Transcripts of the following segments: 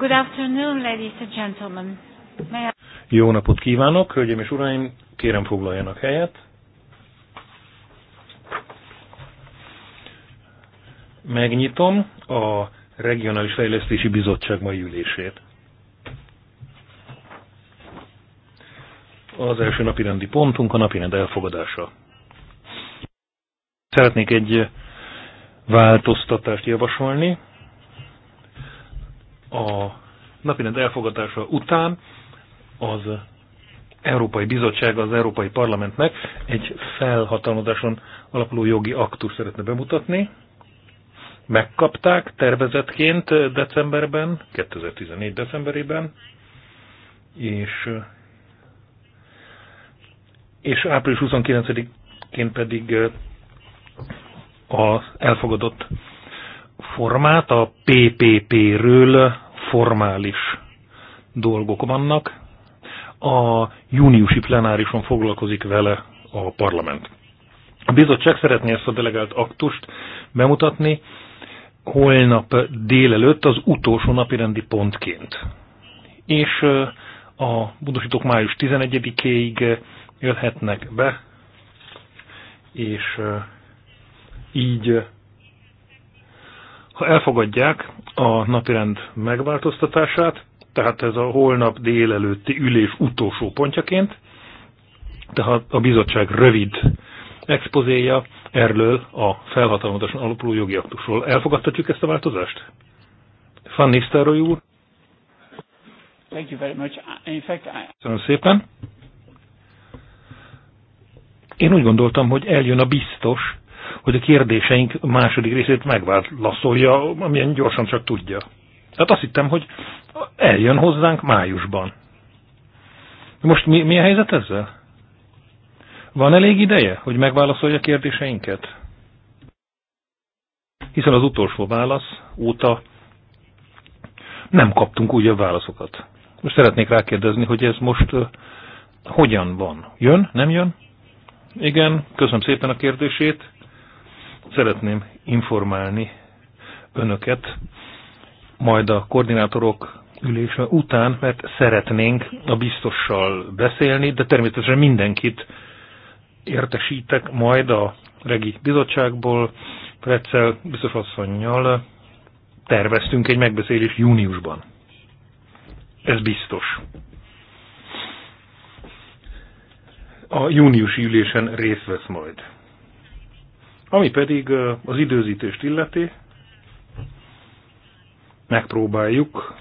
Good afternoon, ladies and gentlemen. May I... Jó napot kívánok, hölgyeim és uraim, kérem foglaljanak helyet. Megnyitom a Regionális Fejlesztési Bizottság mai ülését. Az első napirendi pontunk a rend elfogadása. Szeretnék egy változtatást javasolni a napirend elfogadása után az Európai Bizottság az Európai Parlamentnek egy felhatalmazáson alapuló jogi aktus szeretne bemutatni. Megkapták tervezetként decemberben, 2014 decemberében, és, és április 29-én pedig az elfogadott formát, a PPP-ről formális dolgok vannak. A júniusi plenárison foglalkozik vele a parlament. A bizottság szeretné ezt a delegált aktust bemutatni holnap délelőtt az utolsó rendi pontként. És a budosítók május 11-éig jöhetnek be, és így ha elfogadják a napirend megváltoztatását, tehát ez a holnap délelőtti ülés utolsó pontjaként, tehát a bizottság rövid expozéja erről a felhatalmazáson alapuló jogi aktusról. Elfogadhatjuk ezt a változást? Van Nisztároly úr? Thank you very much. In fact, I... Köszönöm szépen. Én úgy gondoltam, hogy eljön a biztos, hogy a kérdéseink második részét megválaszolja, amilyen gyorsan csak tudja. Tehát azt hittem, hogy eljön hozzánk májusban. Most mi, mi a helyzet ezzel? Van elég ideje, hogy megválaszolja a kérdéseinket? Hiszen az utolsó válasz óta nem kaptunk újabb válaszokat. Most szeretnék rákérdezni, hogy ez most hogyan van? Jön? Nem jön? Igen, köszönöm szépen a kérdését szeretném informálni önöket, majd a koordinátorok ülése után, mert szeretnénk a biztossal beszélni, de természetesen mindenkit értesítek majd a regi bizottságból, Precel biztosasszonynal terveztünk egy megbeszélést júniusban. Ez biztos. A júniusi ülésen részt vesz majd. Ami pedig az időzítést illeti, megpróbáljuk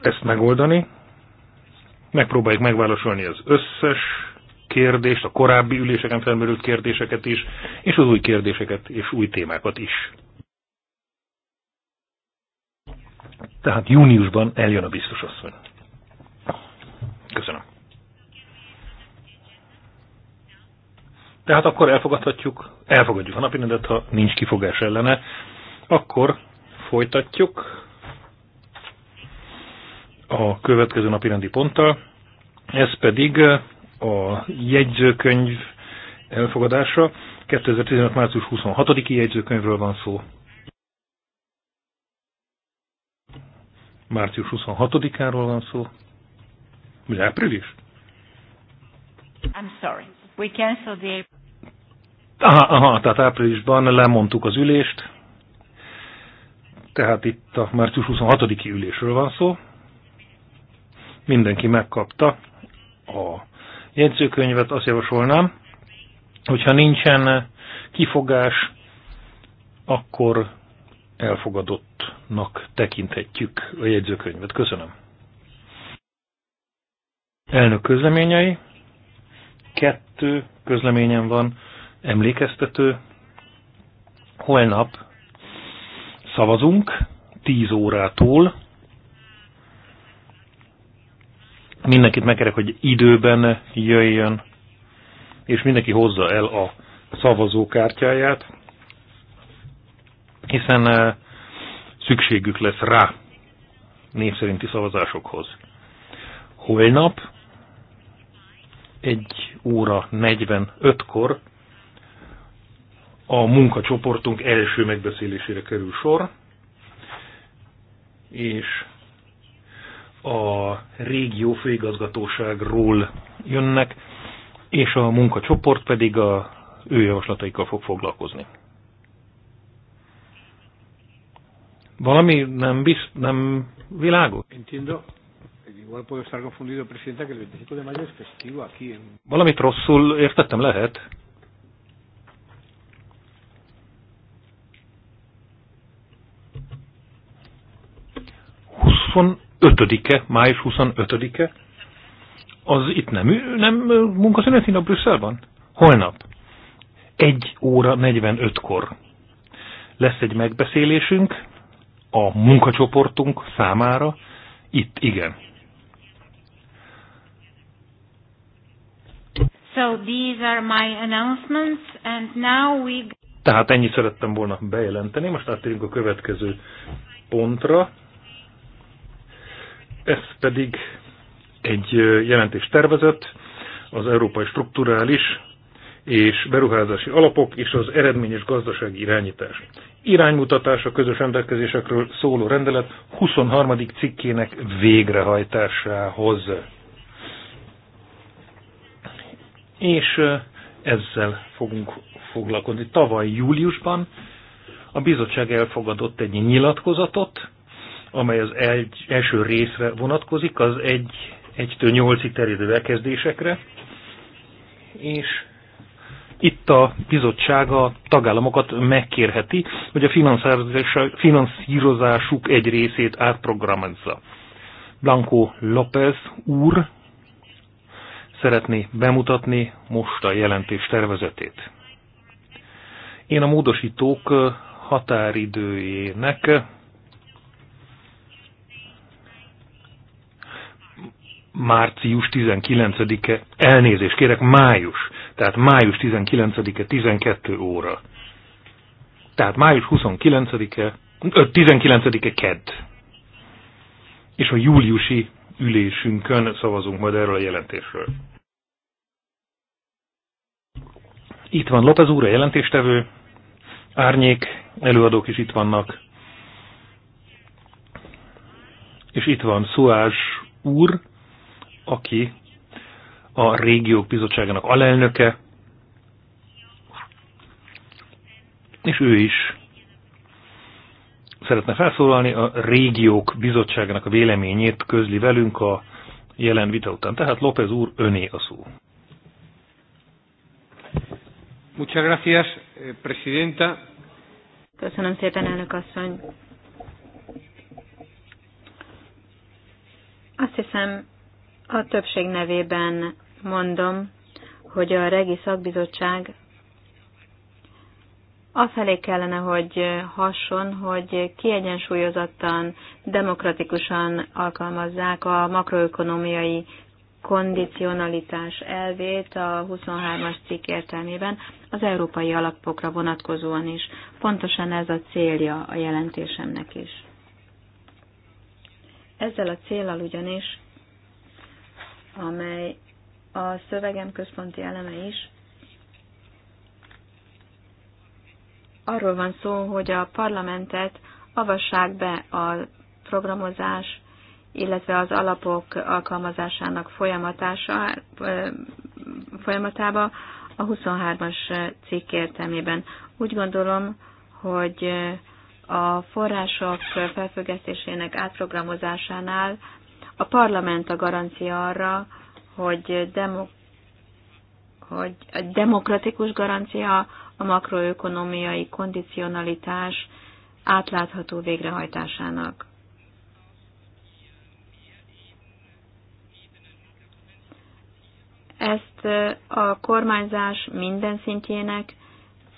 ezt megoldani, megpróbáljuk megválaszolni az összes kérdést, a korábbi üléseken felmerült kérdéseket is, és az új kérdéseket és új témákat is. Tehát júniusban eljön a biztos asszony. Köszönöm. Tehát akkor elfogadhatjuk, elfogadjuk a napirendet, ha nincs kifogás ellene. Akkor folytatjuk a következő napirendi ponttal. Ez pedig eh, a jegyzőkönyv elfogadása. 2015. március 26-i jegyzőkönyvről van szó. Március 26-áról van szó. Mi április? I'm sorry. We cancel the... Aha, aha, tehát áprilisban lemondtuk az ülést, tehát itt a március 26-i ülésről van szó. Mindenki megkapta a jegyzőkönyvet, azt javasolnám, hogyha nincsen kifogás, akkor elfogadottnak tekinthetjük a jegyzőkönyvet. Köszönöm. Elnök közleményei. Kettő közleményem van emlékeztető. Holnap szavazunk 10 órától. Mindenkit megkerek, hogy időben jöjjön, és mindenki hozza el a szavazókártyáját, hiszen eh, szükségük lesz rá népszerinti szavazásokhoz. Holnap egy óra 45-kor a munkacsoportunk első megbeszélésére kerül sor, és a régió főigazgatóságról jönnek, és a munkacsoport pedig a ő javaslataikkal fog foglalkozni. Valami nem, bizt, nem világos? Entiendo. Igual puedo estar confundido, presidenta, que el 25 de mayo es festivo aquí en... Valamit rosszul értettem, lehet. 25-e, május 25-e, az itt nem, nem munkaszüneti nap Brüsszelben? Holnap. 1 óra 45-kor lesz egy megbeszélésünk a munkacsoportunk számára. Itt, igen. So these are my announcements, and now we... Tehát ennyit szerettem volna bejelenteni, most áttérünk a következő pontra. Ez pedig egy jelentés tervezett az európai strukturális és beruházási alapok és az eredményes gazdasági irányítás. Iránymutatás a közös rendelkezésekről szóló rendelet 23. cikkének végrehajtásához. És ezzel fogunk foglalkozni. Tavaly júliusban a bizottság elfogadott egy nyilatkozatot, amely az egy, első részre vonatkozik, az egy, egytől től terjedő elkezdésekre, és itt a bizottság a tagállamokat megkérheti, hogy a finanszírozásuk egy részét átprogramozza. Blanco López úr szeretné bemutatni most a jelentés tervezetét. Én a módosítók határidőjének március 19-e, elnézést kérek, május, tehát május 19-e 12 óra. Tehát május 29-e, 19-e kedd. És a júliusi ülésünkön szavazunk majd erről a jelentésről. Itt van Lopez úr, a jelentéstevő, árnyék, előadók is itt vannak. És itt van Szóás úr, aki a régiók bizottságának alelnöke, és ő is szeretne felszólalni, a régiók bizottságának a véleményét közli velünk a jelen vita után. Tehát López úr, öné a szó. Muchas gracias, eh, presidenta. Köszönöm szépen, elnök asszony. Azt hiszem, a többség nevében mondom, hogy a Regi Szakbizottság afelé kellene, hogy hason, hogy kiegyensúlyozottan, demokratikusan alkalmazzák a makroökonomiai kondicionalitás elvét a 23-as cikk értelmében az európai alapokra vonatkozóan is. Pontosan ez a célja a jelentésemnek is. Ezzel a célral ugyanis amely a szövegem központi eleme is. Arról van szó, hogy a parlamentet avassák be a programozás, illetve az alapok alkalmazásának folyamatása, folyamatába a 23-as cikk értelmében. Úgy gondolom, hogy a források felfüggesztésének átprogramozásánál a parlament a garancia arra, hogy, demo, hogy a demokratikus garancia a makroökonomiai kondicionalitás átlátható végrehajtásának. Ezt a kormányzás minden szintjének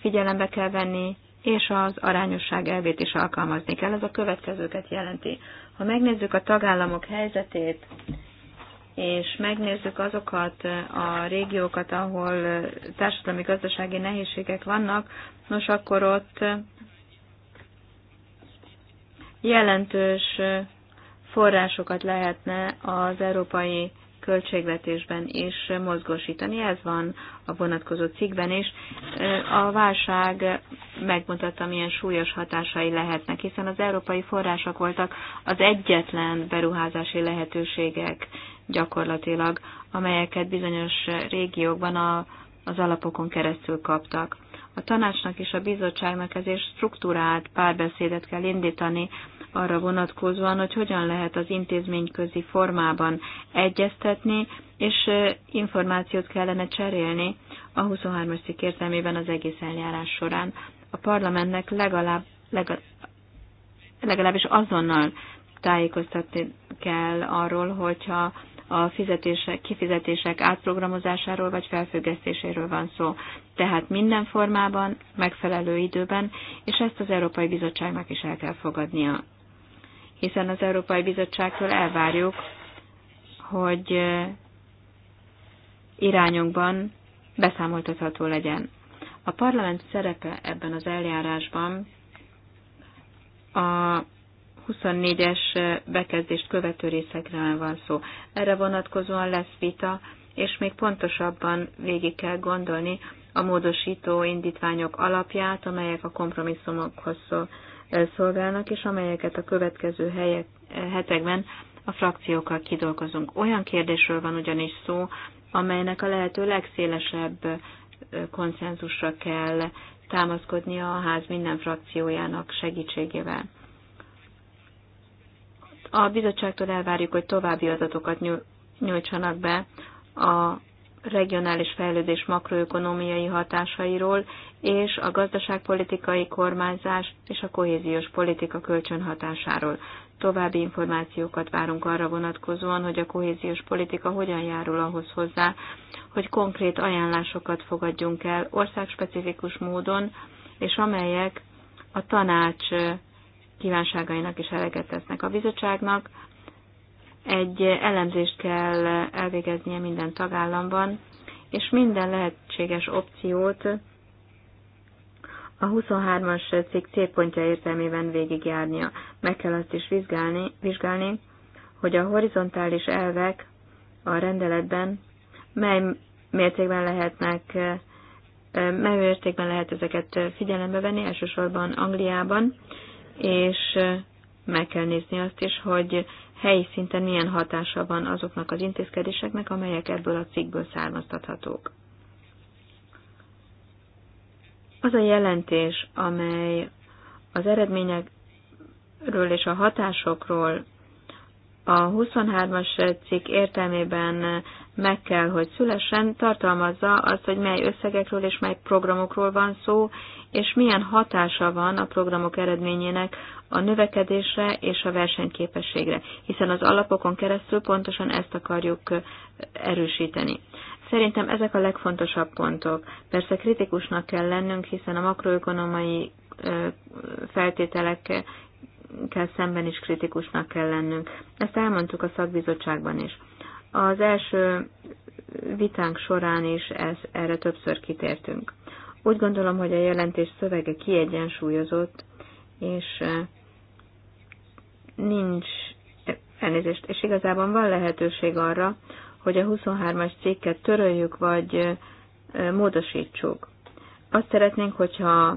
figyelembe kell venni, és az arányosság elvét is alkalmazni kell. Ez a következőket jelenti. Ha megnézzük a tagállamok helyzetét, és megnézzük azokat a régiókat, ahol társadalmi-gazdasági nehézségek vannak, nos akkor ott jelentős forrásokat lehetne az európai költségvetésben is mozgósítani. Ez van a vonatkozó cikkben is. A válság megmutatta, milyen súlyos hatásai lehetnek, hiszen az európai források voltak az egyetlen beruházási lehetőségek gyakorlatilag, amelyeket bizonyos régiókban a, az alapokon keresztül kaptak. A tanácsnak és a bizottságnak ezért struktúrált párbeszédet kell indítani arra vonatkozóan, hogy hogyan lehet az intézményközi formában egyeztetni, és információt kellene cserélni a 23-as cikk értelmében az egész eljárás során. A parlamentnek legalább, legalább legalábbis azonnal tájékoztatni kell arról, hogyha a fizetések, kifizetések átprogramozásáról vagy felfüggesztéséről van szó. Tehát minden formában, megfelelő időben, és ezt az Európai Bizottságnak is el kell fogadnia hiszen az Európai Bizottságtól elvárjuk, hogy irányunkban beszámoltatható legyen. A parlament szerepe ebben az eljárásban a 24-es bekezdést követő részekre van szó. Erre vonatkozóan lesz vita, és még pontosabban végig kell gondolni a módosító indítványok alapját, amelyek a kompromisszumokhoz szól, szolgálnak, és amelyeket a következő helyek, hetekben a frakciókkal kidolgozunk. Olyan kérdésről van ugyanis szó, amelynek a lehető legszélesebb konszenzusra kell támaszkodnia a ház minden frakciójának segítségével. A bizottságtól elvárjuk, hogy további adatokat nyújtsanak be a regionális fejlődés makroökonomiai hatásairól és a gazdaságpolitikai kormányzás és a kohéziós politika kölcsönhatásáról. További információkat várunk arra vonatkozóan, hogy a kohéziós politika hogyan járul ahhoz hozzá, hogy konkrét ajánlásokat fogadjunk el országspecifikus módon, és amelyek a tanács kívánságainak is eleget tesznek a bizottságnak, egy elemzést kell elvégeznie minden tagállamban, és minden lehetséges opciót a 23-as cikk célpontja értelmében végigjárnia. Meg kell azt is vizsgálni, vizsgálni hogy a horizontális elvek a rendeletben mely mértékben lehetnek, mely mértékben lehet ezeket figyelembe venni, elsősorban Angliában, és meg kell nézni azt is, hogy helyi szinten milyen hatása van azoknak az intézkedéseknek, amelyek ebből a cikkből származtathatók. Az a jelentés, amely az eredményekről és a hatásokról a 23-as cikk értelmében meg kell, hogy szülessen, tartalmazza azt, hogy mely összegekről és mely programokról van szó, és milyen hatása van a programok eredményének a növekedésre és a versenyképességre, hiszen az alapokon keresztül pontosan ezt akarjuk erősíteni. Szerintem ezek a legfontosabb pontok. Persze kritikusnak kell lennünk, hiszen a makroökonomai feltételekkel szemben is kritikusnak kell lennünk. Ezt elmondtuk a szakbizottságban is. Az első vitánk során is ez, erre többször kitértünk. Úgy gondolom, hogy a jelentés szövege kiegyensúlyozott, és nincs elnézést, és igazából van lehetőség arra, hogy a 23-as cikket töröljük, vagy módosítsuk. Azt szeretnénk, hogyha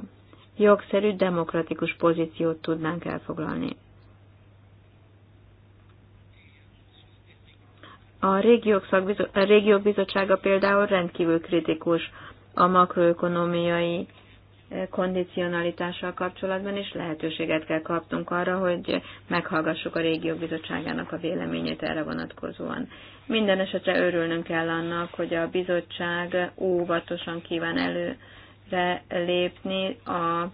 jogszerű, demokratikus pozíciót tudnánk elfoglalni. A régiók, a régiók bizottsága például rendkívül kritikus a makroökonomiai kondicionalitással kapcsolatban, és lehetőséget kell kaptunk arra, hogy meghallgassuk a régió bizottságának a véleményét erre vonatkozóan. Minden esetre örülnünk kell annak, hogy a bizottság óvatosan kíván előre lépni a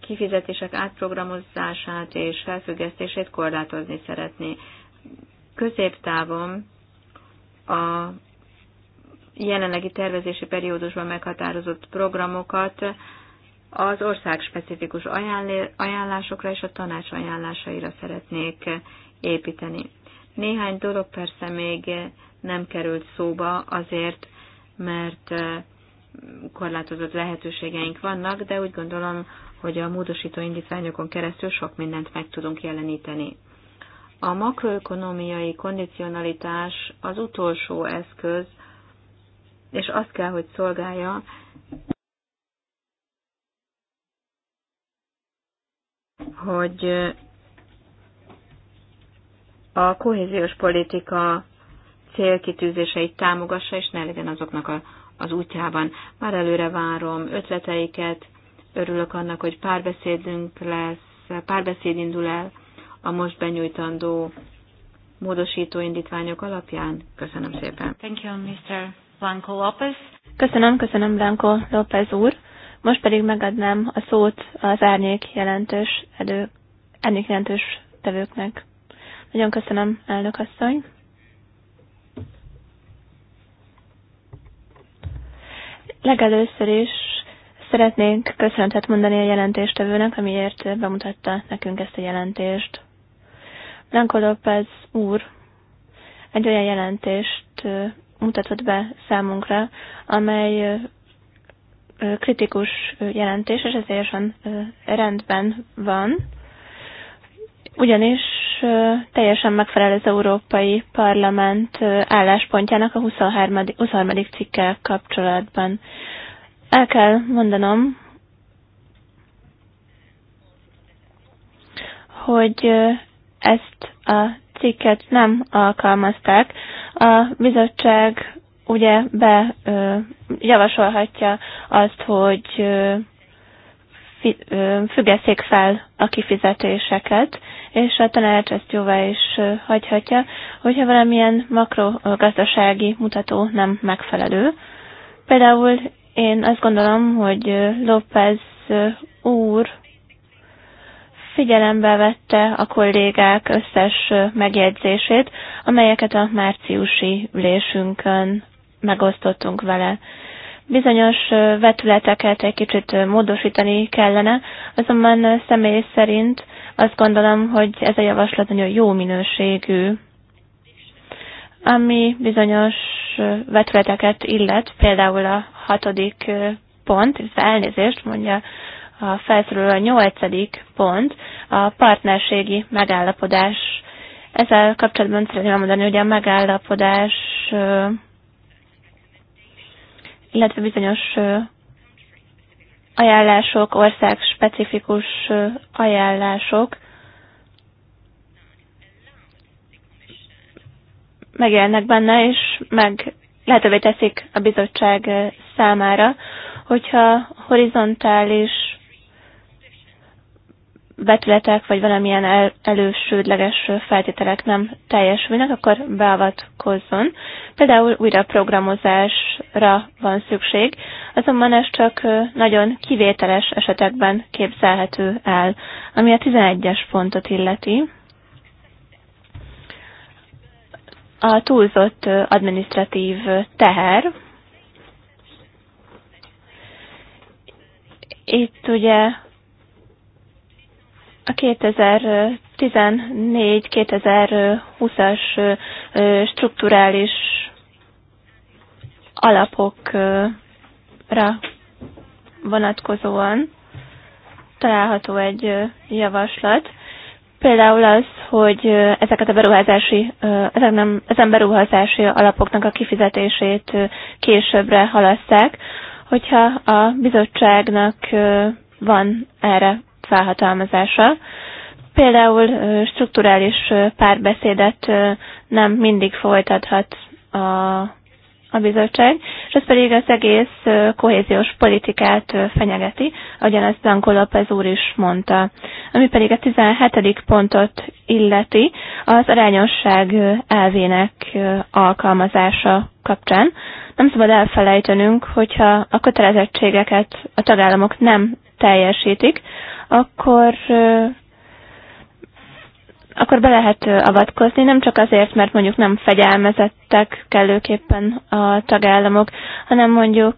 kifizetések átprogramozását és felfüggesztését korlátozni szeretné. Középtávon a jelenlegi tervezési periódusban meghatározott programokat az ország specifikus ajánlásokra és a tanács ajánlásaira szeretnék építeni. Néhány dolog persze még nem került szóba azért, mert korlátozott lehetőségeink vannak, de úgy gondolom, hogy a módosító indítványokon keresztül sok mindent meg tudunk jeleníteni. A makroökonomiai kondicionalitás az utolsó eszköz, és azt kell, hogy szolgálja, hogy a kohéziós politika célkitűzéseit támogassa, és ne legyen azoknak a, az útjában. Már előre várom ötleteiket, örülök annak, hogy párbeszédünk lesz, párbeszéd indul el a most benyújtandó módosító indítványok alapján. Köszönöm szépen. Thank you, Mr. Blanco López. Köszönöm, köszönöm Blanco López úr. Most pedig megadnám a szót az árnyék jelentős edő, árnyék jelentős tevőknek. Nagyon köszönöm, elnök asszony. Legelőször is szeretnénk köszönetet mondani a jelentéstevőnek, amiért bemutatta nekünk ezt a jelentést. Blanco López úr egy olyan jelentést mutatott be számunkra, amely kritikus jelentés, és ez teljesen rendben van, ugyanis teljesen megfelel az Európai Parlament álláspontjának a 23. 23. cikkel kapcsolatban. El kell mondanom, hogy ezt a cikket nem alkalmazták. A bizottság ugye be ö, javasolhatja azt, hogy ö, fi, ö, függeszék fel a kifizetéseket, és a tanács ezt jóvá is hagyhatja, hogyha valamilyen makrogazdasági mutató nem megfelelő. Például én azt gondolom, hogy López úr figyelembe vette a kollégák összes megjegyzését, amelyeket a márciusi ülésünkön megosztottunk vele. Bizonyos vetületeket egy kicsit módosítani kellene, azonban személy szerint azt gondolom, hogy ez a javaslat nagyon jó minőségű, ami bizonyos vetületeket illet, például a hatodik pont, elnézést mondja a felszóló a nyolcadik pont, a partnerségi megállapodás. Ezzel kapcsolatban szeretném mondani, hogy a megállapodás illetve bizonyos ajánlások, ország specifikus ajánlások megjelennek benne, és meg lehetővé teszik a bizottság számára, hogyha horizontális vetületek, vagy valamilyen el, elősődleges feltételek nem teljesülnek, akkor beavatkozzon. Például újra programozásra van szükség, azonban ez csak nagyon kivételes esetekben képzelhető el, ami a 11-es pontot illeti. A túlzott administratív teher, itt ugye a 2014-2020-as strukturális alapokra vonatkozóan található egy javaslat. Például az, hogy ezeket a beruházási, ezek nem, ezen beruházási alapoknak a kifizetését későbbre halasszák, hogyha a bizottságnak van erre felhatalmazása. Például strukturális párbeszédet nem mindig folytathat a, a bizottság, és ez pedig az egész kohéziós politikát fenyegeti, ahogyan ezt Blanco López úr is mondta. Ami pedig a 17. pontot illeti, az arányosság elvének alkalmazása kapcsán. Nem szabad elfelejtenünk, hogyha a kötelezettségeket a tagállamok nem teljesítik, akkor akkor be lehet avatkozni, nem csak azért, mert mondjuk nem fegyelmezettek kellőképpen a tagállamok, hanem mondjuk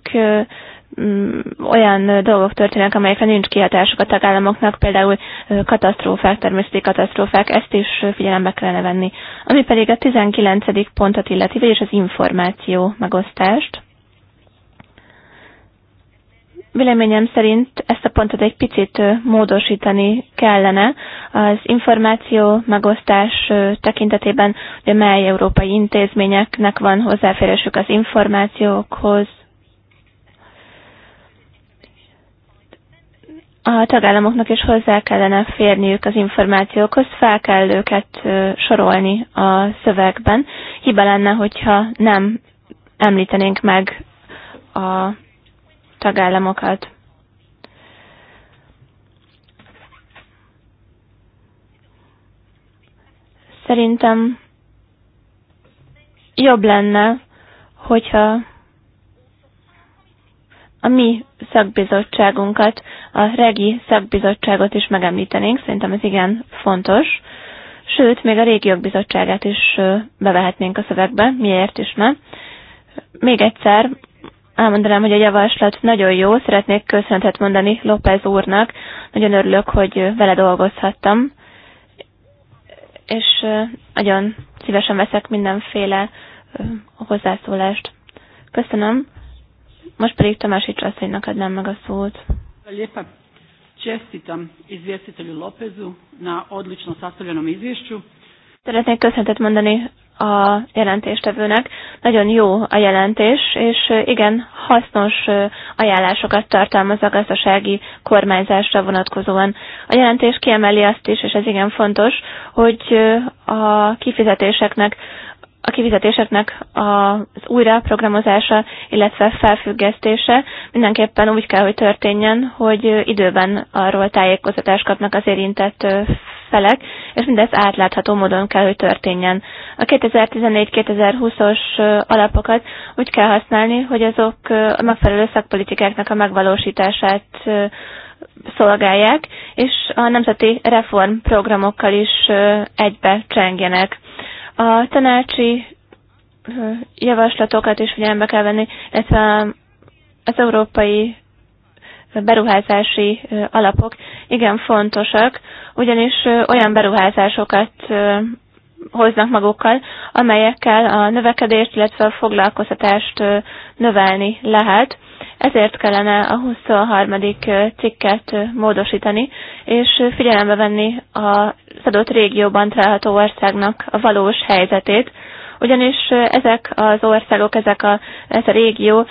mm, olyan dolgok történnek, amelyekre nincs kihatásuk a tagállamoknak, például katasztrófák, természeti katasztrófák, ezt is figyelembe kellene venni. Ami pedig a 19. pontot illeti, vagyis az információ megosztást. Véleményem szerint ezt a pontot egy picit módosítani kellene. Az információ megosztás tekintetében, hogy mely európai intézményeknek van hozzáférésük az információkhoz, a tagállamoknak is hozzá kellene férniük az információkhoz, fel kell őket sorolni a szövegben. Hiba lenne, hogyha nem említenénk meg a tagállamokat. Szerintem jobb lenne, hogyha a mi szakbizottságunkat, a regi szakbizottságot is megemlítenénk, szerintem ez igen fontos. Sőt, még a régiók bizottságát is bevehetnénk a szövegbe, miért is ne. Még egyszer elmondanám, hogy a javaslat nagyon jó, szeretnék köszönetet mondani López úrnak, nagyon örülök, hogy vele dolgozhattam, és nagyon szívesen veszek mindenféle hozzászólást. Köszönöm, most pedig Tamási asszonynak adnám meg a szót. Lépa. Čestitam izvjestitelju Lopezu na odlično sastavljenom izvješću. Szeretnék köszönetet mondani a jelentéstevőnek. Nagyon jó a jelentés, és igen, hasznos ajánlásokat tartalmaz a gazdasági kormányzásra vonatkozóan. A jelentés kiemeli azt is, és ez igen fontos, hogy a kifizetéseknek a kifizetéseknek az újraprogramozása, illetve felfüggesztése mindenképpen úgy kell, hogy történjen, hogy időben arról tájékoztatást kapnak az érintett felek, és mindez átlátható módon kell, hogy történjen. A 2014-2020-os alapokat úgy kell használni, hogy azok a megfelelő szakpolitikáknak a megvalósítását szolgálják, és a nemzeti reformprogramokkal is egybe csengjenek. A tanácsi javaslatokat is figyelembe kell venni, illetve az európai beruházási alapok igen fontosak ugyanis olyan beruházásokat hoznak magukkal, amelyekkel a növekedést, illetve a foglalkoztatást növelni lehet. Ezért kellene a 23. cikket módosítani, és figyelembe venni az adott régióban található országnak a valós helyzetét, ugyanis ezek az országok, ezek a, ez a régió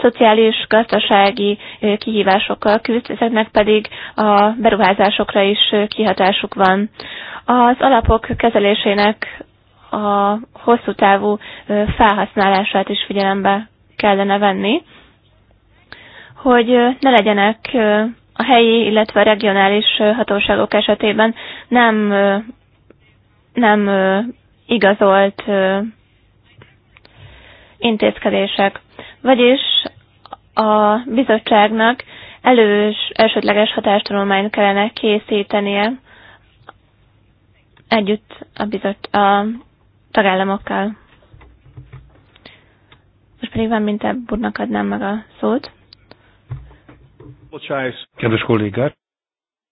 szociális, gazdasági kihívásokkal küzd, ezeknek pedig a beruházásokra is kihatásuk van. Az alapok kezelésének a hosszú távú felhasználását is figyelembe kellene venni, hogy ne legyenek a helyi, illetve a regionális hatóságok esetében nem, nem igazolt intézkedések. Vagyis a bizottságnak elős, elsődleges hatástanulmányt kellene készítenie együtt a, bizott a tagállamokkal. Most pedig van, mint úrnak adnám meg a szót. Kedves kollégák,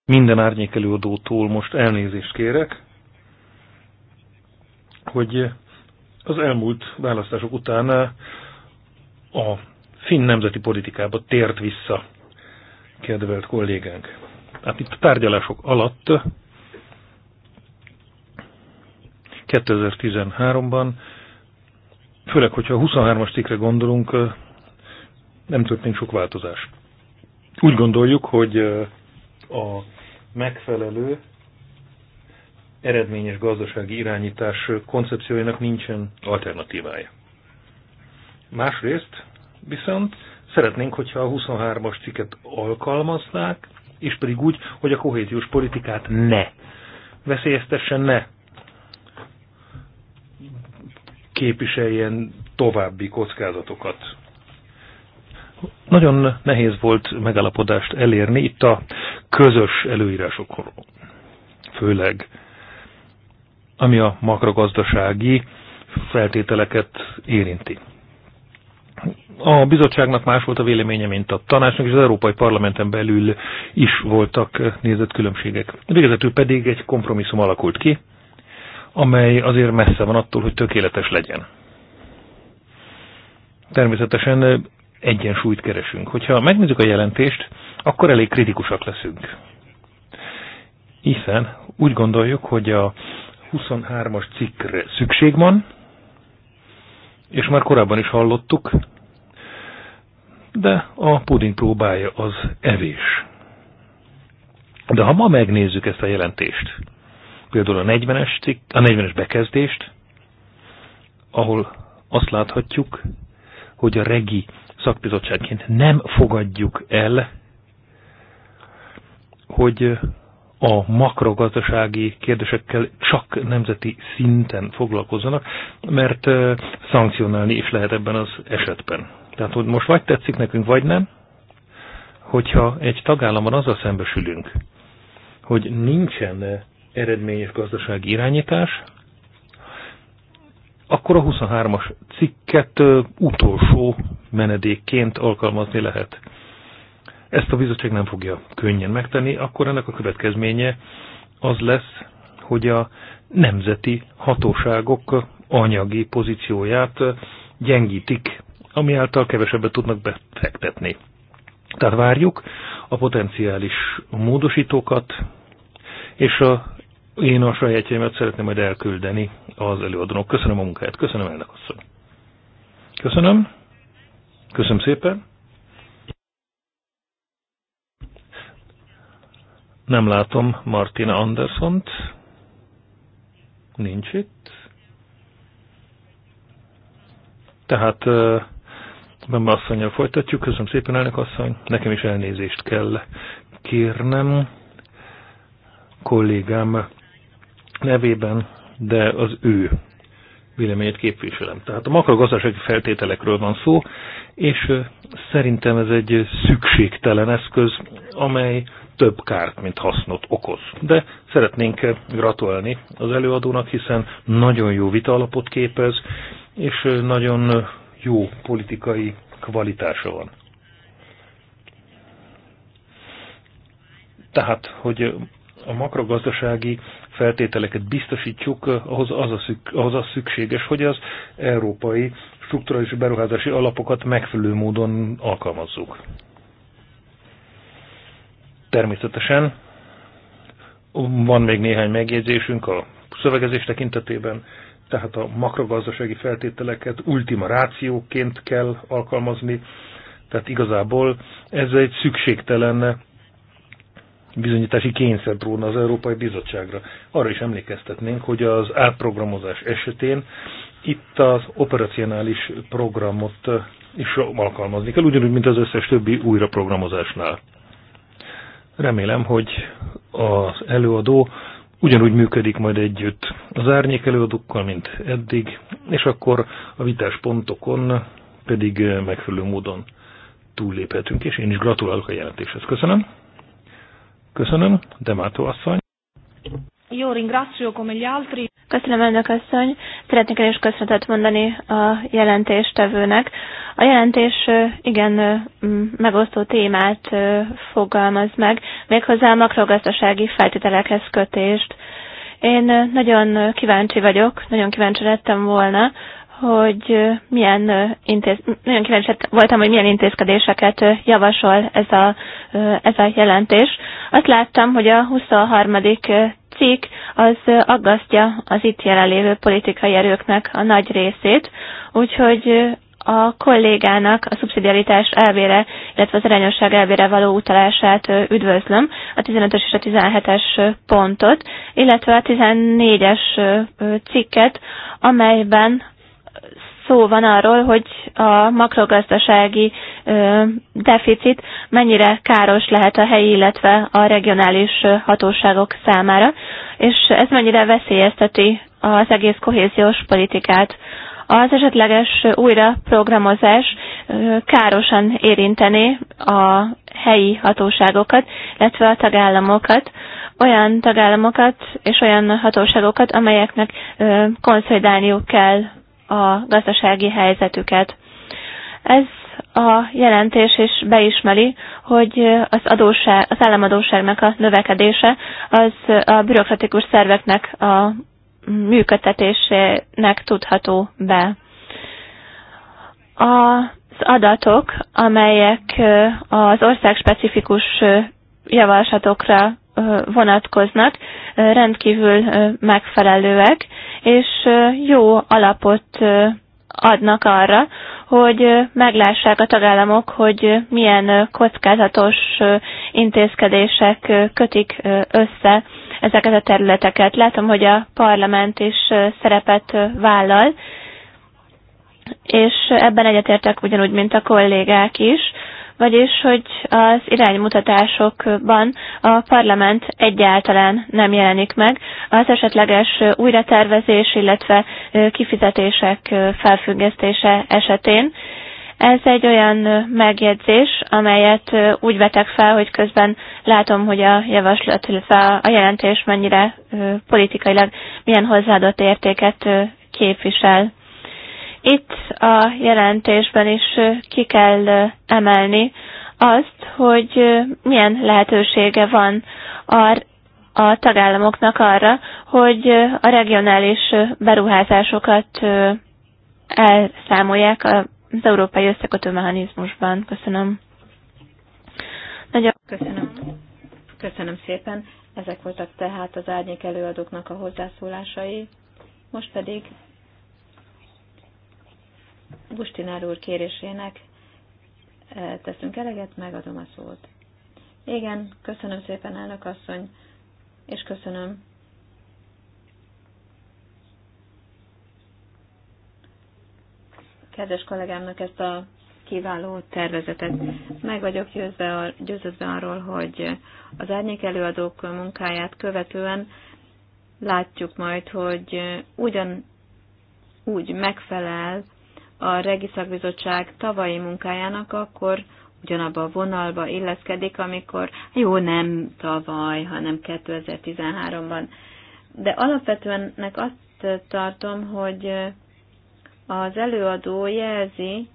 minden árnyék előadótól most elnézést kérek, hogy az elmúlt választások után a finn nemzeti politikába tért vissza, kedvelt kollégánk. Hát itt a tárgyalások alatt 2013-ban, főleg, hogyha a 23-as cikkre gondolunk, nem történt sok változás. Úgy gondoljuk, hogy a megfelelő eredményes gazdasági irányítás koncepcióinak nincsen alternatívája. Másrészt viszont szeretnénk, hogyha a 23-as cikket alkalmaznák, és pedig úgy, hogy a kohéziós politikát ne veszélyeztessen, ne képviseljen további kockázatokat. Nagyon nehéz volt megalapodást elérni itt a közös előírásokon, főleg ami a makrogazdasági feltételeket érinti a bizottságnak más volt a véleménye, mint a tanácsnak, és az Európai Parlamenten belül is voltak eh, nézetkülönbségek. Végezetül pedig egy kompromisszum alakult ki, amely azért messze van attól, hogy tökéletes legyen. Természetesen eh, egyensúlyt keresünk. Hogyha megnézzük a jelentést, akkor elég kritikusak leszünk. Hiszen úgy gondoljuk, hogy a 23-as cikkre szükség van, és már korábban is hallottuk, de a puding próbája az evés. De ha ma megnézzük ezt a jelentést, például a 40-es, cikk, a 40-es bekezdést, ahol azt láthatjuk, hogy a regi szakbizottságként nem fogadjuk el, hogy a makrogazdasági kérdésekkel csak nemzeti szinten foglalkozzanak, mert eh, szankcionálni is lehet ebben az esetben. Tehát, hogy most vagy tetszik nekünk, vagy nem, hogyha egy tagállamban azzal szembesülünk, hogy nincsen eh, eredményes gazdasági irányítás, akkor a 23-as cikket eh, utolsó menedékként alkalmazni lehet. Ezt a bizottság nem fogja könnyen megtenni, akkor ennek a következménye az lesz, hogy a nemzeti hatóságok eh, anyagi pozícióját gyengítik ami által kevesebbet tudnak befektetni. Tehát várjuk a potenciális módosítókat, és a, én a sajátjaimat szeretném majd elküldeni az előadónak. Köszönöm a munkáját, köszönöm elnök asszony. Köszönöm, köszönöm szépen. Nem látom Martina Andersont. Nincs itt. Tehát Bemba asszonyjal folytatjuk. Köszönöm szépen, elnök asszony. Nekem is elnézést kell kérnem kollégám nevében, de az ő véleményét képviselem. Tehát a makrogazdasági feltételekről van szó, és szerintem ez egy szükségtelen eszköz, amely több kárt, mint hasznot okoz. De szeretnénk gratulálni az előadónak, hiszen nagyon jó vita alapot képez, és nagyon jó politikai kvalitása van. Tehát, hogy a makrogazdasági feltételeket biztosítjuk, ahhoz az, a szük, ahhoz az szükséges, hogy az európai strukturális beruházási alapokat megfelelő módon alkalmazzuk. Természetesen van még néhány megjegyzésünk a szövegezés tekintetében, tehát a makrogazdasági feltételeket ultima rációként kell alkalmazni, tehát igazából ez egy szükségtelen bizonyítási kényszer róna az Európai Bizottságra. Arra is emlékeztetnénk, hogy az átprogramozás esetén itt az operacionális programot is alkalmazni kell, ugyanúgy, mint az összes többi újraprogramozásnál. Remélem, hogy az előadó ugyanúgy működik majd együtt az árnyék előadókkal, mint eddig, és akkor a vitás pontokon pedig eh, megfelelő módon túlléphetünk, és én is gratulálok a jelentéshez. Köszönöm. Köszönöm, Demátó asszony. Jó, ringrazio come gli altri. Köszönöm, elnök asszony. Szeretnék el is köszönetet mondani a jelentéstevőnek. A jelentés igen megosztó témát fogalmaz meg, méghozzá a makrogazdasági feltételekhez kötést. Én nagyon kíváncsi vagyok, nagyon kíváncsi lettem volna hogy milyen intéz... nagyon kíváncsi voltam, hogy milyen intézkedéseket javasol ez a, ez a jelentés. Azt láttam, hogy a 23. cikk az aggasztja az itt jelenlévő politikai erőknek a nagy részét, úgyhogy a kollégának a szubszidiaritás elvére, illetve az arányosság elvére való utalását üdvözlöm, a 15-ös és a 17-es pontot, illetve a 14-es cikket, amelyben szó van arról, hogy a makrogazdasági deficit mennyire káros lehet a helyi, illetve a regionális hatóságok számára, és ez mennyire veszélyezteti az egész kohéziós politikát. Az esetleges újraprogramozás károsan érintené a helyi hatóságokat, illetve a tagállamokat, olyan tagállamokat és olyan hatóságokat, amelyeknek konszolidálniuk kell a gazdasági helyzetüket. Ez a jelentés is beismeri, hogy az, adóság, az államadóságnak a növekedése az a bürokratikus szerveknek a működtetésének tudható be. Az adatok, amelyek az országspecifikus javaslatokra vonatkoznak, rendkívül megfelelőek, és jó alapot adnak arra, hogy meglássák a tagállamok, hogy milyen kockázatos intézkedések kötik össze ezeket a területeket. Látom, hogy a parlament is szerepet vállal, és ebben egyetértek ugyanúgy, mint a kollégák is vagyis hogy az iránymutatásokban a parlament egyáltalán nem jelenik meg. Az esetleges újratervezés, illetve kifizetések felfüggesztése esetén ez egy olyan megjegyzés, amelyet úgy vetek fel, hogy közben látom, hogy a javaslat, illetve a jelentés mennyire politikailag milyen hozzáadott értéket képvisel. Itt a jelentésben is ki kell emelni azt, hogy milyen lehetősége van a, a tagállamoknak arra, hogy a regionális beruházásokat elszámolják az európai összekötő mechanizmusban. Köszönöm. Nagyon köszönöm. Köszönöm szépen. Ezek voltak tehát az árnyék előadóknak a hozzászólásai. Most pedig Gustinár úr kérésének eh, teszünk eleget, megadom a szót. Igen, köszönöm szépen, elnök asszony, és köszönöm. Kedves kollégámnak ezt a kiváló tervezetet. Meg vagyok győzve, győződve arról, hogy az árnyék előadók munkáját követően látjuk majd, hogy ugyan úgy megfelel a Regi Szakbizottság tavalyi munkájának, akkor ugyanabba a vonalba illeszkedik, amikor hát jó, nem tavaly, hanem 2013-ban. De alapvetően azt tartom, hogy az előadó jelzi,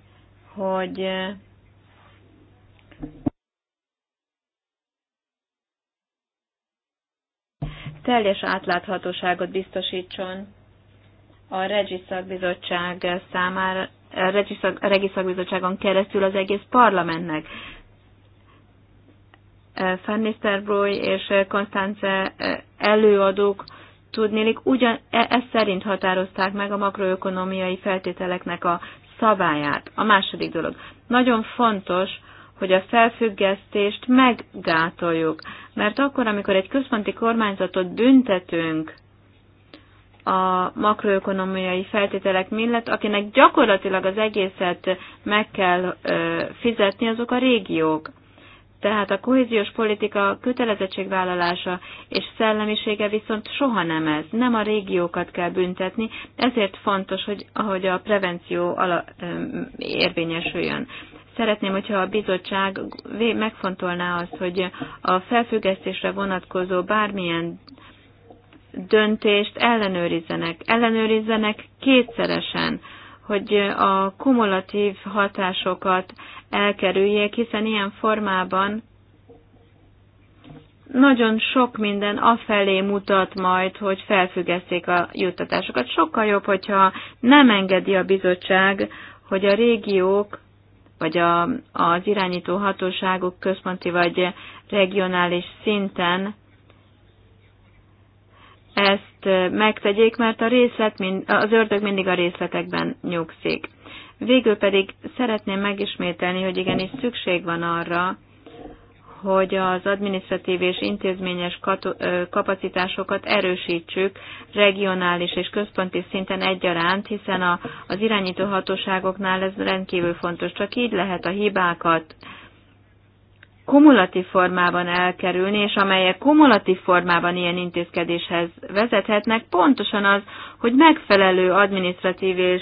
hogy teljes átláthatóságot biztosítson a Regiszak számára Regiszakbizottságon keresztül az egész parlamentnek. Van Nistelrooy és Konstance előadók tudnélik, ugyan e, ez szerint határozták meg a makroökonomiai feltételeknek a szabályát. A második dolog. Nagyon fontos, hogy a felfüggesztést meggátoljuk, mert akkor, amikor egy központi kormányzatot büntetünk, a makroökonomiai feltételek mellett, akinek gyakorlatilag az egészet meg kell fizetni, azok a régiók. Tehát a kohéziós politika kötelezettségvállalása és szellemisége viszont soha nem ez. Nem a régiókat kell büntetni, ezért fontos, hogy ahogy a prevenció ala, érvényesüljön. Szeretném, hogyha a bizottság megfontolná azt, hogy a felfüggesztésre vonatkozó bármilyen döntést ellenőrizzenek. Ellenőrizzenek kétszeresen, hogy a kumulatív hatásokat elkerüljék, hiszen ilyen formában nagyon sok minden afelé mutat majd, hogy felfüggeszték a juttatásokat. Sokkal jobb, hogyha nem engedi a bizottság, hogy a régiók vagy a, az irányító hatóságok központi vagy regionális szinten ezt megtegyék, mert a részlet az ördög mindig a részletekben nyugszik. Végül pedig szeretném megismételni, hogy igenis szükség van arra, hogy az administratív és intézményes kapacitásokat erősítsük regionális és központi szinten egyaránt, hiszen a, az irányító hatóságoknál ez rendkívül fontos. Csak így lehet a hibákat kumulatív formában elkerülni, és amelyek kumulatív formában ilyen intézkedéshez vezethetnek, pontosan az, hogy megfelelő administratív és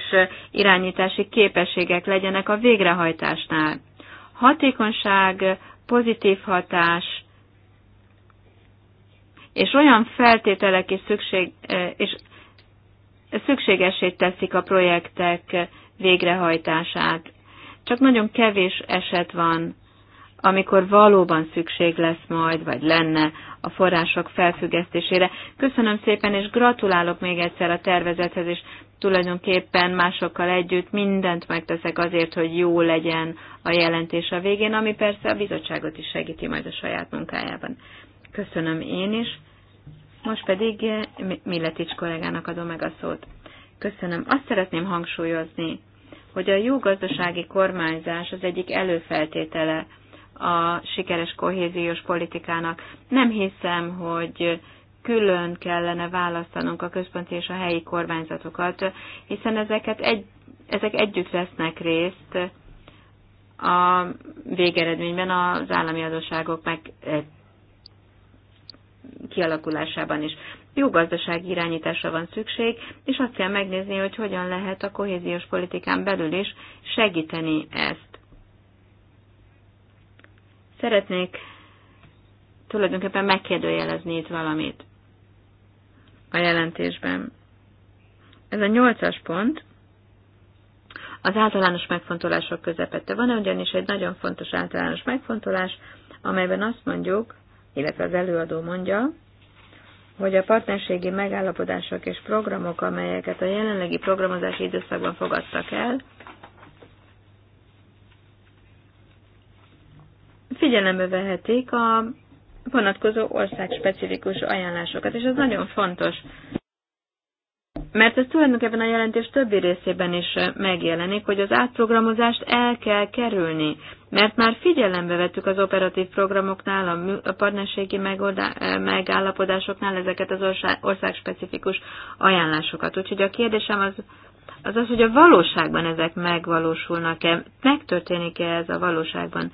irányítási képességek legyenek a végrehajtásnál. Hatékonyság, pozitív hatás, és olyan feltételek is szükség, e, és szükségessé teszik a projektek végrehajtását. Csak nagyon kevés eset van amikor valóban szükség lesz majd, vagy lenne a források felfüggesztésére. Köszönöm szépen, és gratulálok még egyszer a tervezethez, és tulajdonképpen másokkal együtt mindent megteszek azért, hogy jó legyen a jelentés a végén, ami persze a bizottságot is segíti majd a saját munkájában. Köszönöm én is. Most pedig eh, Milletics kollégának adom meg a szót. Köszönöm. Azt szeretném hangsúlyozni, hogy a jó gazdasági kormányzás az egyik előfeltétele a sikeres kohéziós politikának. Nem hiszem, hogy külön kellene választanunk a központi és a helyi kormányzatokat, hiszen ezeket egy, ezek együtt vesznek részt a végeredményben az állami adósságok meg eh, kialakulásában is. Jó gazdasági irányításra van szükség, és azt kell megnézni, hogy hogyan lehet a kohéziós politikán belül is segíteni ezt. Szeretnék tulajdonképpen megkérdőjelezni itt valamit a jelentésben. Ez a nyolcas pont, az általános megfontolások közepette. Van ugyanis egy nagyon fontos általános megfontolás, amelyben azt mondjuk, illetve az előadó mondja, hogy a partnerségi megállapodások és programok, amelyeket a jelenlegi programozási időszakban fogadtak el, figyelembe vehetik a vonatkozó ország specifikus ajánlásokat, és ez nagyon fontos. Mert ez tulajdonképpen a jelentés többi részében is megjelenik, hogy az átprogramozást el kell kerülni, mert már figyelembe vettük az operatív programoknál, a partnerségi eh, megállapodásoknál ezeket az országspecifikus ajánlásokat. Úgyhogy a kérdésem az az, az hogy a valóságban ezek megvalósulnak-e, megtörténik-e ez a valóságban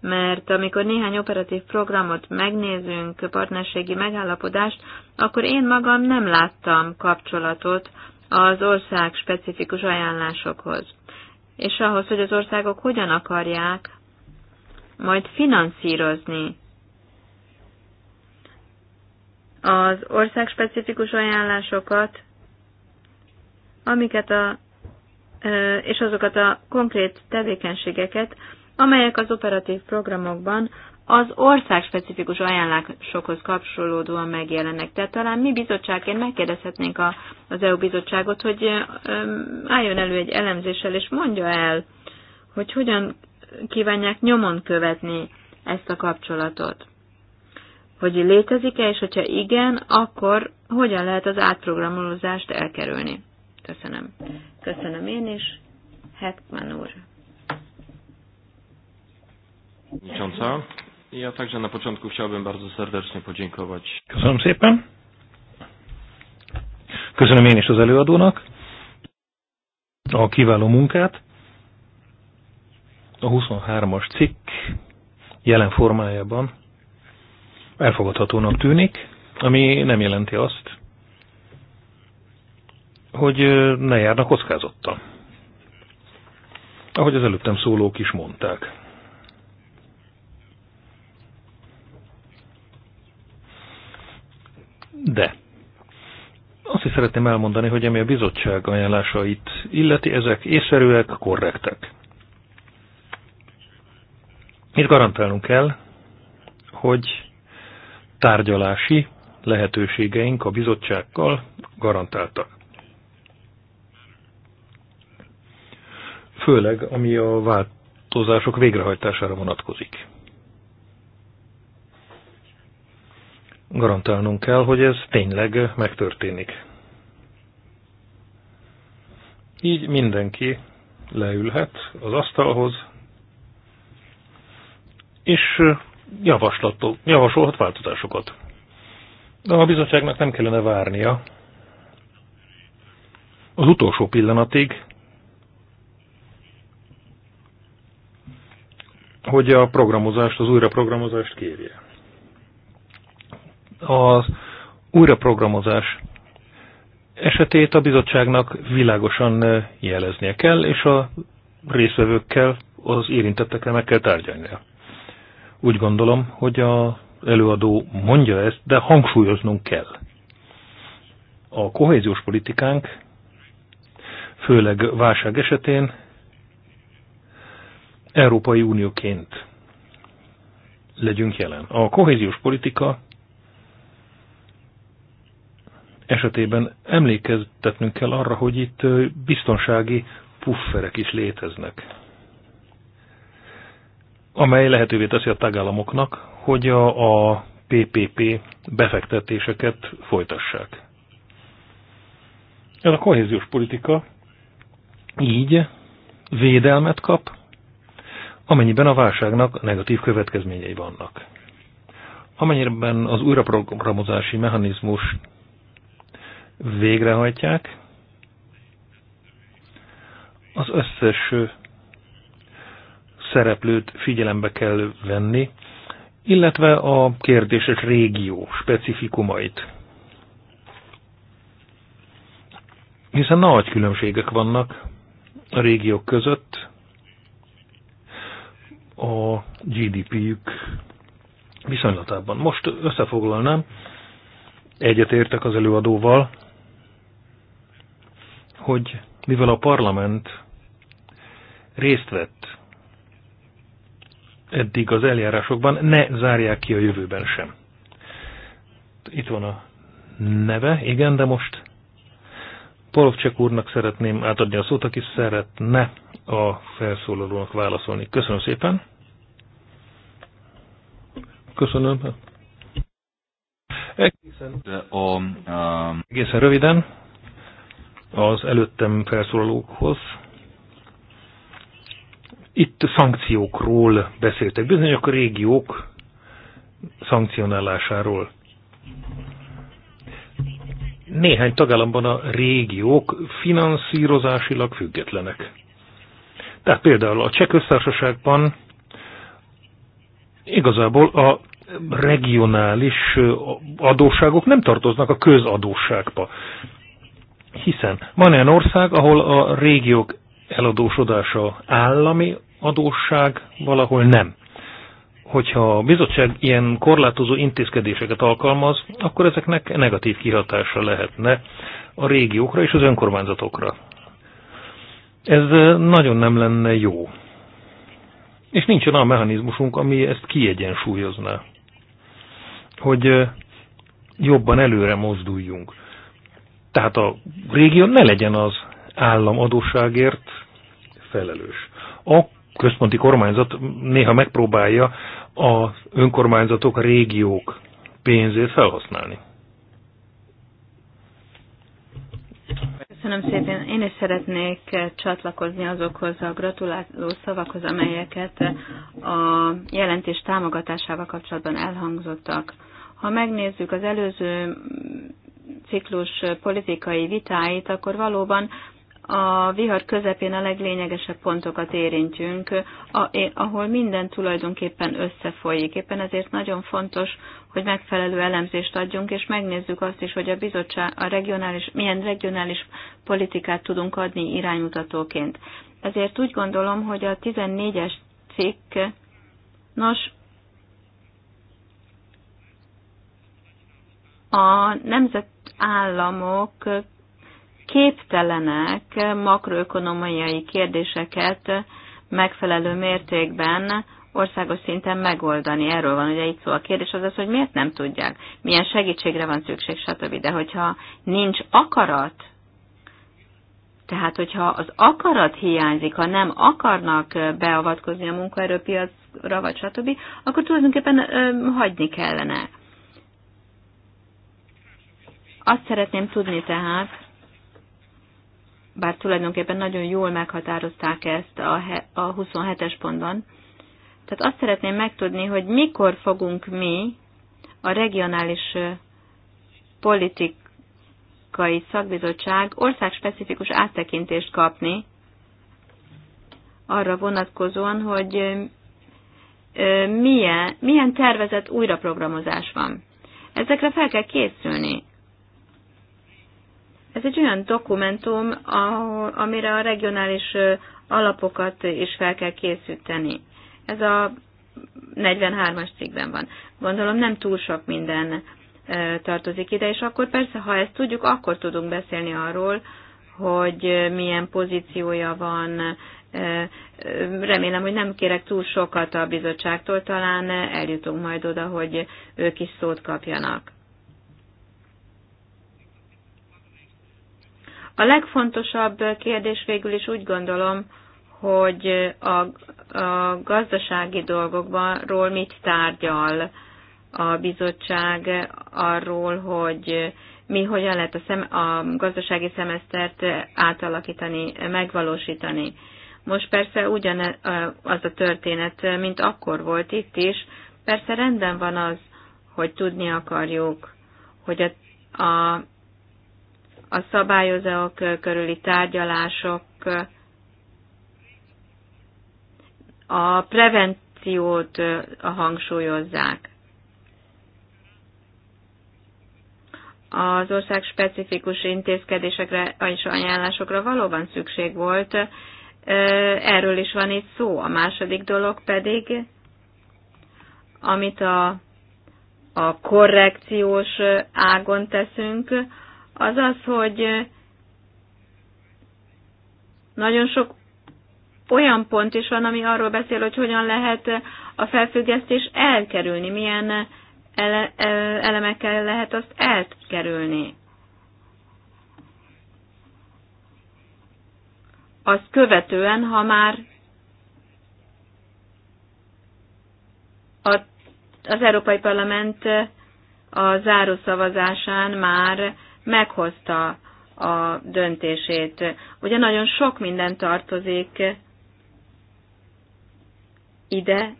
mert amikor néhány operatív programot megnézünk, partnerségi megállapodást, akkor én magam nem láttam kapcsolatot az ország specifikus ajánlásokhoz, és ahhoz, hogy az országok hogyan akarják majd finanszírozni az ország specifikus ajánlásokat, amiket a, és azokat a konkrét tevékenységeket, amelyek az operatív programokban az országspecifikus ajánlásokhoz kapcsolódóan megjelennek. Tehát talán mi bizottságként megkérdezhetnénk a, az EU bizottságot, hogy álljon elő egy elemzéssel, és mondja el, hogy hogyan kívánják nyomon követni ezt a kapcsolatot. Hogy létezik-e, és hogyha igen, akkor hogyan lehet az átprogramolózást elkerülni? Köszönöm. Köszönöm én is. Hetman úr. Przewodnicząca. Ja także na początku chciałbym bardzo serdecznie podziękować. Köszönöm szépen. Köszönöm én is az előadónak a kiváló munkát. A 23-as cikk jelen formájában elfogadhatónak tűnik, ami nem jelenti azt, hogy ne járnak kockázottan. Ahogy az előttem szólók is mondták. De azt is szeretném elmondani, hogy ami a bizottság ajánlásait illeti, ezek észszerűek, korrektek. Itt garantálnunk kell, hogy tárgyalási lehetőségeink a bizottsággal garantáltak. Főleg, ami a változások végrehajtására vonatkozik. garantálnunk kell, hogy ez tényleg megtörténik. Így mindenki leülhet az asztalhoz, és javasolhat változásokat. De a bizottságnak nem kellene várnia az utolsó pillanatig, hogy a programozást, az újraprogramozást kérje az újraprogramozás esetét a bizottságnak világosan eh, jeleznie kell, és a részvevőkkel, az érintettekkel meg kell tárgyalnia. Úgy gondolom, hogy a előadó mondja ezt, de hangsúlyoznunk kell. A kohéziós politikánk, főleg válság esetén, Európai Unióként legyünk jelen. A kohéziós politika esetében emlékeztetnünk kell arra, hogy itt biztonsági pufferek is léteznek, amely lehetővé teszi a tagállamoknak, hogy a, PPP befektetéseket folytassák. Ez a kohéziós politika így védelmet kap, amennyiben a válságnak negatív következményei vannak. Amennyiben az újraprogramozási mechanizmus végrehajtják. Az összes szereplőt figyelembe kell venni, illetve a kérdéses régió specifikumait. Hiszen nagy különbségek vannak a régiók között, a GDP-jük viszonylatában. Most összefoglalnám, egyetértek az előadóval, hogy mivel a parlament részt vett eddig az eljárásokban, ne zárják ki a jövőben sem. Itt van a neve, igen, de most Polovcsek úrnak szeretném átadni a szót, aki szeretne a felszólalónak válaszolni. Köszönöm szépen. Köszönöm. Egészen, a, a... egészen röviden az előttem felszólalókhoz. Itt szankciókról beszéltek, bizonyos a régiók szankcionálásáról. Néhány tagállamban a régiók finanszírozásilag függetlenek. Tehát például a Cseh Köztársaságban igazából a regionális adósságok nem tartoznak a közadósságba. Hiszen van olyan ország, ahol a régiók eladósodása állami adósság, valahol nem. Hogyha a bizottság ilyen korlátozó intézkedéseket alkalmaz, akkor ezeknek negatív kihatása lehetne a régiókra és az önkormányzatokra. Ez nagyon nem lenne jó. És nincs olyan mechanizmusunk, ami ezt kiegyensúlyozná. Hogy jobban előre mozduljunk. Tehát a régió ne legyen az állam adósságért felelős. A központi kormányzat néha megpróbálja az önkormányzatok, a régiók pénzét felhasználni. Köszönöm szépen. Én is szeretnék csatlakozni azokhoz a gratuláló szavakhoz, amelyeket a jelentés támogatásával kapcsolatban elhangzottak. Ha megnézzük az előző ciklus politikai vitáit, akkor valóban a vihar közepén a leglényegesebb pontokat érintjünk, ahol minden tulajdonképpen összefolyik. Éppen ezért nagyon fontos, hogy megfelelő elemzést adjunk, és megnézzük azt is, hogy a bizottság a regionális, milyen regionális politikát tudunk adni iránymutatóként. Ezért úgy gondolom, hogy a 14-es cikk, nos, a nemzet államok képtelenek makroökonomiai kérdéseket megfelelő mértékben országos szinten megoldani. Erről van ugye itt szó. A kérdés az az, hogy miért nem tudják, milyen segítségre van szükség, stb. De hogyha nincs akarat, tehát hogyha az akarat hiányzik, ha nem akarnak beavatkozni a munkaerőpiacra, vagy stb., akkor tulajdonképpen ö, hagyni kellene. Azt szeretném tudni tehát, bár tulajdonképpen nagyon jól meghatározták ezt a 27-es pontban, tehát azt szeretném megtudni, hogy mikor fogunk mi a regionális politikai szakbizottság országspecifikus áttekintést kapni arra vonatkozóan, hogy milyen, milyen tervezett újraprogramozás van. Ezekre fel kell készülni. Ez egy olyan dokumentum, amire a regionális alapokat is fel kell készíteni. Ez a 43-as cikkben van. Gondolom nem túl sok minden tartozik ide, és akkor persze, ha ezt tudjuk, akkor tudunk beszélni arról, hogy milyen pozíciója van. Remélem, hogy nem kérek túl sokat a bizottságtól, talán eljutunk majd oda, hogy ők is szót kapjanak. A legfontosabb kérdés végül is úgy gondolom, hogy a, a gazdasági dolgokról mit tárgyal a bizottság arról, hogy mi hogyan lehet a, szem, a gazdasági szemesztert átalakítani, megvalósítani. Most persze ugyanaz a történet, mint akkor volt itt is. Persze rendben van az, hogy tudni akarjuk, hogy a, a a szabályozók körüli tárgyalások, a prevenciót hangsúlyozzák. Az ország specifikus intézkedésekre és ajánlásokra valóban szükség volt, erről is van itt szó. A második dolog pedig, amit a, a korrekciós ágon teszünk, az az, hogy nagyon sok olyan pont is van, ami arról beszél, hogy hogyan lehet a felfüggesztés elkerülni, milyen ele, elemekkel lehet azt elkerülni. Azt követően, ha már a, az Európai Parlament a záró szavazásán már meghozta a döntését. Ugye nagyon sok minden tartozik ide,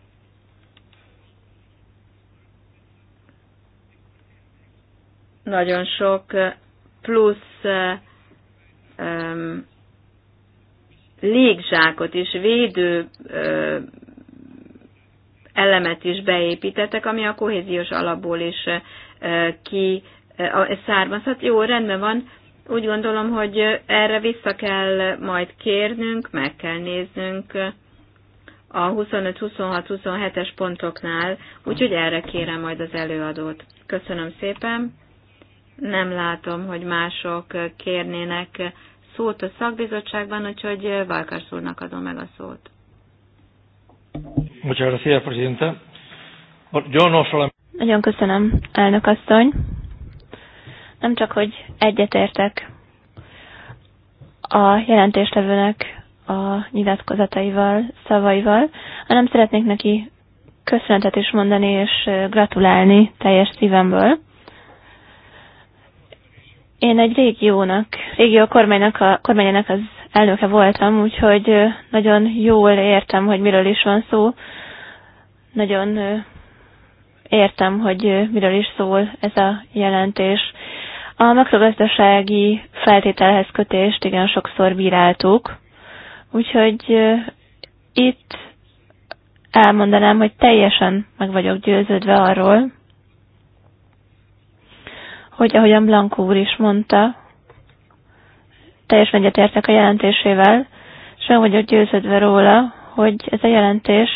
nagyon sok plusz um, légzsákot is, védő uh, elemet is beépítettek, ami a kohéziós alapból is ki E, származhat. Jó, rendben van. Úgy gondolom, hogy erre vissza kell majd kérnünk, meg kell néznünk a 25-26-27-es pontoknál, úgyhogy erre kérem majd az előadót. Köszönöm szépen. Nem látom, hogy mások kérnének szót a szakbizottságban, úgyhogy Valkás úrnak adom meg a szót. Nagyon köszönöm, elnök asszony. Nem csak, hogy egyetértek a jelentéstevőnek a nyilatkozataival, szavaival, hanem szeretnék neki köszönetet is mondani, és gratulálni teljes szívemből. Én egy régiónak, régió kormánynak a, kormányának az elnöke voltam, úgyhogy nagyon jól értem, hogy miről is van szó. Nagyon értem, hogy miről is szól ez a jelentés. A makrogazdasági feltételhez kötést igen sokszor bíráltuk, úgyhogy itt elmondanám, hogy teljesen meg vagyok győződve arról, hogy ahogyan Blanco úr is mondta, teljesen egyetértek a jelentésével, és meg vagyok győződve róla, hogy ez a jelentés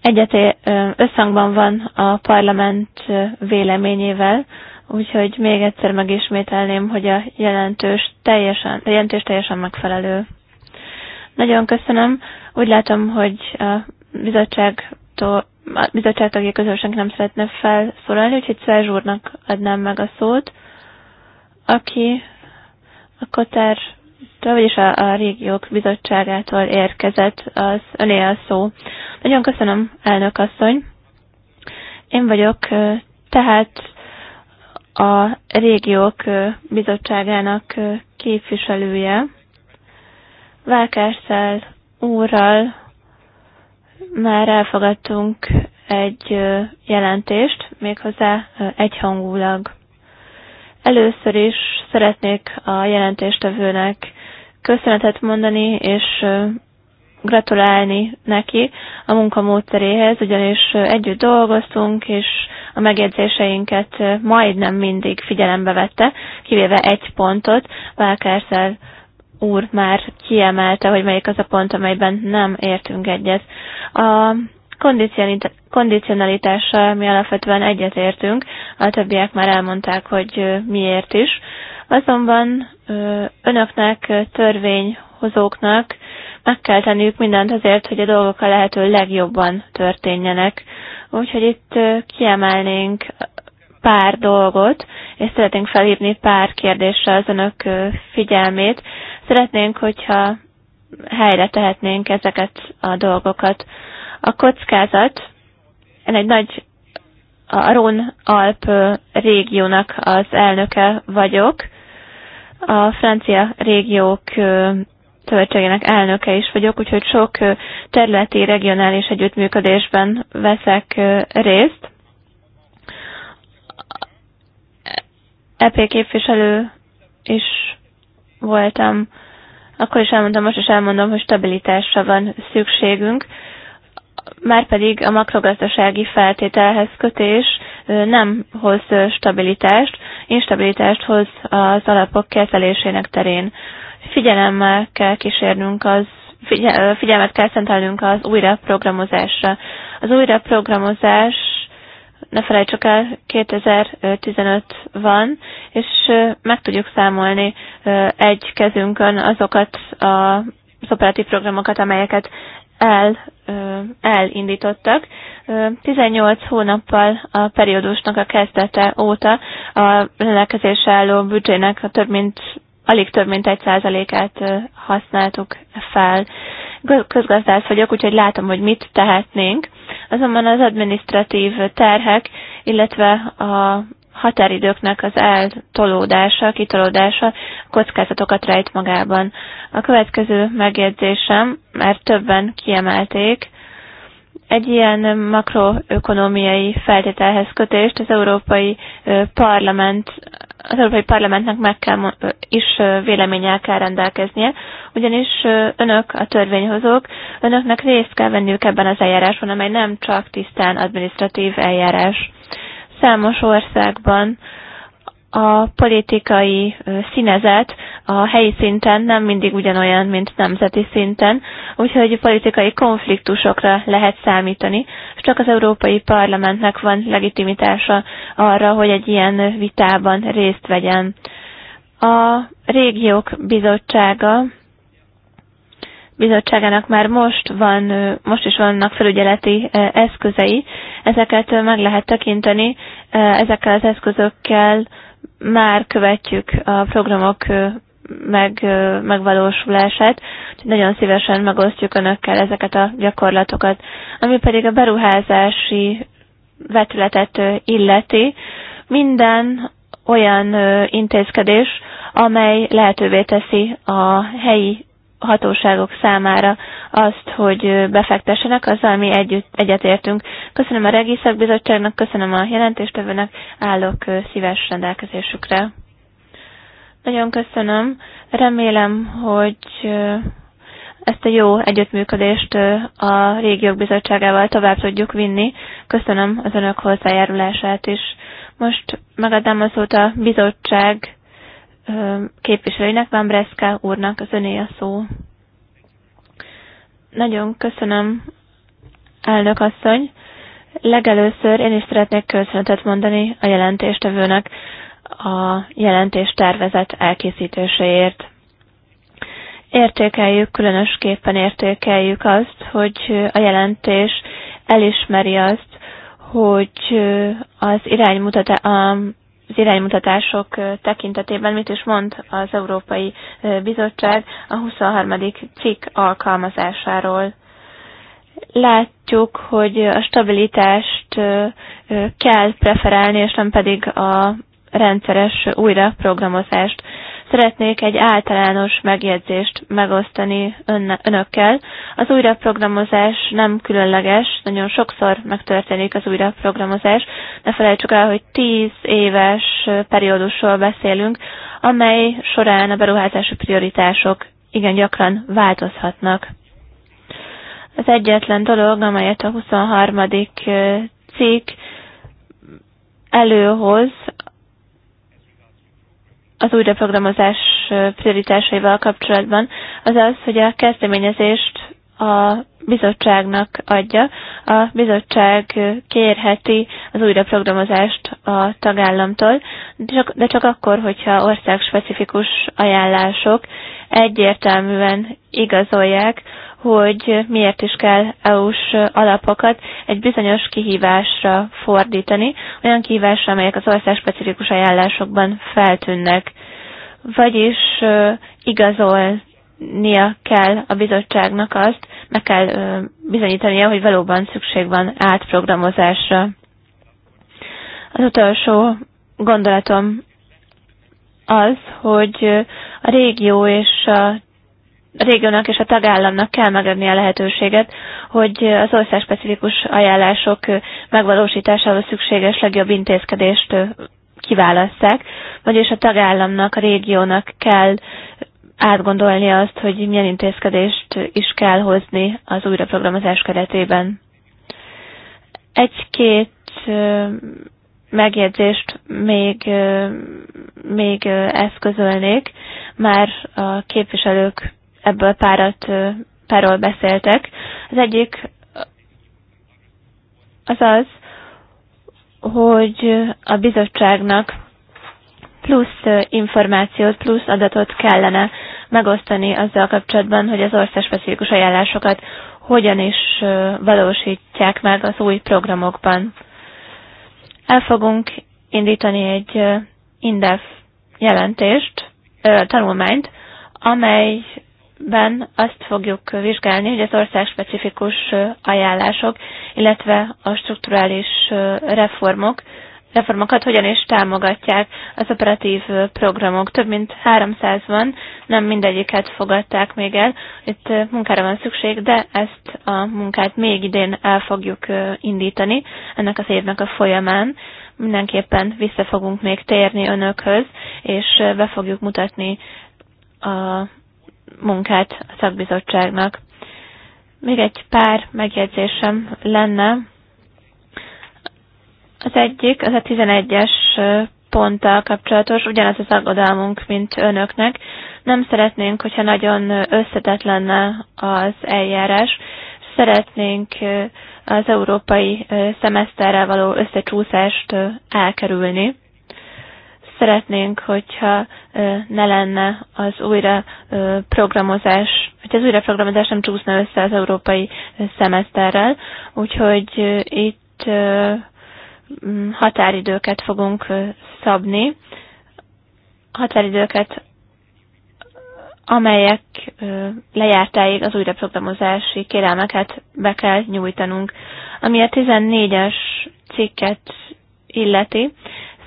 egyeté összhangban van a parlament véleményével, Úgyhogy még egyszer megismételném, hogy a jelentős teljesen, a jelentős teljesen megfelelő. Nagyon köszönöm. Úgy látom, hogy a bizottságtól a bizottság tagja közül senki nem szeretne felszólalni, úgyhogy Szerzs úrnak adnám meg a szót, aki a Kotár, vagyis a, a régiók bizottságától érkezett, az öné a szó. Nagyon köszönöm, elnök asszony. Én vagyok tehát a régiók bizottságának képviselője. Válkárszál úrral már elfogadtunk egy jelentést, méghozzá egyhangulag. Először is szeretnék a jelentéstevőnek köszönetet mondani, és gratulálni neki a munkamódszeréhez, ugyanis együtt dolgoztunk, és a megjegyzéseinket majdnem mindig figyelembe vette, kivéve egy pontot, Válkárszel úr már kiemelte, hogy melyik az a pont, amelyben nem értünk egyet. A kondicionalitással mi alapvetően egyet értünk, a többiek már elmondták, hogy miért is. Azonban önöknek, törvényhozóknak meg kell tenniük mindent azért, hogy a dolgok a lehető legjobban történjenek. Úgyhogy itt kiemelnénk pár dolgot, és szeretnénk felhívni pár kérdésre az önök figyelmét. Szeretnénk, hogyha helyre tehetnénk ezeket a dolgokat. A kockázat egy nagy a Rón Alp régiónak az elnöke vagyok. A francia régiók szövetségének elnöke is vagyok, úgyhogy sok területi, regionális együttműködésben veszek részt. EP képviselő is voltam, akkor is elmondtam, most is elmondom, hogy stabilitásra van szükségünk, márpedig a makrogazdasági feltételhez kötés nem hoz stabilitást, instabilitást hoz az alapok kezelésének terén. Figyelemmel kell kísérnünk az figyelmet kell szentelnünk az újraprogramozásra. Az újraprogramozás, ne felejtsük el, 2015 van, és meg tudjuk számolni egy kezünkön azokat az operatív programokat, amelyeket el, elindítottak. 18 hónappal a periódusnak a kezdete óta a rendelkezésre álló büdzsének a több mint alig több mint egy százalékát használtuk fel. Közgazdász vagyok, úgyhogy látom, hogy mit tehetnénk. Azonban az administratív terhek, illetve a határidőknek az eltolódása, kitolódása kockázatokat rejt magában. A következő megjegyzésem, mert többen kiemelték, egy ilyen makroökonomiai feltételhez kötést az Európai Parlament az Európai Parlamentnek meg kell, is véleménnyel kell rendelkeznie, ugyanis önök, a törvényhozók, önöknek részt kell venniük ebben az eljárásban, amely nem csak tisztán administratív eljárás. Számos országban a politikai színezet a helyi szinten nem mindig ugyanolyan, mint nemzeti szinten, úgyhogy politikai konfliktusokra lehet számítani, és csak az Európai Parlamentnek van legitimitása arra, hogy egy ilyen vitában részt vegyen. A régiók bizottsága bizottságának már most van, most is vannak felügyeleti eszközei, ezeket meg lehet tekinteni, ezekkel az eszközökkel már követjük a programok meg, megvalósulását, úgyhogy nagyon szívesen megosztjuk önökkel ezeket a gyakorlatokat. Ami pedig a beruházási vetületet illeti, minden olyan intézkedés, amely lehetővé teszi a helyi hatóságok számára azt, hogy befektessenek, azzal mi együtt egyetértünk. Köszönöm a Regiszak Bizottságnak, köszönöm a jelentéstevőnek, állok szíves rendelkezésükre. Nagyon köszönöm. Remélem, hogy ezt a jó együttműködést a régiók bizottságával tovább tudjuk vinni. Köszönöm az önök hozzájárulását is. Most megadnám a szót a bizottság képviselőinek, Van Breszka úrnak az öné a szó. Nagyon köszönöm, elnök asszony. Legelőször én is szeretnék köszönetet mondani a jelentéstevőnek a jelentés tervezet elkészítéséért. Értékeljük, különösképpen értékeljük azt, hogy a jelentés elismeri azt, hogy az iránymutatás, az iránymutatások tekintetében mit is mond az Európai Bizottság a 23. cikk alkalmazásáról. Látjuk, hogy a stabilitást kell preferálni, és nem pedig a rendszeres újraprogramozást. Szeretnék egy általános megjegyzést megosztani önne, önökkel. Az újraprogramozás nem különleges, nagyon sokszor megtörténik az újraprogramozás. Ne felejtsük el, hogy 10 éves periódusról beszélünk, amely során a beruházási prioritások igen gyakran változhatnak. Az egyetlen dolog, amelyet a 23. cikk előhoz, az újraprogramozás prioritásaival kapcsolatban, az az, hogy a kezdeményezést a bizottságnak adja. A bizottság kérheti az újraprogramozást a tagállamtól, de csak akkor, hogyha országspecifikus ajánlások egyértelműen igazolják hogy miért is kell EU-s alapokat egy bizonyos kihívásra fordítani, olyan kihívásra, amelyek az ország specifikus ajánlásokban feltűnnek. Vagyis igazolnia kell a bizottságnak azt, meg kell bizonyítania, hogy valóban szükség van átprogramozásra. Az utolsó gondolatom az, hogy a régió és a régiónak és a tagállamnak kell megadni a lehetőséget, hogy az országspecifikus ajánlások megvalósításához szükséges legjobb intézkedést kiválasszák, vagyis a tagállamnak, a régiónak kell átgondolni azt, hogy milyen intézkedést is kell hozni az újraprogramozás keretében. Egy-két megjegyzést még, még eszközölnék, már a képviselők ebből párat, párról beszéltek. Az egyik az az, hogy a bizottságnak plusz információt, plusz adatot kellene megosztani azzal kapcsolatban, hogy az országspecifikus ajánlásokat hogyan is valósítják meg az új programokban. El fogunk indítani egy INDEF jelentést, tanulmányt, amely ben azt fogjuk vizsgálni, hogy az országspecifikus ajánlások, illetve a strukturális reformok, reformokat hogyan is támogatják az operatív programok. Több mint 300 van, nem mindegyiket fogadták még el. Itt munkára van szükség, de ezt a munkát még idén el fogjuk indítani ennek az évnek a folyamán. Mindenképpen vissza fogunk még térni önökhöz, és be fogjuk mutatni a munkát a szakbizottságnak. Még egy pár megjegyzésem lenne. Az egyik, az a 11-es ponttal kapcsolatos, ugyanaz az aggodalmunk, mint önöknek. Nem szeretnénk, hogyha nagyon összetett lenne az eljárás. Szeretnénk az európai szemeszterrel való összecsúszást elkerülni szeretnénk, hogyha ne lenne az újra programozás, hogy az újraprogramozás nem csúszna össze az európai szemeszterrel, úgyhogy itt határidőket fogunk szabni, határidőket, amelyek lejártáig az újraprogramozási kérelmeket be kell nyújtanunk. Ami a 14-es cikket illeti,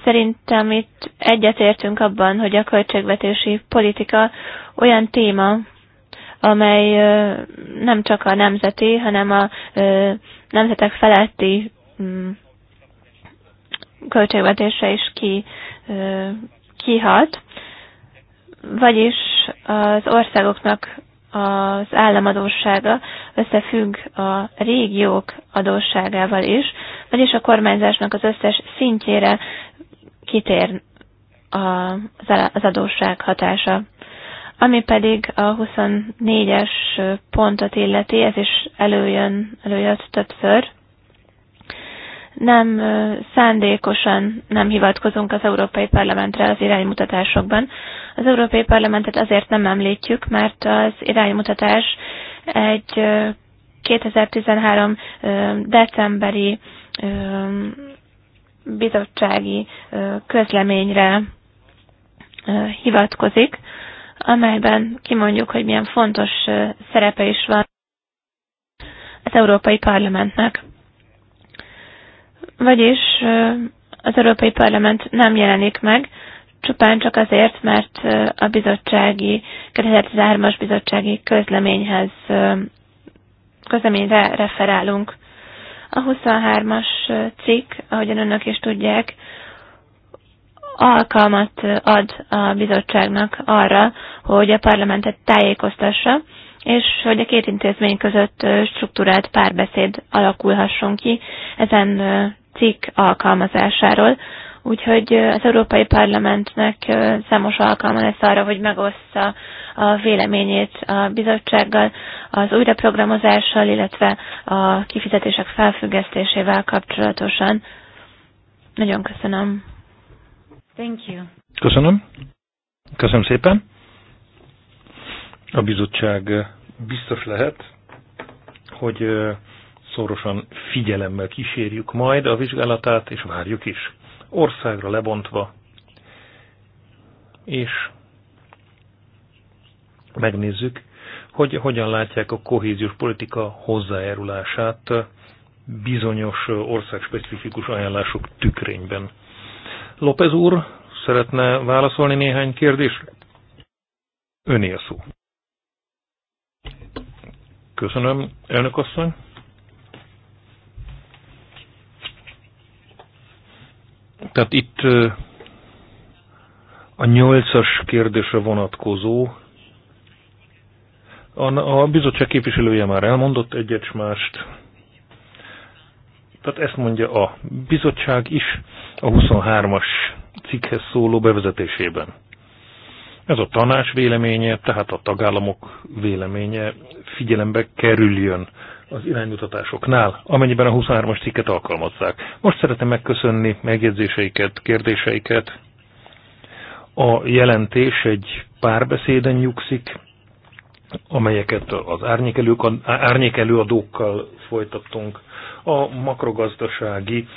Szerintem itt egyetértünk abban, hogy a költségvetési politika olyan téma, amely nem csak a nemzeti, hanem a nemzetek feletti mm, költségvetése is ki, kihat, vagyis az országoknak az államadósága összefügg a régiók adósságával is, vagyis a kormányzásnak az összes szintjére kitér az adósság hatása. Ami pedig a 24-es pontot illeti, ez is előjön, előjött többször, nem szándékosan nem hivatkozunk az Európai Parlamentre az iránymutatásokban. Az Európai Parlamentet azért nem említjük, mert az iránymutatás egy 2013. decemberi bizottsági közleményre hivatkozik, amelyben kimondjuk, hogy milyen fontos szerepe is van az Európai Parlamentnek. Vagyis az Európai Parlament nem jelenik meg, csupán csak azért, mert a bizottsági, 2003 as bizottsági közleményhez, közleményre referálunk. A 23-as cikk, ahogyan önök is tudják, alkalmat ad a bizottságnak arra, hogy a parlamentet tájékoztassa, és hogy a két intézmény között struktúrált párbeszéd alakulhasson ki ezen cikk alkalmazásáról, Úgyhogy az Európai Parlamentnek számos alkalma lesz arra, hogy megossza a véleményét a bizottsággal, az újraprogramozással, illetve a kifizetések felfüggesztésével kapcsolatosan. Nagyon köszönöm. Thank you. Köszönöm. Köszönöm szépen. A bizottság biztos lehet, hogy szorosan figyelemmel kísérjük majd a vizsgálatát, és várjuk is országra lebontva, és megnézzük, hogy hogyan látják a kohéziós politika hozzájárulását bizonyos országspecifikus ajánlások tükrényben. López úr szeretne válaszolni néhány kérdésre? Öné a szó. Köszönöm, elnök asszony. Tehát itt a nyolcas kérdésre vonatkozó a, bizottság képviselője már elmondott egyet mást. Tehát ezt mondja a bizottság is a 23-as cikkhez szóló bevezetésében. Ez a tanács véleménye, tehát a tagállamok véleménye figyelembe kerüljön az iránymutatásoknál, amennyiben a 23-as cikket alkalmazzák. Most szeretném megköszönni megjegyzéseiket, kérdéseiket. A jelentés egy párbeszéden nyugszik, amelyeket az árnyékelőadókkal folytattunk. A makrogazdasági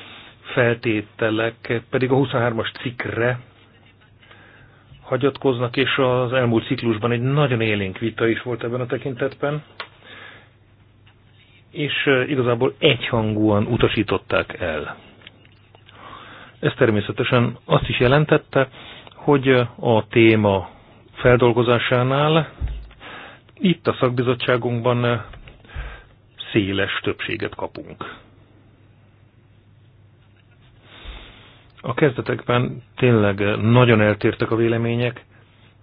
feltételek pedig a 23-as cikkre hagyatkoznak, és az elmúlt ciklusban egy nagyon élénk vita is volt ebben a tekintetben és igazából egyhangúan utasították el. Ez természetesen azt is jelentette, hogy a téma feldolgozásánál itt a szakbizottságunkban széles többséget kapunk. A kezdetekben tényleg nagyon eltértek a vélemények,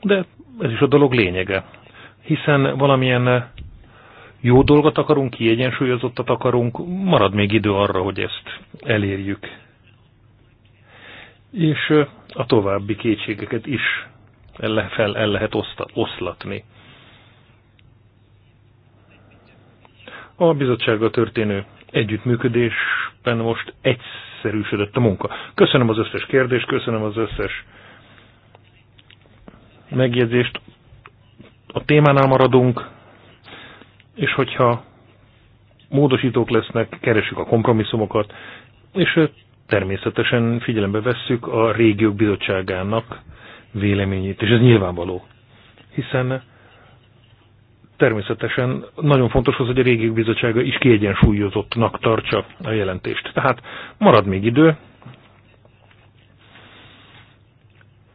de ez is a dolog lényege, hiszen valamilyen jó dolgot akarunk, kiegyensúlyozottat akarunk, marad még idő arra, hogy ezt elérjük. És a további kétségeket is fel el lehet oszlatni. A bizottsággal történő együttműködésben most egyszerűsödött a munka. Köszönöm az összes kérdést, köszönöm az összes megjegyzést. A témánál maradunk, és hogyha módosítók lesznek, keresünk a kompromisszumokat, és természetesen figyelembe vesszük a régiók bizottságának véleményét, és ez nyilvánvaló, hiszen természetesen nagyon fontos az, hogy a régiók bizottsága is kiegyensúlyozottnak tartsa a jelentést. Tehát marad még idő,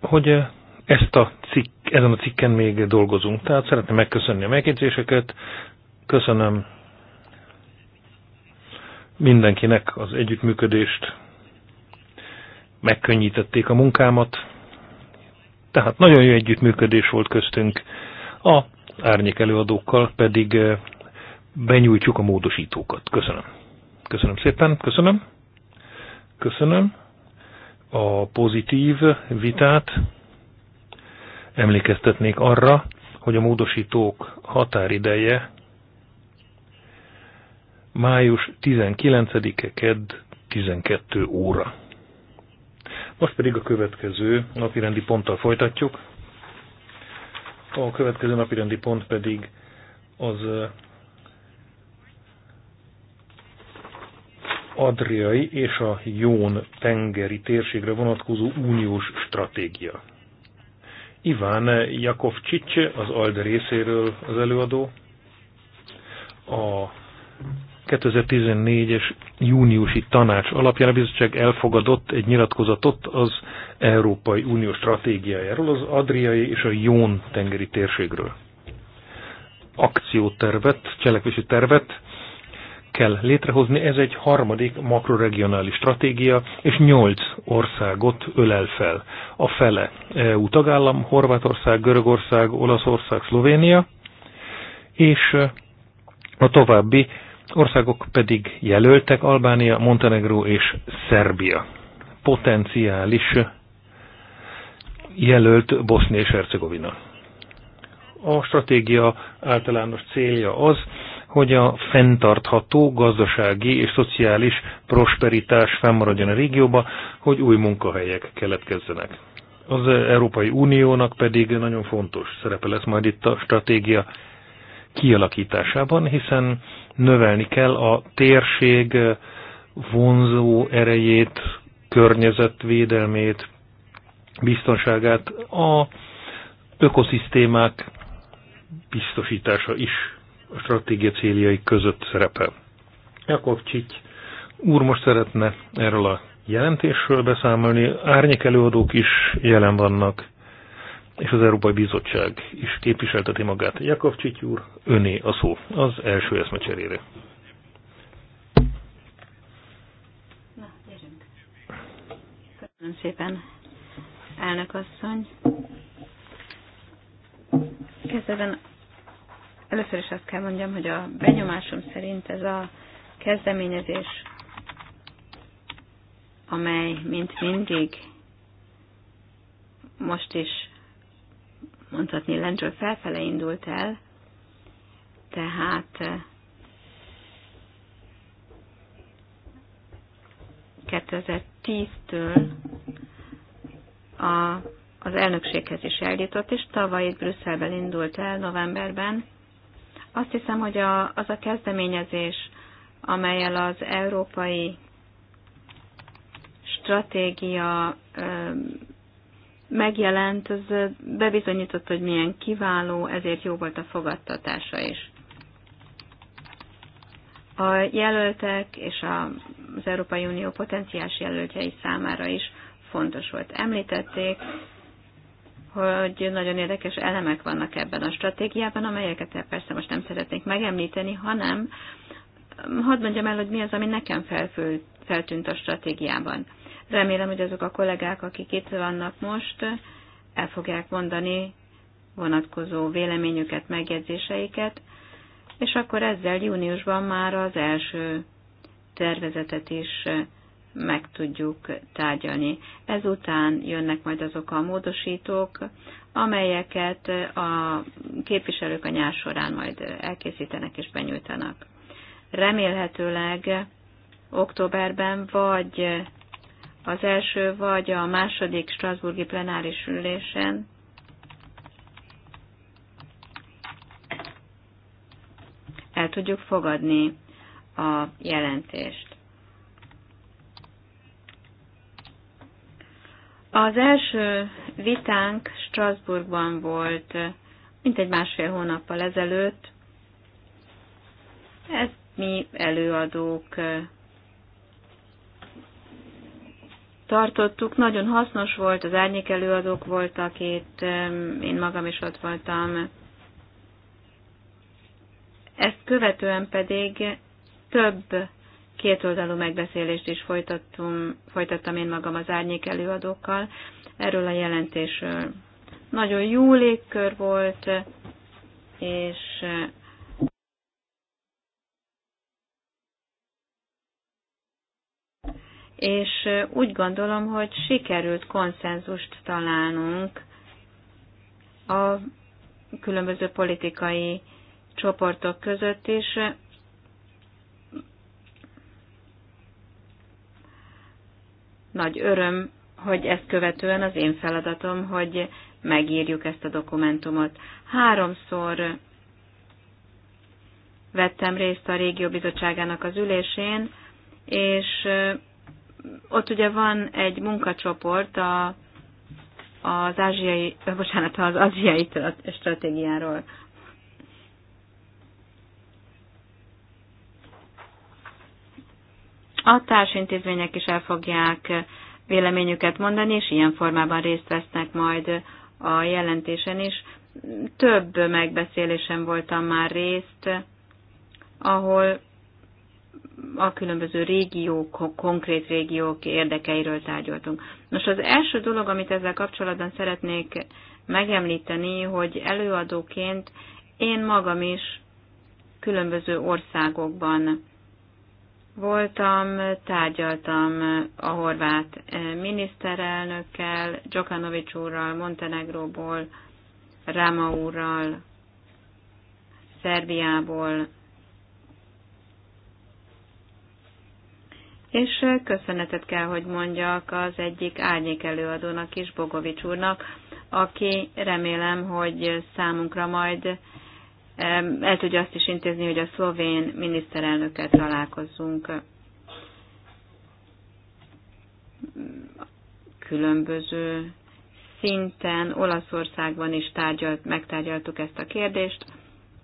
hogy ezt a cikk, ezen a cikken még dolgozunk. Tehát szeretném megköszönni a megjegyzéseket, Köszönöm mindenkinek az együttműködést. Megkönnyítették a munkámat. Tehát nagyon jó együttműködés volt köztünk. A árnyék előadókkal pedig eh, benyújtjuk a módosítókat. Köszönöm. Köszönöm szépen. Köszönöm. Köszönöm a pozitív vitát. Emlékeztetnék arra, hogy a módosítók határideje május 19-e kedd 12 óra. Most pedig a következő napirendi ponttal folytatjuk. A következő napirendi pont pedig az eh, Adriai és a Jón tengeri térségre vonatkozó uniós stratégia. Iván Csicse, az ALDE részéről az előadó, a 2014-es júniusi tanács alapján a bizottság elfogadott egy nyilatkozatot az Európai Unió stratégiájáról, az Adriai és a Jón tengeri térségről. Akciótervet, cselekvési tervet kell létrehozni, ez egy harmadik makroregionális stratégia, és nyolc országot ölel fel. A fele EU tagállam, Horvátország, Görögország, Olaszország, Szlovénia, és a további országok pedig jelöltek Albánia, Montenegró és Szerbia. Potenciális jelölt Bosznia és Hercegovina. A stratégia általános célja az, hogy a fenntartható gazdasági és szociális prosperitás fennmaradjon a régióba, hogy új munkahelyek keletkezzenek. Az Európai Uniónak pedig nagyon fontos szerepe lesz majd itt a stratégia kialakításában, hiszen növelni kell a térség vonzó erejét, környezetvédelmét, biztonságát, a ökoszisztémák biztosítása is a stratégia céljai között szerepel. Jakov Csics úr most szeretne erről a jelentésről beszámolni, árnyék előadók is jelen vannak és az Európai Bizottság is képviselteti magát. Jakov Csitty úr, öné a szó az első eszmecserére. Na, Köszönöm szépen, elnök asszony. Kezdetben először is azt kell mondjam, hogy a benyomásom szerint ez a kezdeményezés, amely mint mindig most is mondhatni lentről felfele indult el, tehát 2010-től eh, a, az elnökséghez is eljutott, és tavaly itt Brüsszelben indult el novemberben. Azt hiszem, hogy a, az a kezdeményezés, amelyel az európai stratégia eh, megjelent, az bebizonyított, hogy milyen kiváló, ezért jó volt a fogadtatása is. A jelöltek és az Európai Unió potenciális jelöltjei számára is fontos volt. Említették, hogy nagyon érdekes elemek vannak ebben a stratégiában, amelyeket e persze most nem szeretnék megemlíteni, hanem hadd mondjam el, hogy mi az, ami nekem felfő, feltűnt a stratégiában. Remélem, hogy azok a kollégák, akik itt vannak most, el fogják mondani vonatkozó véleményüket, megjegyzéseiket, és akkor ezzel júniusban már az első tervezetet is meg tudjuk tárgyalni. Ezután jönnek majd azok a módosítók, amelyeket a képviselők a nyár során majd elkészítenek és benyújtanak. Remélhetőleg októberben vagy az első vagy a második Strasburgi plenáris ülésen el tudjuk fogadni a jelentést. Az első vitánk Strasbourgban volt, mint egy másfél hónappal ezelőtt. Ezt mi előadók tartottuk. Nagyon hasznos volt, az árnyék előadók voltak itt, én magam is ott voltam. Ezt követően pedig több kétoldalú megbeszélést is folytattam, folytattam én magam az árnyék előadókkal erről a jelentésről. Nagyon jó légkör volt, és és úgy gondolom, hogy sikerült konszenzust találnunk a különböző politikai csoportok között is. Nagy öröm, hogy ezt követően az én feladatom, hogy megírjuk ezt a dokumentumot. Háromszor vettem részt a régió bizottságának az ülésén, és ott ugye van egy munkacsoport a, az ázsiai, bocsánat, az ázsiai stratégiáról. A társintézmények is el fogják véleményüket mondani, és ilyen formában részt vesznek majd a jelentésen is. Több megbeszélésen voltam már részt, ahol a különböző régiók, konkrét régiók érdekeiről tárgyaltunk. Nos, az első dolog, amit ezzel kapcsolatban szeretnék megemlíteni, hogy előadóként én magam is különböző országokban voltam, tárgyaltam a horvát eh, miniszterelnökkel, Dzsokanovics úrral, Montenegróból, Rama úrral, Szerbiából, és köszönetet kell, hogy mondjak az egyik árnyék előadónak is, Bogovics úrnak, aki remélem, hogy számunkra majd el tudja azt is intézni, hogy a szlovén miniszterelnökkel találkozzunk. Különböző szinten Olaszországban is tárgyalt, megtárgyaltuk ezt a kérdést,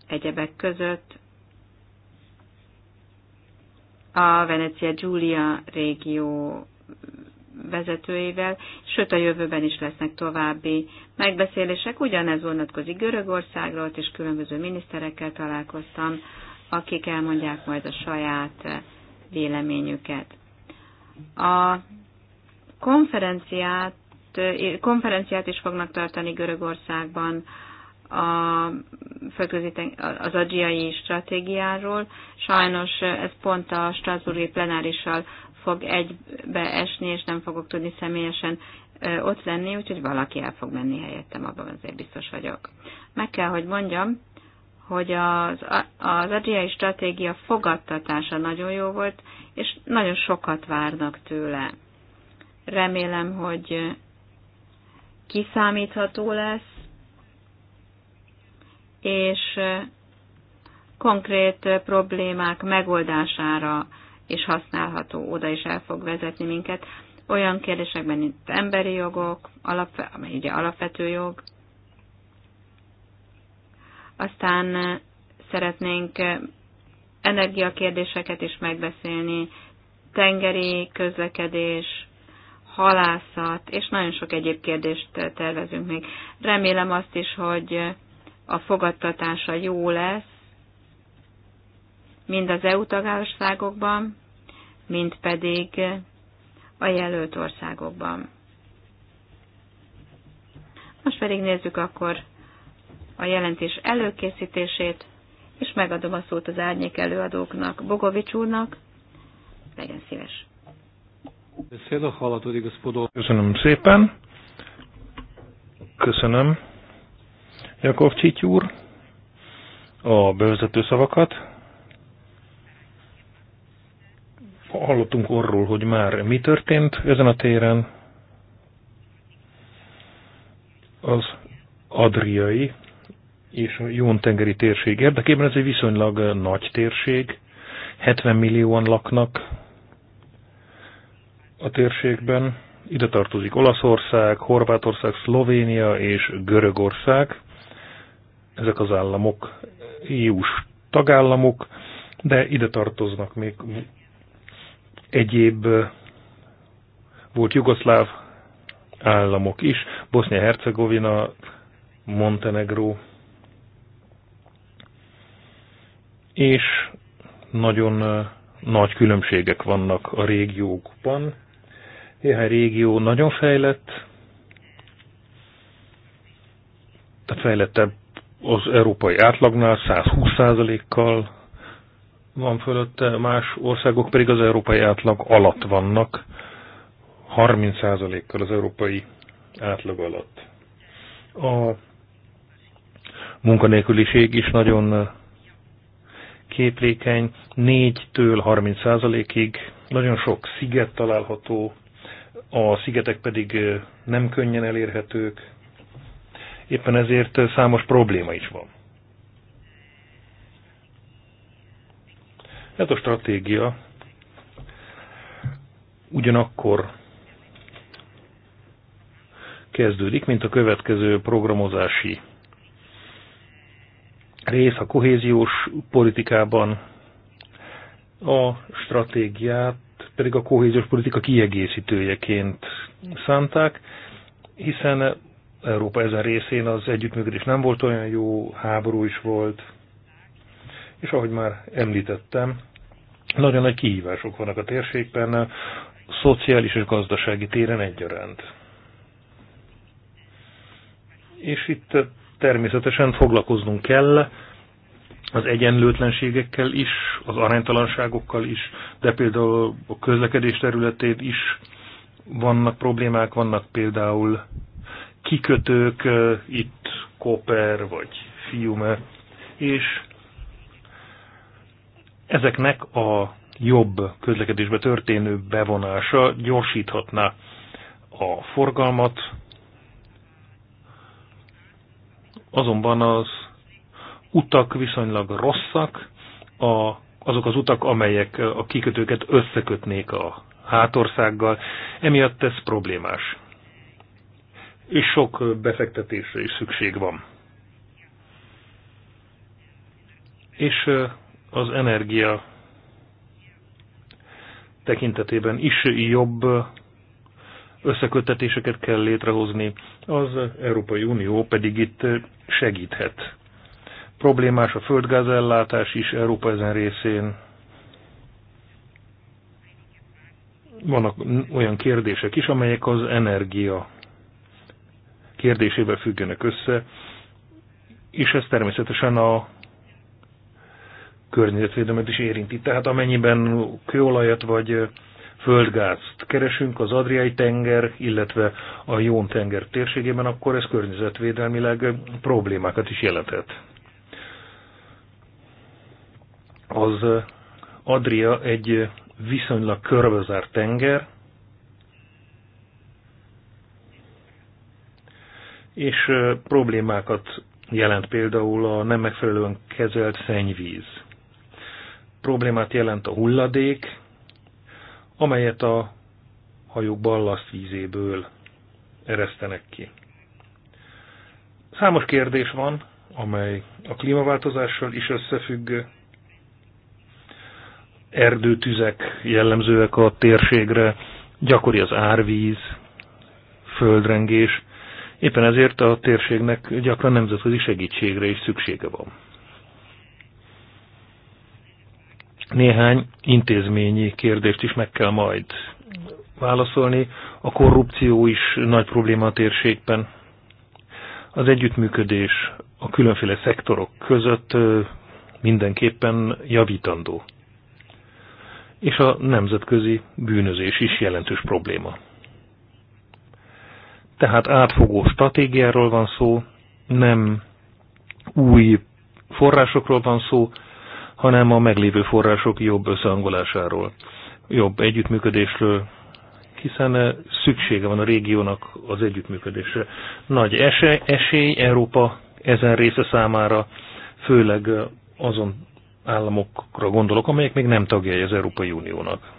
egyebek között a Venecia Giulia régió vezetőivel, sőt a jövőben is lesznek további megbeszélések. Ugyanez vonatkozik Görögországról, és különböző miniszterekkel találkoztam, akik elmondják majd a saját véleményüket. A konferenciát, konferenciát is fognak tartani Görögországban a az adziai stratégiáról. Sajnos ez pont a Strasburgi plenárissal fog egybe esni, és nem fogok tudni személyesen ott lenni, úgyhogy valaki el fog menni helyettem, abban azért biztos vagyok. Meg kell, hogy mondjam, hogy az, az adriai stratégia fogadtatása nagyon jó volt, és nagyon sokat várnak tőle. Remélem, hogy kiszámítható lesz, és konkrét problémák megoldására is használható, oda is el fog vezetni minket. Olyan kérdésekben, mint emberi jogok, alap, ugye alapvető jog. Aztán szeretnénk energiakérdéseket is megbeszélni, tengeri közlekedés, halászat, és nagyon sok egyéb kérdést tervezünk még. Remélem azt is, hogy a fogadtatása jó lesz, mind az EU tagállamokban, mind pedig a jelölt országokban. Most pedig nézzük akkor a jelentés előkészítését, és megadom a szót az árnyék előadóknak, Bogovics úrnak. Legyen szíves. Köszönöm szépen. Köszönöm Jakovcsics úr a bevezető szavakat. Hallottunk arról, hogy már mi történt ezen a téren. Az Adriai és a Jóntengeri térség érdekében ez egy viszonylag nagy térség. 70 millióan laknak a térségben. Ide tartozik Olaszország, Horvátország, Szlovénia és Görögország ezek az államok EU-s tagállamok, de ide tartoznak még egyéb volt jugoszláv államok is, Bosznia-Hercegovina, Montenegró, és nagyon nagy különbségek vannak a régiókban. Néhány régió nagyon fejlett, tehát fejlettebb az európai átlagnál 120%-kal van fölötte, más országok pedig az európai átlag alatt vannak, 30%-kal az európai átlag alatt. A munkanélküliség is nagyon képlékeny, 4-től 30%-ig, nagyon sok sziget található, a szigetek pedig nem könnyen elérhetők, éppen ezért számos probléma is van. Ez a stratégia ugyanakkor kezdődik, mint a következő programozási rész a kohéziós politikában, a stratégiát pedig a kohéziós politika kiegészítőjeként szánták, hiszen Európa ezen részén az együttműködés nem volt olyan jó, háború is volt, és ahogy már említettem, nagyon nagy kihívások vannak a térségben, a szociális és gazdasági téren egyaránt. És itt természetesen foglalkoznunk kell az egyenlőtlenségekkel is, az aránytalanságokkal is, de például a közlekedés területén is vannak problémák, vannak például kikötők, itt Koper vagy Fiume, és ezeknek a jobb közlekedésbe történő bevonása gyorsíthatná a forgalmat, azonban az utak viszonylag rosszak, a, azok az utak, amelyek a kikötőket összekötnék a hátországgal, emiatt ez problémás és sok befektetésre is szükség van. És az energia tekintetében is jobb összeköttetéseket kell létrehozni, az Európai Unió pedig itt segíthet. Problémás a földgázellátás is Európa ezen részén. Vannak olyan kérdések is, amelyek az energia kérdésével függenek össze, és ez természetesen a környezetvédelmet is érinti. Tehát amennyiben kőolajat vagy földgázt keresünk az Adriai tenger, illetve a Jón tenger térségében, akkor ez környezetvédelmileg problémákat is jelenthet. Az Adria egy viszonylag körbezárt tenger, és problémákat jelent például a nem megfelelően kezelt szennyvíz. Problémát jelent a hulladék, amelyet a hajók ballasztvízéből eresztenek ki. Számos kérdés van, amely a klímaváltozással is összefügg. Erdőtüzek jellemzőek a térségre, gyakori az árvíz, földrengés, Éppen ezért a térségnek gyakran nemzetközi segítségre is szüksége van. Néhány intézményi kérdést is meg kell majd válaszolni. A korrupció is nagy probléma a térségben. Az együttműködés a különféle szektorok között mindenképpen javítandó. És a nemzetközi bűnözés is jelentős probléma. Tehát átfogó stratégiáról van szó, nem új forrásokról van szó, hanem a meglévő források jobb összehangolásáról, jobb együttműködésről, hiszen eh, szüksége van a régiónak az együttműködésre. Nagy esély, esély Európa ezen része számára, főleg eh, azon államokra gondolok, amelyek még nem tagjai az Európai Uniónak.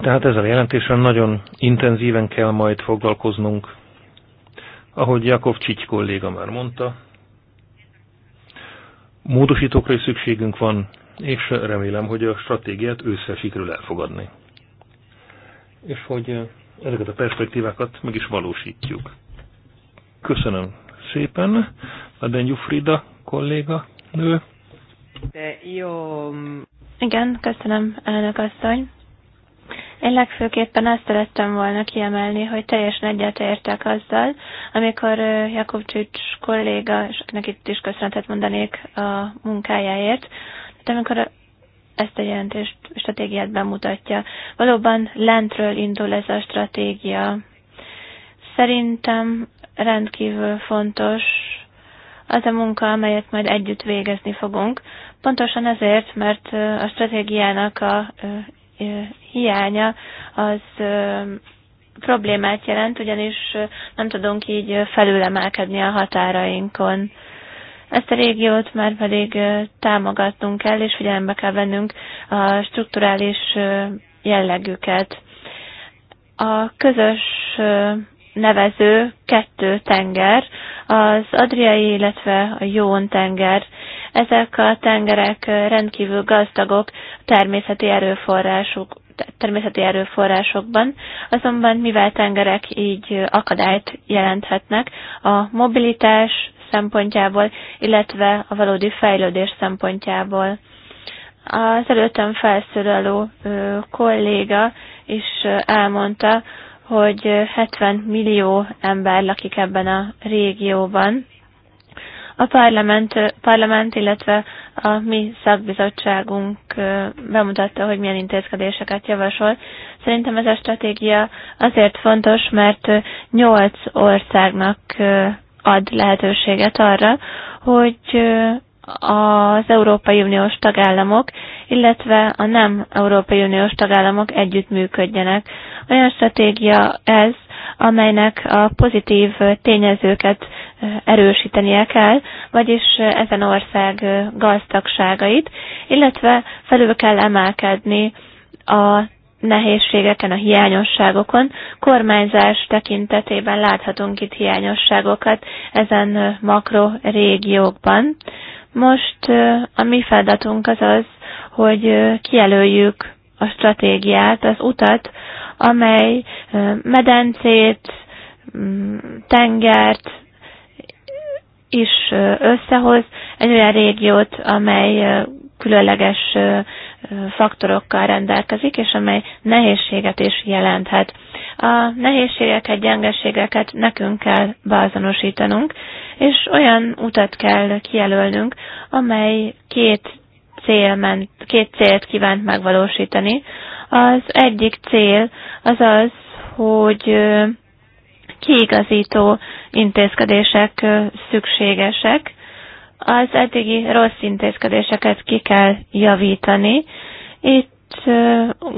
Tehát ezzel a jelentéssel nagyon intenzíven kell majd foglalkoznunk. Ahogy Jakov Csics kolléga már mondta, módosítókra is szükségünk van, és remélem, hogy a stratégiát ősszel sikerül elfogadni. És hogy ezeket a perspektívákat meg is valósítjuk. Köszönöm szépen, Aden Jufrida kolléga nő. De jó. Igen, köszönöm, elnök asszony. Én legfőképpen azt szerettem volna kiemelni, hogy teljesen egyetértek azzal, amikor Jakobcsics kolléga, és akinek itt is köszönetet mondanék a munkájáért, de amikor ezt a jelentést, stratégiát bemutatja. Valóban lentről indul ez a stratégia. Szerintem rendkívül fontos az a munka, amelyet majd együtt végezni fogunk. Pontosan ezért, mert a stratégiának a hiánya az problémát jelent, ugyanis nem tudunk így felülemelkedni a határainkon. Ezt a régiót már pedig támogatnunk kell, és figyelembe kell vennünk a strukturális jellegüket. A közös nevező kettő tenger, az Adriai, illetve a Jón tenger ezek a tengerek rendkívül gazdagok természeti erőforrásuk természeti erőforrásokban, azonban mivel tengerek így akadályt jelenthetnek, a mobilitás szempontjából, illetve a valódi fejlődés szempontjából. Az előttem felszólaló kolléga is elmondta, hogy 70 millió ember lakik ebben a régióban, a parlament, parlament, illetve a mi szakbizottságunk bemutatta, hogy milyen intézkedéseket javasol. Szerintem ez a stratégia azért fontos, mert nyolc országnak ad lehetőséget arra, hogy az Európai Uniós tagállamok, illetve a nem Európai Uniós tagállamok együttműködjenek. Olyan stratégia ez, amelynek a pozitív tényezőket erősítenie kell, vagyis ezen ország gazdagságait, illetve felül kell emelkedni a nehézségeken, a hiányosságokon. Kormányzás tekintetében láthatunk itt hiányosságokat ezen makro régiókban. Most a mi feladatunk az az, hogy kijelöljük a stratégiát, az utat, amely medencét, tengert, is összehoz egy olyan régiót, amely különleges faktorokkal rendelkezik, és amely nehézséget is jelenthet. A nehézségeket, gyengeségeket nekünk kell beazonosítanunk, és olyan utat kell kijelölnünk, amely két, cél ment, két célt kívánt megvalósítani. Az egyik cél az az, hogy kiigazító intézkedések szükségesek. Az eddigi rossz intézkedéseket ki kell javítani. Itt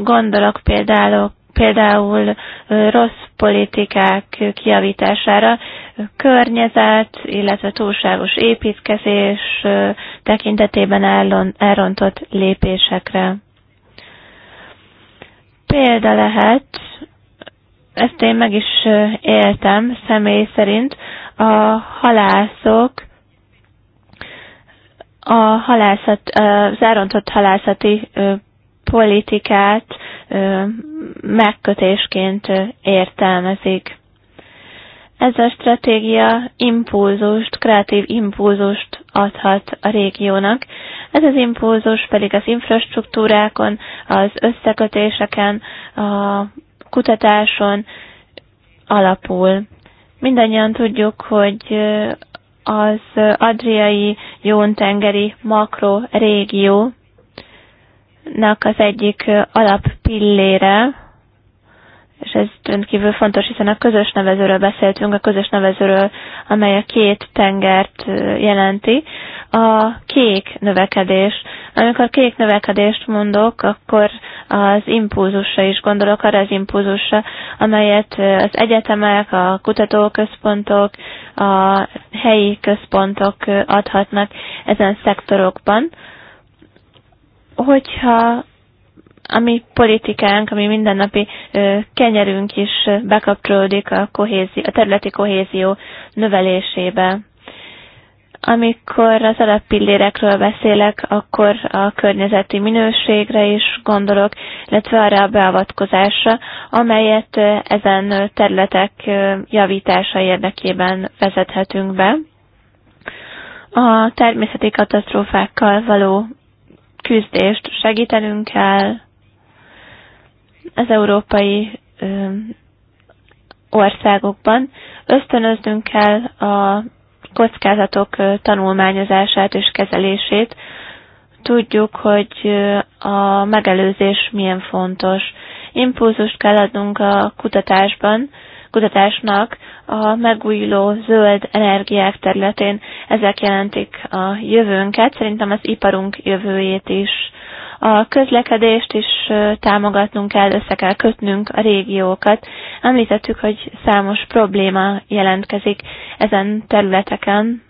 gondolok például, például rossz politikák kiavítására, környezet, illetve túlságos építkezés tekintetében elrontott lépésekre. Példa lehet ezt én meg is éltem személy szerint. A halászok a halászat, az elrontott halászati politikát megkötésként értelmezik. Ez a stratégia impulzust, kreatív impulzust adhat a régiónak. Ez az impulzus pedig az infrastruktúrákon, az összekötéseken, a kutatáson alapul. Mindannyian tudjuk, hogy az adriai jóntengeri makro régiónak az egyik alap pillére, és ez rendkívül fontos, hiszen a közös nevezőről beszéltünk, a közös nevezőről, amely a két tengert jelenti, a kék növekedés. Amikor kék növekedést mondok, akkor az impulzusra is gondolok, arra az impulzusra, amelyet az egyetemek, a kutatóközpontok, a helyi központok adhatnak ezen szektorokban. Hogyha a mi politikánk, ami mindennapi kenyerünk is bekapcsolódik a, kohézió, a területi kohézió növelésébe. Amikor az alappillérekről beszélek, akkor a környezeti minőségre is gondolok, illetve arra a beavatkozásra, amelyet ezen területek javítása érdekében vezethetünk be. A természeti katasztrófákkal való küzdést segítenünk kell. Az európai országokban ösztönöznünk kell a kockázatok tanulmányozását és kezelését. Tudjuk, hogy a megelőzés milyen fontos. Impulzust kell adnunk a kutatásban, kutatásnak a megújuló zöld energiák területén. Ezek jelentik a jövőnket, szerintem az iparunk jövőjét is a közlekedést is támogatnunk kell, össze kell kötnünk a régiókat. Említettük, hogy számos probléma jelentkezik ezen területeken.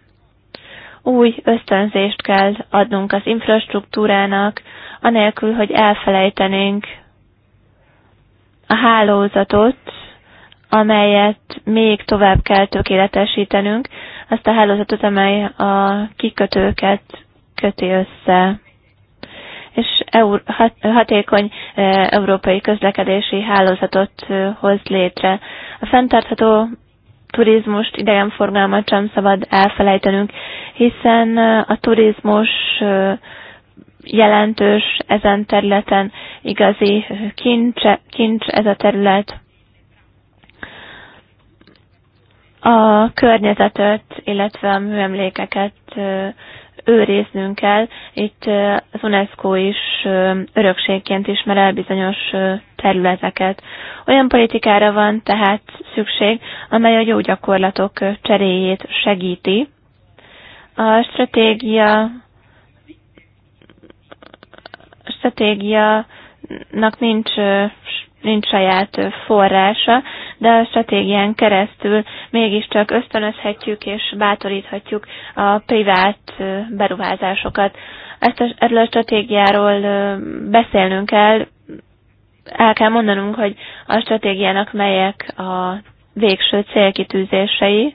Új ösztönzést kell adnunk az infrastruktúrának, anélkül, hogy elfelejtenénk a hálózatot, amelyet még tovább kell tökéletesítenünk, azt a hálózatot, amely a kikötőket köti össze és eur, hat, hatékony európai közlekedési hálózatot hoz létre. A fenntartható turizmust, idegenforgalmat sem szabad elfelejtenünk, hiszen a turizmus jelentős ezen területen, igazi kincs, kincs ez a terület. A környezetet, illetve a műemlékeket őriznünk kell. Itt az UNESCO is örökségként ismer el bizonyos területeket. Olyan politikára van tehát szükség, amely a jó gyakorlatok cseréjét segíti. A stratégia stratégiának nincs nincs saját forrása, de a stratégián keresztül mégiscsak ösztönözhetjük és bátoríthatjuk a privát beruházásokat. Ezt a, erről a stratégiáról beszélnünk kell, el kell mondanunk, hogy a stratégiának melyek a végső célkitűzései.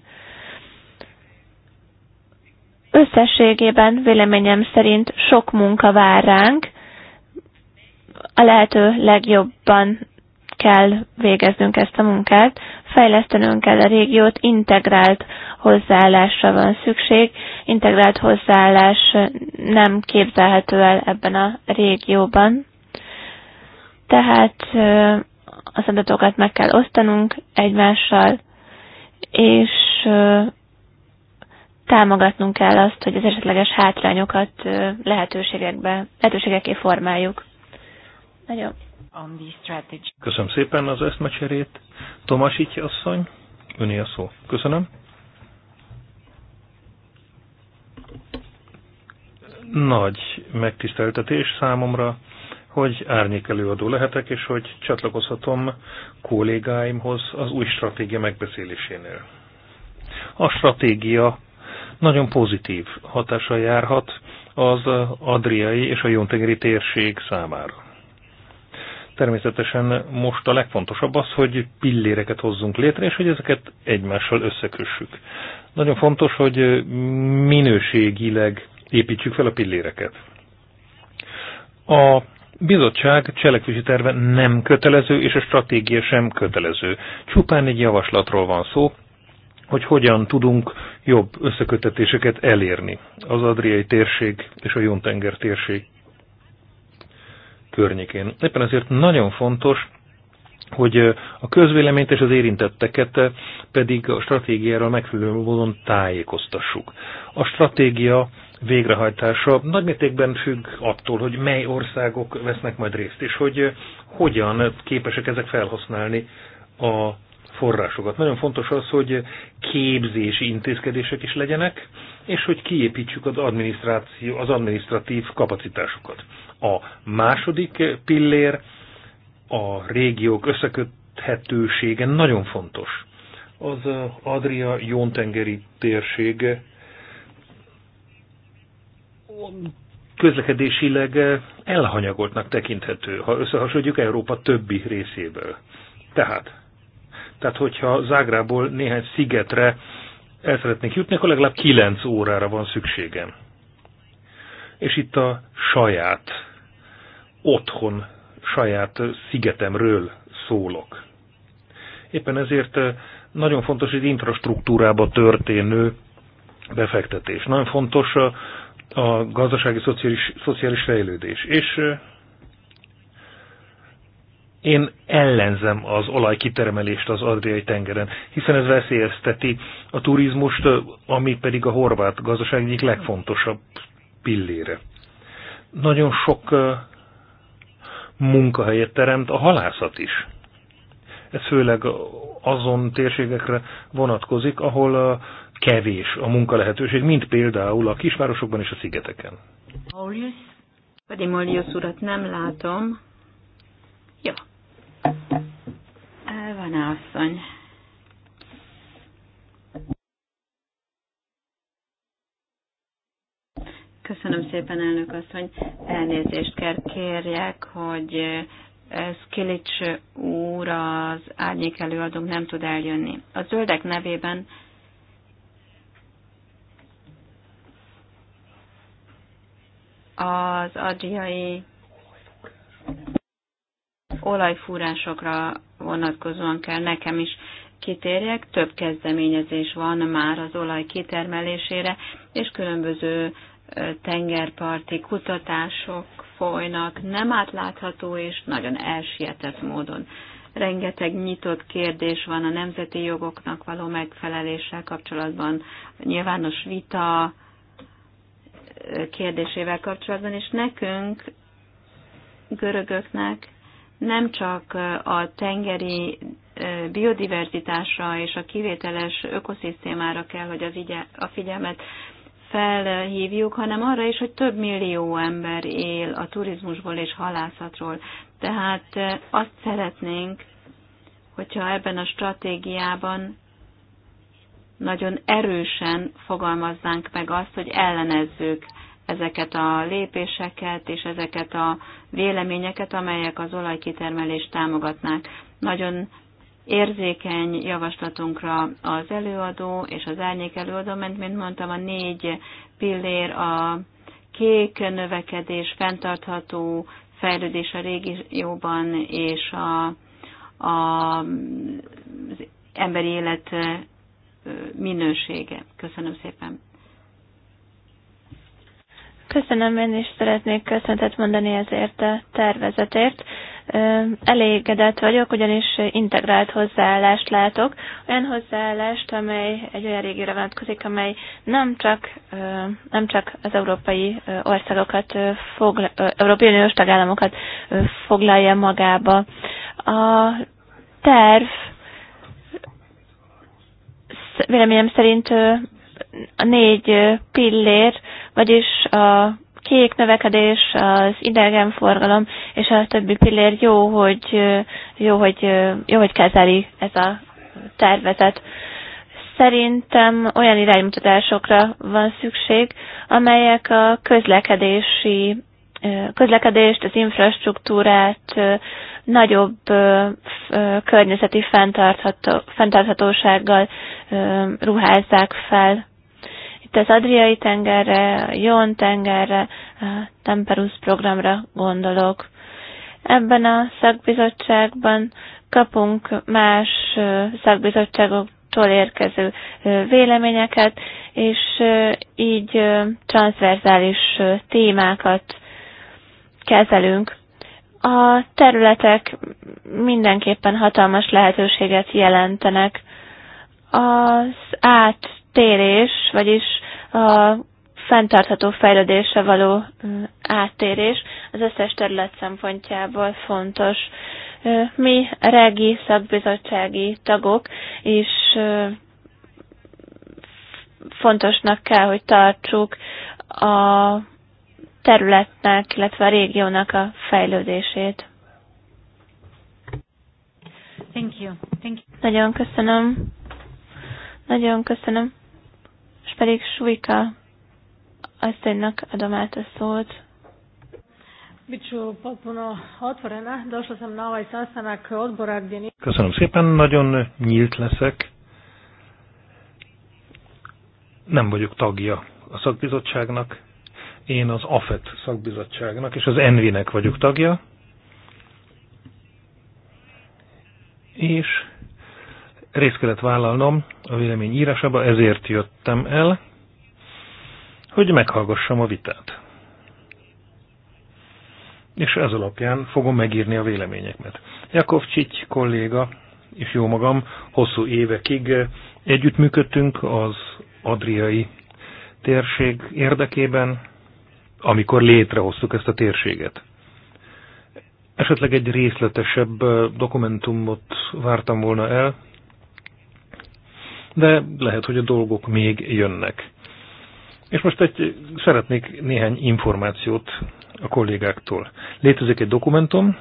Összességében véleményem szerint sok munka vár ránk, a lehető legjobban kell végeznünk ezt a munkát, fejlesztenünk kell a régiót, integrált hozzáállásra van szükség, integrált hozzáállás nem képzelhető el ebben a régióban. Tehát az adatokat meg kell osztanunk egymással, és támogatnunk kell azt, hogy az esetleges hátrányokat lehetőségekbe, lehetőségeké formáljuk. Nagyon on the strategy. Köszönöm szépen az eszmecserét. Tomasítja asszony, öné a szó. Köszönöm. Nagy megtiszteltetés számomra, hogy árnyék előadó lehetek, és hogy csatlakozhatom kollégáimhoz az új stratégia megbeszélésénél. A stratégia nagyon pozitív hatással járhat az adriai és a jóntengeri térség számára. Természetesen most a legfontosabb az, hogy pilléreket hozzunk létre, és hogy ezeket egymással összekössük. Nagyon fontos, hogy minőségileg építsük fel a pilléreket. A bizottság cselekvési terve nem kötelező, és a stratégia sem kötelező. Csupán egy javaslatról van szó, hogy hogyan tudunk jobb összekötetéseket elérni az Adriai térség és a Jontenger térség környékén. Éppen ezért nagyon fontos, hogy a közvéleményt és az érintetteket pedig a stratégiáról megfelelő módon tájékoztassuk. A stratégia végrehajtása nagymértékben függ attól, hogy mely országok vesznek majd részt, és hogy hogyan képesek ezek felhasználni a forrásokat. Nagyon fontos az, hogy képzési intézkedések is legyenek, és hogy kiépítsük az, adminisztráció, az adminisztratív kapacitásokat. A második pillér a régiók összeköthetősége nagyon fontos. Az Adria jóntengeri térség közlekedésileg elhanyagoltnak tekinthető, ha összehasonlítjuk Európa többi részéből. Tehát, tehát hogyha Zágrából néhány szigetre el szeretnék jutni, akkor legalább 9 órára van szükségem. És itt a saját otthon, saját szigetemről szólok. Éppen ezért eh, nagyon fontos az infrastruktúrába történő befektetés. Nagyon fontos a, eh, a gazdasági szociális, szociális fejlődés. És eh, én ellenzem az olajkitermelést az Adriai tengeren, hiszen ez veszélyezteti a turizmust, ami pedig a horvát gazdaság egyik legfontosabb pillére. Nagyon sok munkahelyet teremt a halászat is. Ez főleg azon térségekre vonatkozik, ahol a kevés a munka lehetőség, mint például a kisvárosokban és a szigeteken. Paulius, Maulius urat nem látom. Ja, van-e asszony? Köszönöm szépen, elnök asszony. Elnézést kell kérjek, hogy eh, Skilics úr az árnyék előadónk nem tud eljönni. A zöldek nevében az adriai olajfúrásokra vonatkozóan kell nekem is kitérjek. Több kezdeményezés van már az olaj kitermelésére, és különböző tengerparti kutatások folynak, nem átlátható és nagyon elsietett módon. Rengeteg nyitott kérdés van a nemzeti jogoknak való megfeleléssel kapcsolatban, nyilvános vita kérdésével kapcsolatban, és nekünk, görögöknek nem csak a tengeri biodiverzitásra és a kivételes ökoszisztémára kell, hogy a, figyelmet felhívjuk, hanem arra is, hogy több millió ember él a turizmusból és halászatról. Tehát azt szeretnénk, hogyha ebben a stratégiában nagyon erősen fogalmaznánk meg azt, hogy ellenezzük ezeket a lépéseket és ezeket a véleményeket, amelyek az olajkitermelést támogatnák. Nagyon érzékeny javaslatunkra az előadó és az árnyék előadó, mert mint mondtam, a négy pillér a kék növekedés, fenntartható fejlődés a régióban és a, a, az emberi élet minősége. Köszönöm szépen. Köszönöm, én is szeretnék köszöntet mondani ezért a tervezetért. Elégedett vagyok, ugyanis integrált hozzáállást látok. Olyan hozzáállást, amely egy olyan régére vonatkozik, amely nem csak, nem csak az európai országokat, fogla, európai uniós tagállamokat foglalja magába. A terv véleményem szerint a négy pillér, vagyis a kék növekedés, az idegenforgalom és a többi pillér jó, hogy, jó, hogy, jó, hogy kezeli ez a tervezet. Szerintem olyan iránymutatásokra van szükség, amelyek a közlekedési közlekedést, az infrastruktúrát, nagyobb környezeti fenntartható, fenntarthatósággal ruházzák fel. Itt az Adriai tengerre, Jón tengerre, a Temperus programra gondolok. Ebben a szakbizottságban kapunk más szakbizottságoktól érkező véleményeket, és így transzverzális témákat kezelünk. A területek mindenképpen hatalmas lehetőséget jelentenek. Az át térés, vagyis a fenntartható fejlődése való áttérés az összes terület szempontjából fontos. Mi regi szakbizottsági tagok is fontosnak kell, hogy tartsuk a területnek, illetve a régiónak a fejlődését. Thank you. Thank you. Nagyon köszönöm. Nagyon köszönöm és pedig Suika asszonynak adom át a szót. na Köszönöm szépen, nagyon nyílt leszek. Nem vagyok tagja a szakbizottságnak. Én az AFET szakbizottságnak és az ENVI-nek vagyok tagja. És részt kellett vállalnom a vélemény írásába, ezért jöttem el, hogy meghallgassam a vitát. És ez alapján fogom megírni a véleményeket. Jakov Csics kolléga és jó magam hosszú évekig együttműködtünk az adriai térség érdekében, amikor létrehoztuk ezt a térséget. Esetleg egy részletesebb dokumentumot vártam volna el, de lehet, hogy a dolgok még jönnek. És most egy, szeretnék néhány információt a kollégáktól. Létezik egy dokumentum,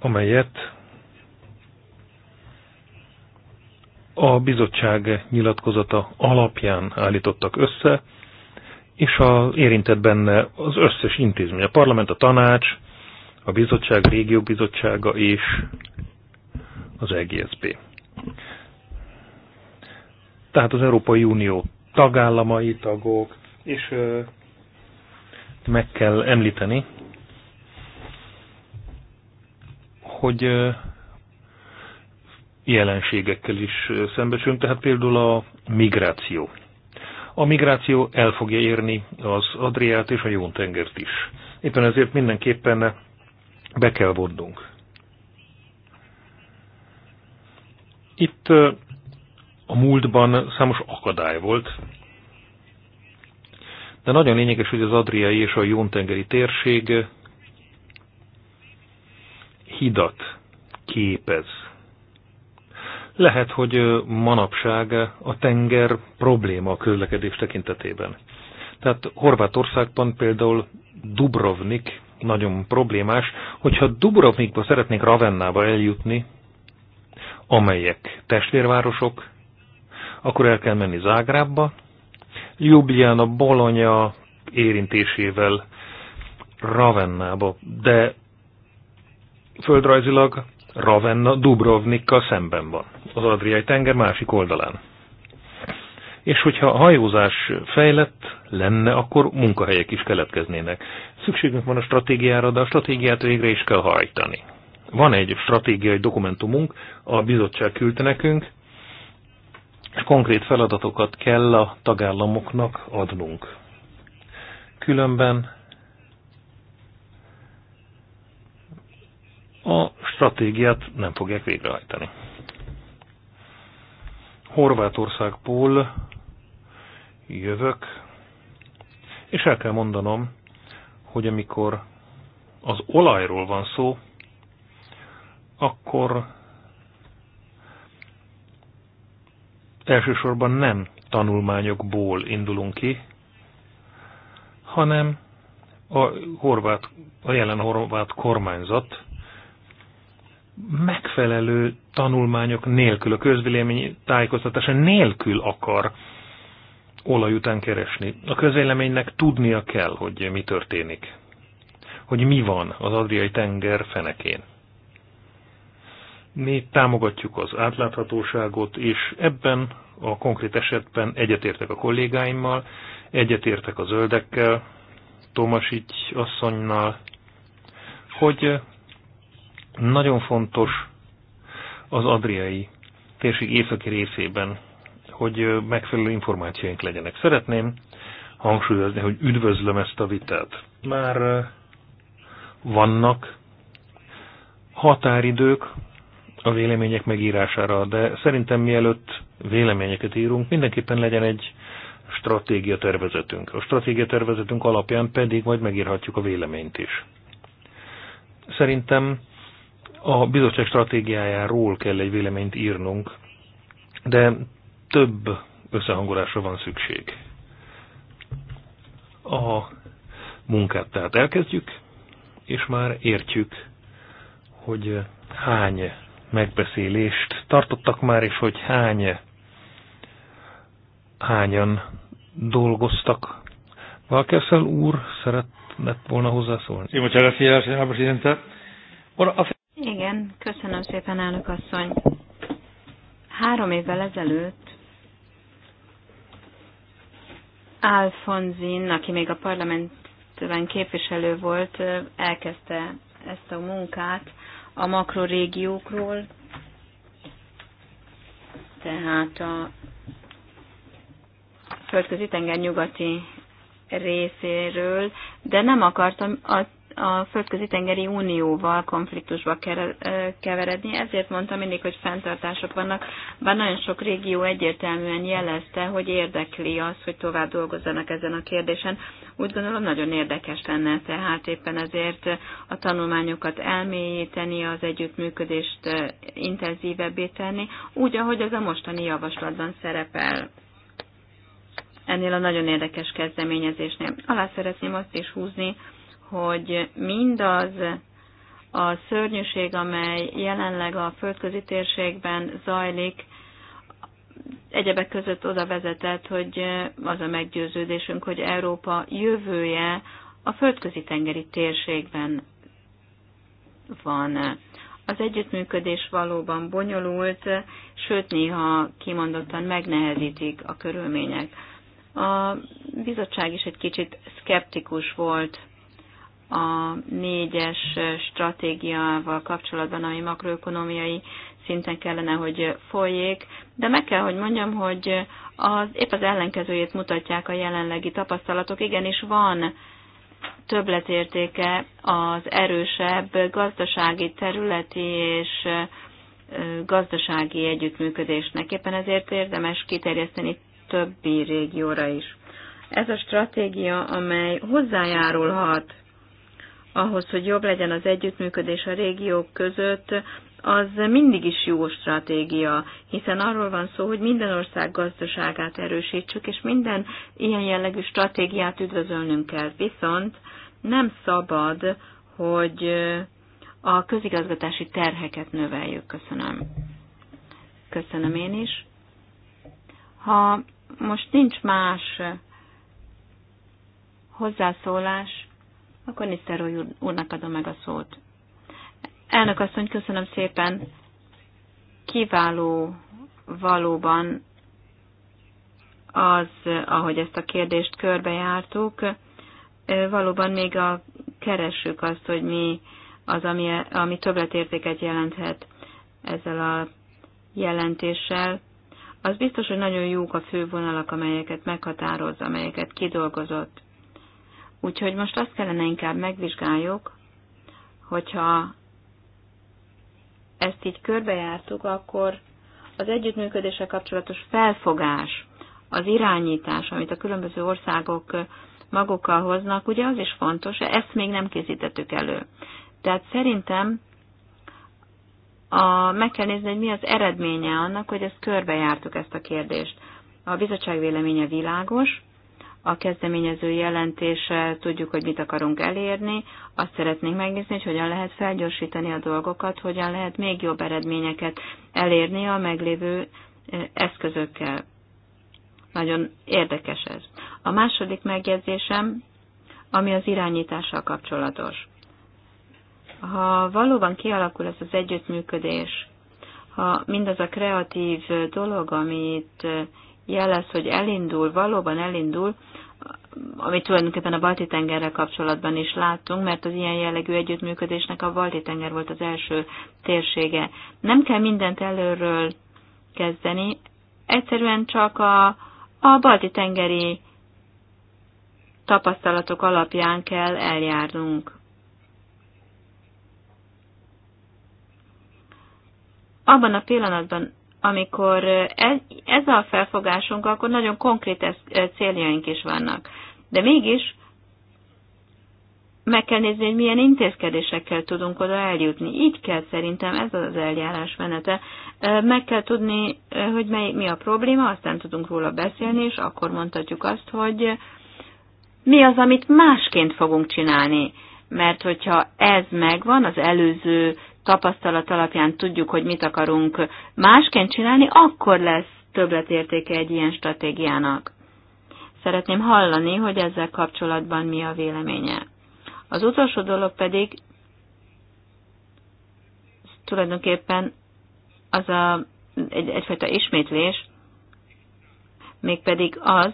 amelyet a bizottság nyilatkozata alapján állítottak össze, és az érintett benne az összes intézmény, a parlament, a tanács, a bizottság, a régió bizottsága és az EGSB tehát az Európai Unió tagállamai tagok, és meg kell említeni, hogy jelenségekkel is szembesülünk, tehát például a migráció. A migráció el fogja érni az Adriát és a Jóntengert is. Éppen ezért mindenképpen be kell vonnunk. Itt a múltban számos akadály volt, de nagyon lényeges, hogy az Adriai és a Jóntengeri térség hidat képez. Lehet, hogy manapság a tenger probléma a közlekedés tekintetében. Tehát Horvátországban például Dubrovnik nagyon problémás, hogyha Dubrovnikba szeretnénk Ravennába eljutni, amelyek testvérvárosok, akkor el kell menni Zágrábba. Ljubljana, Bolonya érintésével Ravennába, de földrajzilag Ravenna Dubrovnikka szemben van, az Adriai tenger másik oldalán. És hogyha a hajózás fejlett lenne, akkor munkahelyek is keletkeznének. Szükségünk van a stratégiára, de a stratégiát végre is kell hajtani. Van egy stratégiai dokumentumunk, a bizottság küldte nekünk, és konkrét feladatokat kell a tagállamoknak adnunk. Különben a stratégiát nem fogják végrehajtani. Horvátországból jövök, és el kell mondanom, hogy amikor az olajról van szó, akkor elsősorban nem tanulmányokból indulunk ki, hanem a, horvát, a jelen horvát kormányzat megfelelő tanulmányok nélkül, a közvélemény tájékoztatása nélkül akar olaj után keresni. A közvéleménynek tudnia kell, hogy mi történik, hogy mi van az Adriai tenger fenekén. Mi támogatjuk az átláthatóságot, és ebben a konkrét esetben egyetértek a kollégáimmal, egyetértek a zöldekkel, Tomasics asszonynal, hogy nagyon fontos az adriai térség északi részében, hogy megfelelő információink legyenek. Szeretném hangsúlyozni, hogy üdvözlöm ezt a vitát. Már vannak határidők, a vélemények megírására, de szerintem mielőtt véleményeket írunk, mindenképpen legyen egy stratégia tervezetünk. A stratégia tervezetünk alapján pedig majd megírhatjuk a véleményt is. Szerintem a bizottság stratégiájáról kell egy véleményt írnunk, de több összehangolásra van szükség. A munkát tehát elkezdjük, és már értjük, hogy hány megbeszélést tartottak már, és hogy hány, hányan dolgoztak. Valkeszel úr szeretett volna hozzászólni. Igen, köszönöm szépen, elnök asszony. Három évvel ezelőtt Alfonzin, aki még a parlamentben képviselő volt, elkezdte ezt a munkát, a makrorégiókról, tehát a földközi tenger nyugati részéről, de nem akartam a a Földközi Tengeri Unióval konfliktusba keveredni, ezért mondtam mindig, hogy fenntartások vannak, bár nagyon sok régió egyértelműen jelezte, hogy érdekli az, hogy tovább dolgozzanak ezen a kérdésen. Úgy gondolom nagyon érdekes lenne, tehát éppen ezért a tanulmányokat elmélyíteni, az együttműködést intenzívebbé tenni, úgy, ahogy ez a mostani javaslatban szerepel ennél a nagyon érdekes kezdeményezésnél. Alá szeretném azt is húzni, hogy mindaz a szörnyűség, amely jelenleg a földközi térségben zajlik, egyebek között oda vezetett, hogy az a meggyőződésünk, hogy Európa jövője a földközi tengeri térségben van. Az együttműködés valóban bonyolult, sőt néha kimondottan megnehezítik a körülmények. A bizottság is egy kicsit szkeptikus volt a négyes stratégiával kapcsolatban, ami makroökonomiai szinten kellene, hogy folyék, de meg kell, hogy mondjam, hogy az, épp az ellenkezőjét mutatják a jelenlegi tapasztalatok. Igenis van többletértéke az erősebb gazdasági, területi és gazdasági együttműködésnek. Éppen ezért érdemes kiterjeszteni többi régióra is. Ez a stratégia, amely hozzájárulhat ahhoz, hogy jobb legyen az együttműködés a régiók között, az mindig is jó stratégia, hiszen arról van szó, hogy minden ország gazdaságát erősítsük, és minden ilyen jellegű stratégiát üdvözölnünk kell. Viszont nem szabad, hogy a közigazgatási terheket növeljük. Köszönöm. Köszönöm én is. Ha most nincs más hozzászólás, akkor Nisztároly úrnak adom meg a szót. Elnök asszony, köszönöm szépen. Kiváló valóban az, ahogy ezt a kérdést körbejártuk, valóban még a keressük azt, hogy mi az, ami, ami többletértéket jelenthet ezzel a jelentéssel. Az biztos, hogy nagyon jók a fővonalak, amelyeket meghatároz, amelyeket kidolgozott. Úgyhogy most azt kellene inkább megvizsgáljuk, hogyha ezt így körbejártuk, akkor az együttműködéssel kapcsolatos felfogás, az irányítás, amit a különböző országok magukkal hoznak, ugye az is fontos, ezt még nem készítettük elő. Tehát szerintem a, meg kell nézni, hogy mi az eredménye annak, hogy ezt körbejártuk ezt a kérdést. A bizottság véleménye világos, a kezdeményező jelentése, tudjuk, hogy mit akarunk elérni, azt szeretnénk megnézni, hogy hogyan lehet felgyorsítani a dolgokat, hogyan lehet még jobb eredményeket elérni a meglévő eh, eszközökkel. Nagyon érdekes ez. A második megjegyzésem, ami az irányítással kapcsolatos. Ha valóban kialakul ez az együttműködés, ha mindaz a kreatív dolog, amit eh, jelez, hogy elindul, valóban elindul, amit tulajdonképpen a balti tengerrel kapcsolatban is láttunk, mert az ilyen jellegű együttműködésnek a balti tenger volt az első térsége. Nem kell mindent előről kezdeni, egyszerűen csak a, a balti tengeri tapasztalatok alapján kell eljárnunk. Abban a pillanatban, amikor ez a felfogásunk, akkor nagyon konkrét e, céljaink is vannak. De mégis meg kell nézni, hogy milyen intézkedésekkel tudunk oda eljutni. Így kell szerintem ez az eljárás menete. E, meg kell tudni, e, hogy mely, mi a probléma, aztán tudunk róla beszélni, és akkor mondhatjuk azt, hogy mi az, amit másként fogunk csinálni. Mert hogyha ez megvan, az előző tapasztalat alapján tudjuk, hogy mit akarunk másként csinálni, akkor lesz többletértéke egy ilyen stratégiának. Szeretném hallani, hogy ezzel kapcsolatban mi a véleménye. Az utolsó dolog pedig tulajdonképpen az a, egy, egyfajta ismétlés, mégpedig az,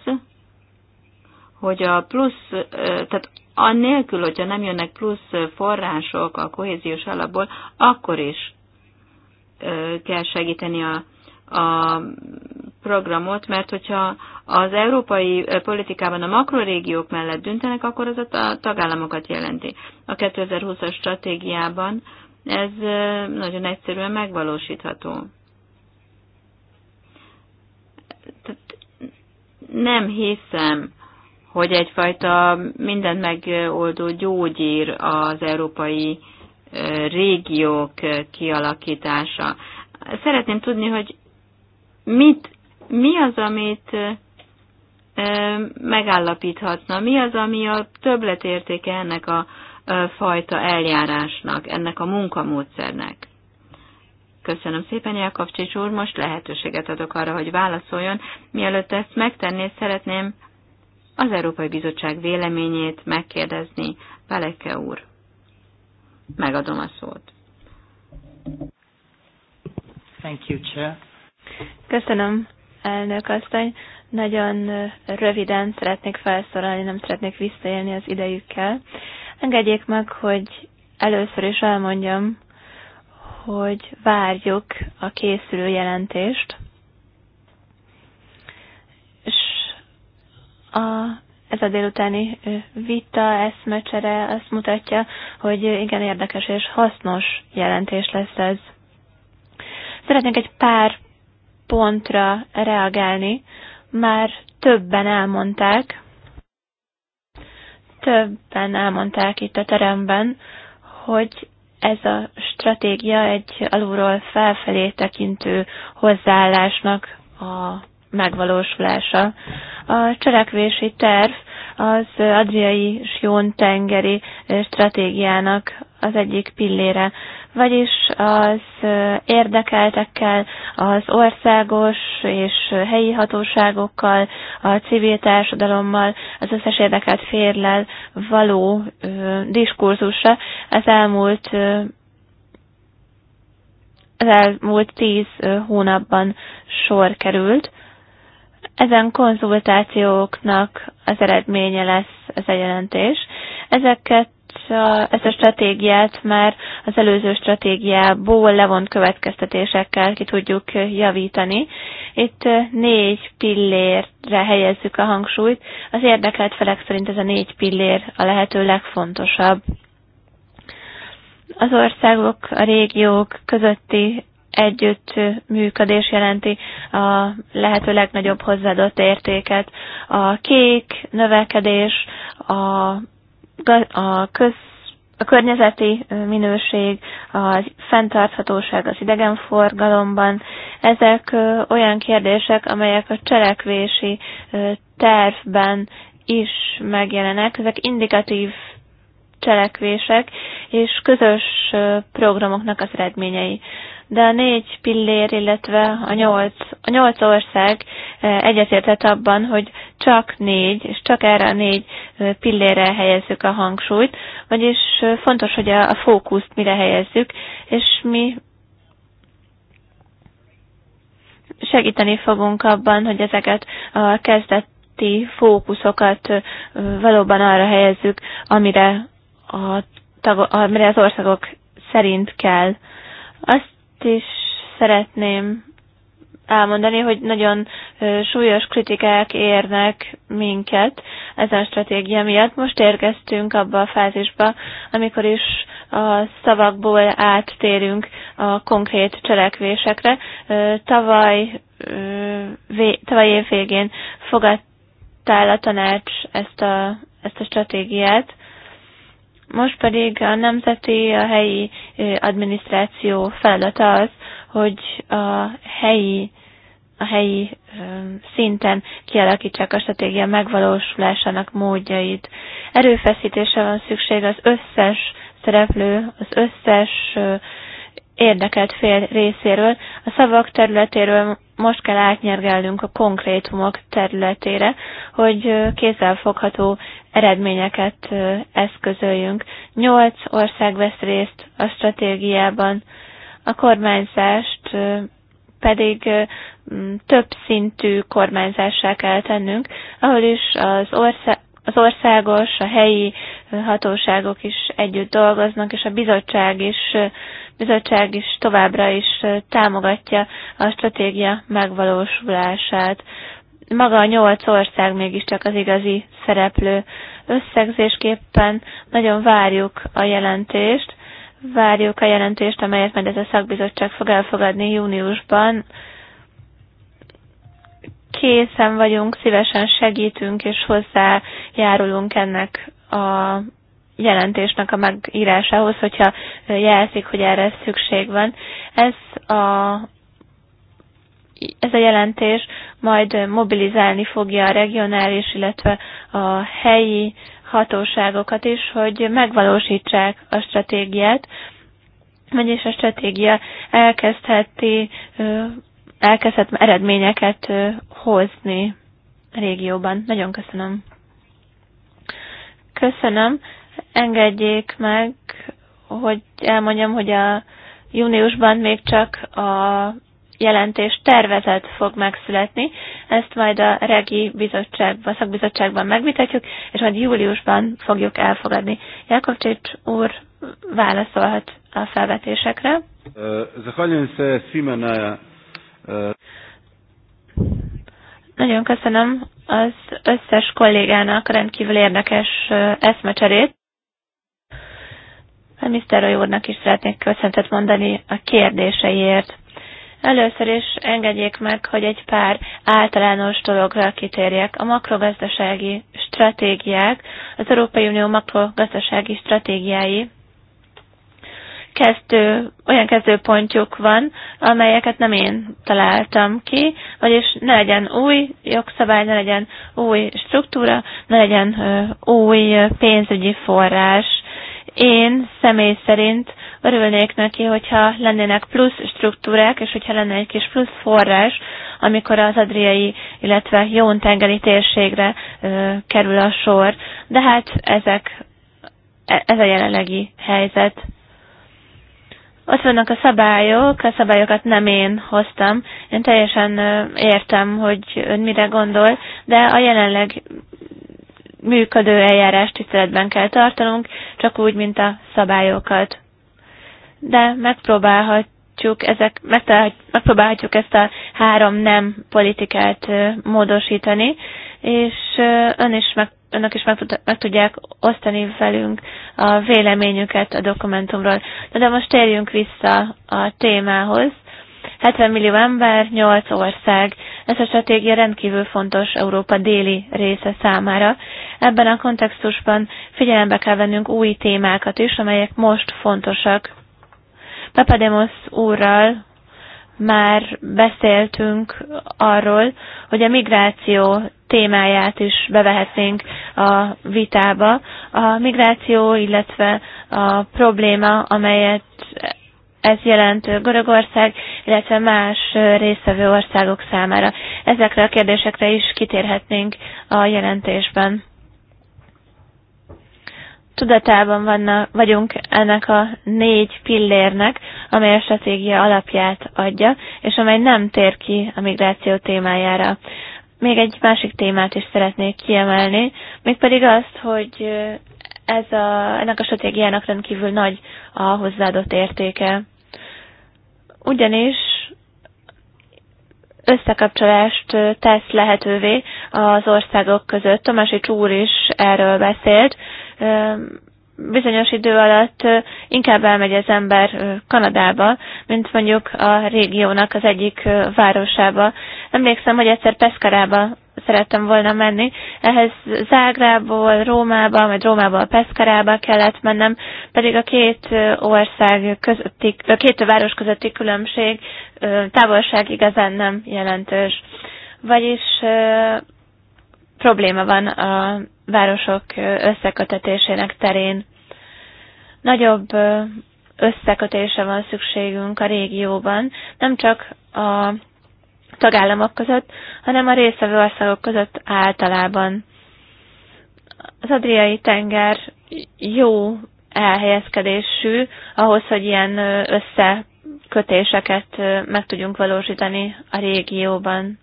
hogy a plusz, tehát annélkül, hogyha nem jönnek plusz források a kohéziós alapból, akkor is kell segíteni a, a programot, mert hogyha az európai politikában a makrorégiók mellett döntenek, akkor az a tagállamokat jelenti. A 2020-as stratégiában ez nagyon egyszerűen megvalósítható. Tehát nem hiszem, hogy egyfajta mindent megoldó gyógyír az európai régiók kialakítása. Szeretném tudni, hogy mit, mi az, amit megállapíthatna, mi az, ami a többletértéke ennek a fajta eljárásnak, ennek a munkamódszernek. Köszönöm szépen, Jelkapcsics úr, most lehetőséget adok arra, hogy válaszoljon. Mielőtt ezt megtenné, szeretném az Európai Bizottság véleményét megkérdezni. Peleke úr, megadom a szót. Thank you, Chair. Köszönöm, elnök asszony. Nagyon röviden szeretnék felszólalni, nem szeretnék visszaélni az idejükkel. Engedjék meg, hogy először is elmondjam, hogy várjuk a készülő jelentést, A, ez a délutáni vita, eszmecsere azt mutatja, hogy igen érdekes és hasznos jelentés lesz ez. Szeretnék egy pár pontra reagálni. Már többen elmondták, többen elmondták itt a teremben, hogy ez a stratégia egy alulról felfelé tekintő hozzáállásnak a megvalósulása. A cselekvési terv az Adriai Sjón tengeri stratégiának az egyik pillére, vagyis az érdekeltekkel, az országos és helyi hatóságokkal, a civil társadalommal, az összes érdekelt férlel való diskurzusa az elmúlt az elmúlt tíz hónapban sor került. Ezen konzultációknak az eredménye lesz az a jelentés. Ezeket a, ezt a stratégiát már az előző stratégiából levont következtetésekkel ki tudjuk javítani. Itt négy pillérre helyezzük a hangsúlyt. Az érdekelt felek szerint ez a négy pillér a lehető legfontosabb. Az országok, a régiók közötti együttműködés jelenti a lehető legnagyobb hozzáadott értéket. A kék növekedés, a, a köz a környezeti minőség, a fenntarthatóság az idegenforgalomban, ezek olyan kérdések, amelyek a cselekvési tervben is megjelenek, ezek indikatív cselekvések és közös programoknak az eredményei de a négy pillér, illetve a nyolc, a nyolc ország eh, egyetértett abban, hogy csak négy, és csak erre a négy eh, pillérre helyezzük a hangsúlyt, vagyis eh, fontos, hogy a, a fókuszt mire helyezzük, és mi segíteni fogunk abban, hogy ezeket a kezdeti fókuszokat valóban arra helyezzük, amire, a, amire az országok szerint kell. Azt is szeretném elmondani, hogy nagyon súlyos kritikák érnek minket ezen a stratégia miatt. Most érkeztünk abba a fázisba, amikor is a szavakból áttérünk a konkrét cselekvésekre. Tavaly, tavaly év végén fogadtál a tanács ezt a, ezt a stratégiát, most pedig a nemzeti, a helyi adminisztráció feladata az, hogy a helyi, a helyi szinten kialakítsák a stratégia megvalósulásának módjait. Erőfeszítése van szükség az összes szereplő, az összes érdekelt fél részéről. A szavak területéről most kell átnyergelnünk a konkrétumok területére, hogy kézzelfogható eredményeket eszközöljünk. Nyolc ország vesz részt a stratégiában, a kormányzást pedig több szintű kormányzássá kell tennünk, ahol is az ország, az országos, a helyi hatóságok is együtt dolgoznak, és a bizottság is bizottság is továbbra is támogatja a stratégia megvalósulását. Maga a nyolc ország mégiscsak az igazi szereplő. Összegzésképpen nagyon várjuk a jelentést, várjuk a jelentést, amelyet majd ez a szakbizottság fog elfogadni júniusban. Készen vagyunk, szívesen segítünk és hozzájárulunk ennek a jelentésnek a megírásához, hogyha jelzik, hogy erre szükség van. Ez a ez a jelentés majd mobilizálni fogja a regionális, illetve a helyi hatóságokat is, hogy megvalósítsák a stratégiát, vagyis a stratégia elkezdheti, elkezdhet eredményeket hozni a régióban. Nagyon köszönöm. Köszönöm. Engedjék meg, hogy elmondjam, hogy a júniusban még csak a jelentés tervezet fog megszületni. Ezt majd a regi bizottságban, szakbizottságban megvitatjuk, és majd júliusban fogjuk elfogadni. Jakovcsics úr válaszolhat a felvetésekre. Nagyon köszönöm az összes kollégának rendkívül érdekes eszmecserét. A hát Mr. úrnak is szeretnék köszöntet mondani a kérdéseiért. Először is engedjék meg, hogy egy pár általános dologra kitérjek. A makrogazdasági stratégiák, az Európai Unió makrogazdasági stratégiái kezdő, olyan kezdőpontjuk van, amelyeket nem én találtam ki, vagyis ne legyen új jogszabály, ne legyen új struktúra, ne legyen új pénzügyi forrás. Én személy szerint örülnék neki, hogyha lennének plusz struktúrák, és hogyha lenne egy kis plusz forrás, amikor az adriai, illetve jón tengeri térségre ö, kerül a sor. De hát ezek, e, ez a jelenlegi helyzet. Ott vannak a szabályok, a szabályokat nem én hoztam. Én teljesen értem, hogy ön mire gondol, de a jelenleg működő eljárást tiszteletben kell tartanunk, csak úgy, mint a szabályokat. De megpróbálhatjuk, ezek, megpróbálhatjuk ezt a három nem politikát módosítani, és ön is meg, önök is meg, meg tudják osztani velünk a véleményüket a dokumentumról. Na de most térjünk vissza a témához. 70 millió ember, 8 ország. Ez a stratégia rendkívül fontos Európa déli része számára, Ebben a kontextusban figyelembe kell vennünk új témákat is, amelyek most fontosak. Papademos úrral már beszéltünk arról, hogy a migráció témáját is bevehetnénk a vitába. A migráció, illetve a probléma, amelyet ez jelent Görögország, illetve más részvevő országok számára. Ezekre a kérdésekre is kitérhetnénk a jelentésben tudatában vannak, vagyunk ennek a négy pillérnek, amely a stratégia alapját adja, és amely nem tér ki a migráció témájára. Még egy másik témát is szeretnék kiemelni, mégpedig azt, hogy ez a, ennek a stratégiának rendkívül nagy a hozzáadott értéke. Ugyanis összekapcsolást tesz lehetővé az országok között. Tomási Csúr is erről beszélt, bizonyos idő alatt inkább elmegy az ember Kanadába, mint mondjuk a régiónak az egyik városába. Emlékszem, hogy egyszer Peszkarába szerettem volna menni. Ehhez Zágrából, Rómába, majd Rómából Peszkarába kellett mennem, pedig a két ország közötti, a két város közötti különbség, távolság igazán nem jelentős. Vagyis probléma van a városok összekötetésének terén. Nagyobb összekötése van szükségünk a régióban, nem csak a tagállamok között, hanem a részvevő országok között általában. Az Adriai tenger jó elhelyezkedésű ahhoz, hogy ilyen összekötéseket meg tudjunk valósítani a régióban.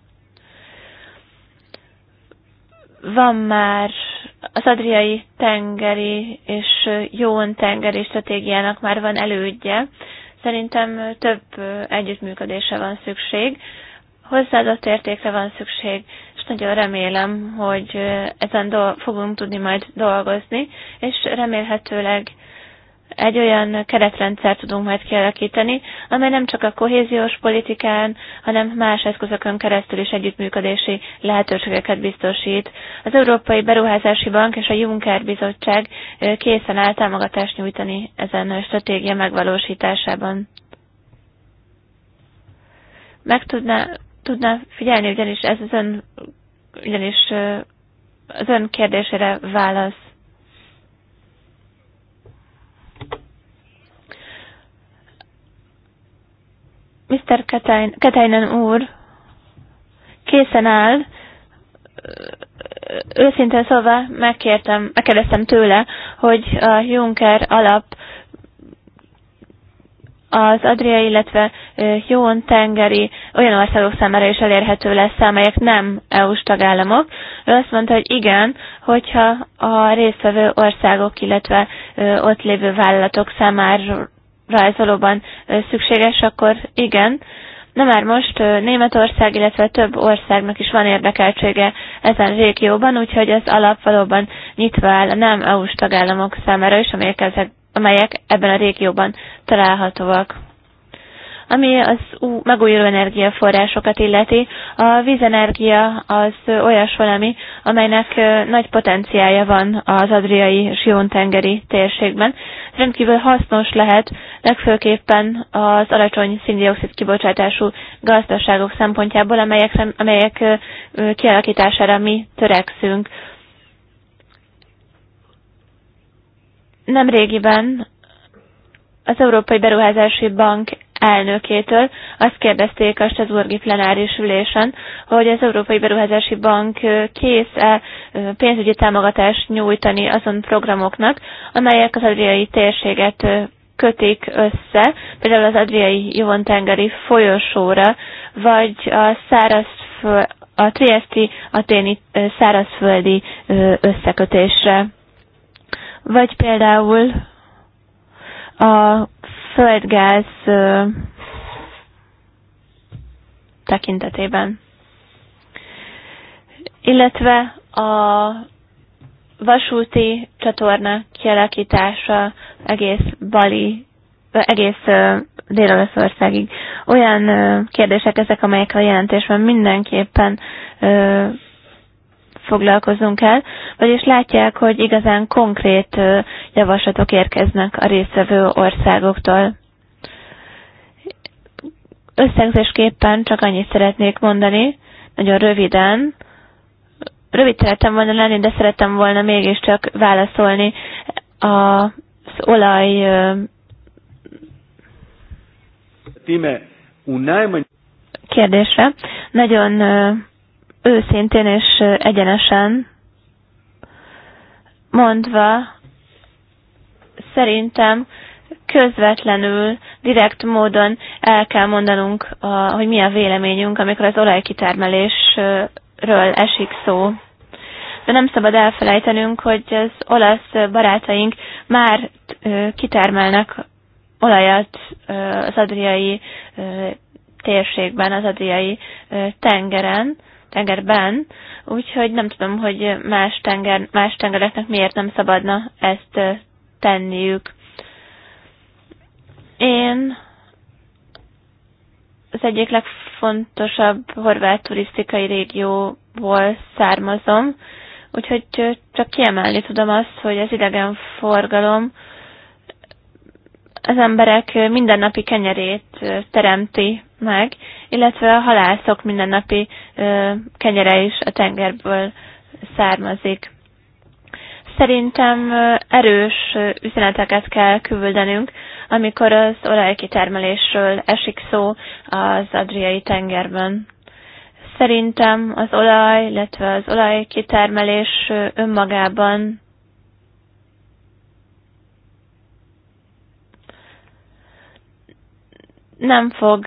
Van már az Adriai tengeri és Jón tengeri stratégiának már van elődje. Szerintem több együttműködésre van szükség, hozzáadott értékre van szükség, és nagyon remélem, hogy ezen do- fogunk tudni majd dolgozni, és remélhetőleg egy olyan keretrendszer tudunk majd kialakítani, amely nem csak a kohéziós politikán, hanem más eszközökön keresztül is együttműködési lehetőségeket biztosít. Az Európai Beruházási Bank és a Juncker Bizottság készen áll támogatást nyújtani ezen a stratégia megvalósításában. Meg tudná, tudná figyelni ugyanis ez az ön, ugyanis az ön kérdésére válasz. Mr. Katainen úr készen áll, őszintén szóval megkértem, megkérdeztem tőle, hogy a Juncker alap az Adria, illetve Jón tengeri olyan országok számára is elérhető lesz, amelyek nem EU-s tagállamok. Ő azt mondta, hogy igen, hogyha a résztvevő országok, illetve ott lévő vállalatok számára rajzolóban szükséges, akkor igen. Na már most Németország, illetve több országnak is van érdekeltsége ezen régióban, úgyhogy ez alap valóban nyitva áll a nem EU-s tagállamok számára is, amelyek, ezek, amelyek ebben a régióban találhatóak. Ami az megújuló energiaforrásokat illeti, a vízenergia az olyas valami, amelynek nagy potenciája van az adriai és tengeri térségben. Ez rendkívül hasznos lehet, legfőképpen az alacsony szindioxid kibocsátású gazdaságok szempontjából, amelyek, amelyek kialakítására mi törekszünk. Nemrégiben az Európai Beruházási Bank elnökétől. Azt kérdezték a Strasburgi plenáris ülésen, hogy az Európai Beruházási Bank kész-e pénzügyi támogatást nyújtani azon programoknak, amelyek az adriai térséget kötik össze, például az adriai jovontengeri folyosóra, vagy a száraz a triesti aténi szárazföldi összekötésre. Vagy például a földgáz tekintetében. Illetve a vasúti csatorna kialakítása egész Bali, egész Dél-Olaszországig. Olyan kérdések ezek, amelyekre a jelentésben mindenképpen foglalkozunk el, vagyis látják, hogy igazán konkrét javaslatok érkeznek a résztvevő országoktól. Összegzésképpen csak annyit szeretnék mondani, nagyon röviden, rövid szerettem volna lenni, de szerettem volna mégiscsak válaszolni az olaj kérdésre. Nagyon őszintén és egyenesen mondva, szerintem közvetlenül, direkt módon el kell mondanunk, a, hogy mi a véleményünk, amikor az olajkitermelésről esik szó. De nem szabad elfelejtenünk, hogy az olasz barátaink már kitermelnek olajat az adriai térségben, az adriai tengeren, tengerben, úgyhogy nem tudom, hogy más, tenger, más tengereknek miért nem szabadna ezt tenniük. Én az egyik legfontosabb horvát turisztikai régióból származom, úgyhogy csak kiemelni tudom azt, hogy az idegenforgalom az emberek mindennapi kenyerét teremti meg, illetve a halászok mindennapi kenyere is a tengerből származik. Szerintem erős üzeneteket kell küldenünk, amikor az olajkitermelésről esik szó az Adriai tengerben. Szerintem az olaj, illetve az olajkitermelés önmagában nem fog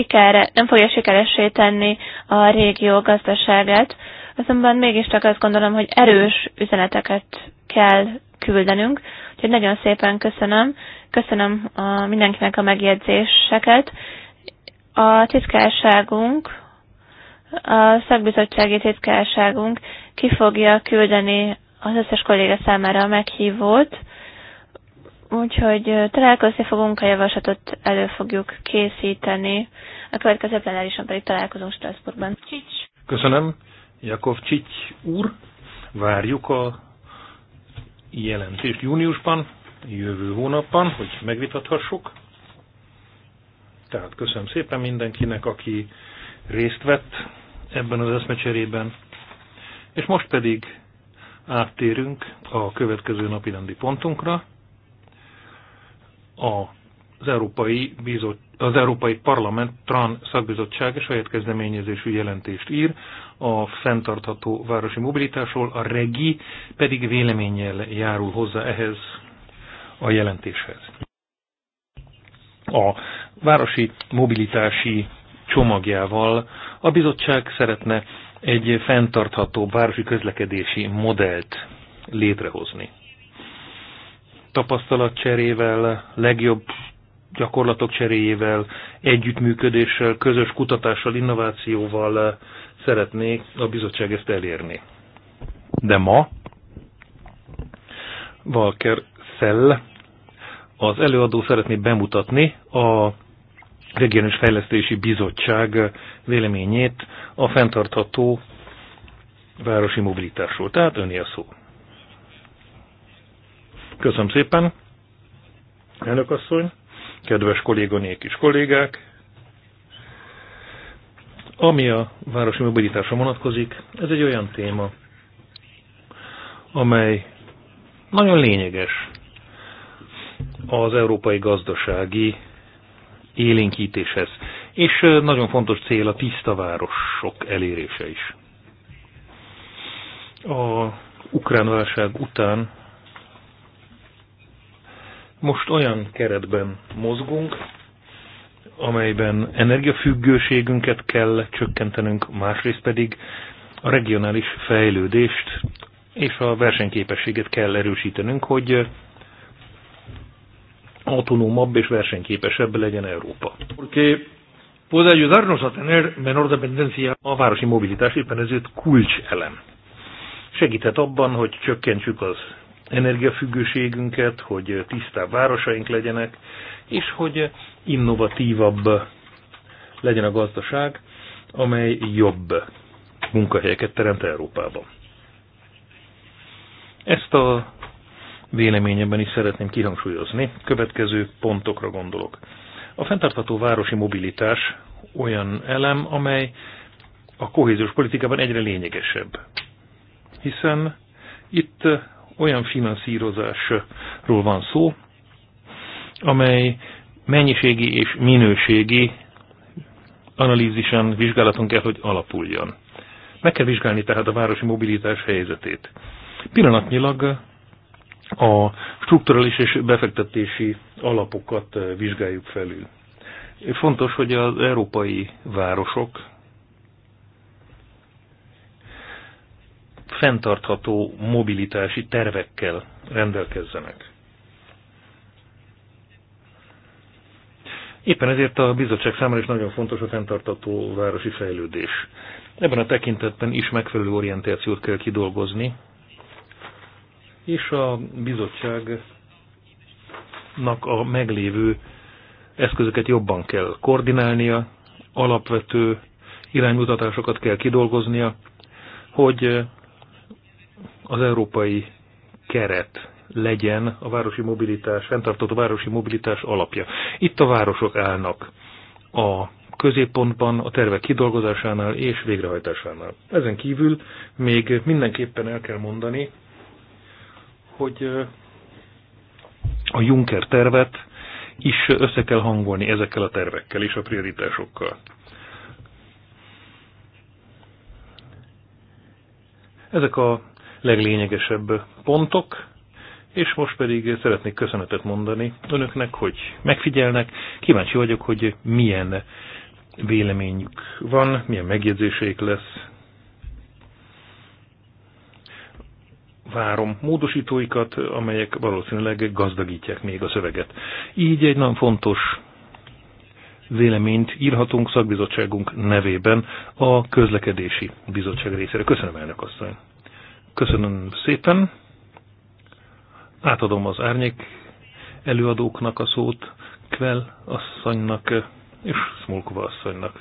sikere, nem fogja sikeressé tenni a régió gazdaságát, azonban mégiscsak azt gondolom, hogy erős üzeneteket kell küldenünk, úgyhogy nagyon szépen köszönöm. Köszönöm a, mindenkinek a megjegyzéseket. A titkárságunk, a szakbizottsági titkárságunk ki fogja küldeni az összes kolléga számára a meghívót, Úgyhogy találkozni fogunk, a javaslatot elő fogjuk készíteni. A következő plenárison pedig találkozunk Strasbourgban. Csics. Köszönöm, Jakov Csics úr. Várjuk a jelentést júniusban, jövő hónapban, hogy megvitathassuk. Tehát köszönöm szépen mindenkinek, aki részt vett ebben az eszmecserében. És most pedig áttérünk a következő napi rendi pontunkra, az Európai, Bizot, az Európai Parlament TRAN szakbizottsága saját kezdeményezésű jelentést ír a fenntartható városi mobilitásról, a REGI pedig véleménnyel járul hozzá ehhez a jelentéshez. A városi mobilitási csomagjával a bizottság szeretne egy fenntartható városi közlekedési modellt létrehozni tapasztalatcserével, legjobb gyakorlatok cseréjével, együttműködéssel, közös kutatással, innovációval szeretné a bizottság ezt elérni. De ma Walker Szell az előadó szeretné bemutatni a Regionális Fejlesztési Bizottság véleményét a fenntartható városi mobilitásról. Tehát öné a szó. Köszönöm szépen, elnök asszony, kedves kolléganék és kollégák. Ami a városi mobilitásra vonatkozik, ez egy olyan téma, amely nagyon lényeges az európai gazdasági élénkítéshez. És nagyon fontos cél a tiszta városok elérése is. A ukrán válság után most olyan keretben mozgunk, amelyben energiafüggőségünket kell csökkentenünk, másrészt pedig a regionális fejlődést és a versenyképességet kell erősítenünk, hogy autonómabb és versenyképesebb legyen Európa. a A városi mobilitás éppen ezért kulcselem. Segíthet abban, hogy csökkentsük az energiafüggőségünket, hogy tisztább városaink legyenek, és hogy innovatívabb legyen a gazdaság, amely jobb munkahelyeket teremt Európában. Ezt a véleményemben is szeretném kihangsúlyozni. Következő pontokra gondolok. A fenntartható városi mobilitás olyan elem, amely a kohéziós politikában egyre lényegesebb. Hiszen itt olyan finanszírozásról van szó, amely mennyiségi és minőségi analízisen, vizsgálaton kell, hogy alapuljon. Meg kell vizsgálni tehát a városi mobilitás helyzetét. Pillanatnyilag a strukturális és befektetési alapokat vizsgáljuk felül. Fontos, hogy az európai városok fenntartható mobilitási tervekkel rendelkezzenek. Éppen ezért a bizottság számára is nagyon fontos a fenntartható városi fejlődés. Ebben a tekintetben is megfelelő orientációt kell kidolgozni, és a bizottságnak a meglévő eszközöket jobban kell koordinálnia, alapvető iránymutatásokat kell kidolgoznia, hogy az európai keret legyen a városi mobilitás, fenntartott városi mobilitás alapja. Itt a városok állnak a középpontban a tervek kidolgozásánál és végrehajtásánál. Ezen kívül még mindenképpen el kell mondani, hogy a Juncker tervet is össze kell hangolni ezekkel a tervekkel és a prioritásokkal. Ezek a leglényegesebb pontok, és most pedig szeretnék köszönetet mondani önöknek, hogy megfigyelnek. Kíváncsi vagyok, hogy milyen véleményük van, milyen megjegyzéseik lesz. Várom módosítóikat, amelyek valószínűleg gazdagítják még a szöveget. Így egy nagyon fontos véleményt írhatunk szakbizottságunk nevében a közlekedési bizottság részére. Köszönöm, elnök asszony! Köszönöm szépen. Átadom az árnyék előadóknak a szót, Kvel asszonynak és Smolkova asszonynak.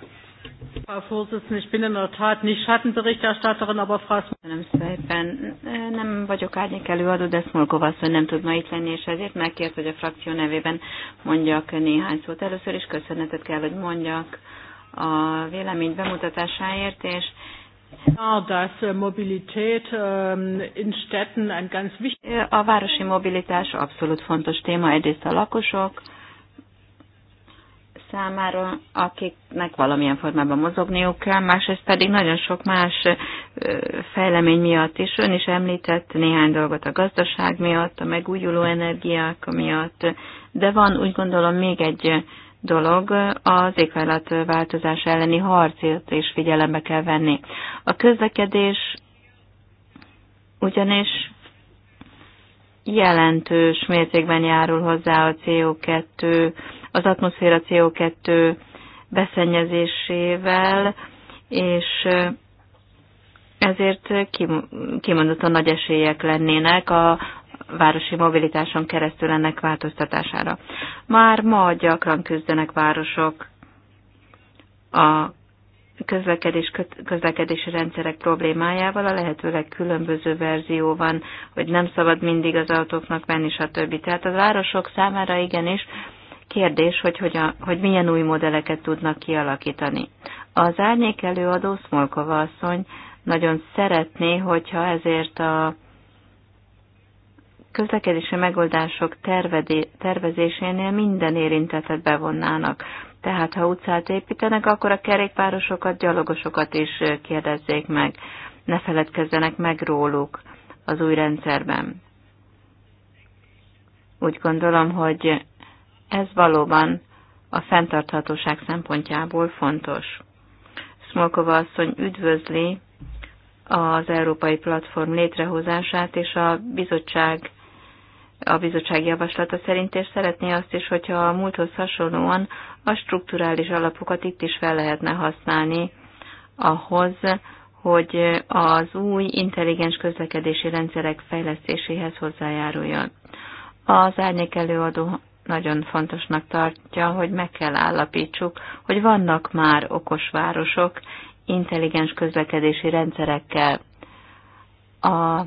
Frau Vorsitzende, ich bin in der Tat nicht Schattenberichterstatterin, aber Frau Köszönöm szépen. Nem vagyok árnyék előadó, de Smolkova asszony nem tud ma itt lenni, és ezért megkért, hogy a frakció nevében mondjak néhány szót. Először is köszönetet kell, hogy mondjak a vélemény bemutatásáért, és Äh, ähm, a városi mobilitás abszolút fontos téma egyrészt a lakosok számára, akiknek valamilyen formában mozogniuk kell, másrészt pedig nagyon sok más fejlemény miatt is. Ön is említett néhány dolgot a gazdaság miatt, a megújuló energiák miatt, de van úgy gondolom még egy dolog, az éghajlatváltozás elleni harcért is figyelembe kell venni. A közlekedés ugyanis jelentős mértékben járul hozzá a CO2, az atmoszféra CO2 beszennyezésével, és ezért kimondottan nagy esélyek lennének a, városi mobilitáson keresztül ennek változtatására. Már ma gyakran küzdenek városok a közlekedés, közlekedési rendszerek problémájával, a lehetőleg különböző verzió van, hogy nem szabad mindig az autóknak menni, stb. Tehát a városok számára igenis kérdés, hogy, a, hogy milyen új modelleket tudnak kialakítani. Az árnyék előadó Szmolkova asszony nagyon szeretné, hogyha ezért a közlekedési megoldások tervedé, tervezésénél minden érintetet bevonnának. Tehát, ha utcát építenek, akkor a kerékpárosokat, gyalogosokat is kérdezzék meg. Ne feledkezzenek meg róluk az új rendszerben. Úgy gondolom, hogy ez valóban a fenntarthatóság szempontjából fontos. Smolkova asszony üdvözli az Európai Platform létrehozását és a bizottság a bizottság javaslata szerint, és szeretné azt is, hogyha a múlthoz hasonlóan a strukturális alapokat itt is fel lehetne használni ahhoz, hogy az új intelligens közlekedési rendszerek fejlesztéséhez hozzájáruljon. Az árnyék előadó nagyon fontosnak tartja, hogy meg kell állapítsuk, hogy vannak már okos városok intelligens közlekedési rendszerekkel. A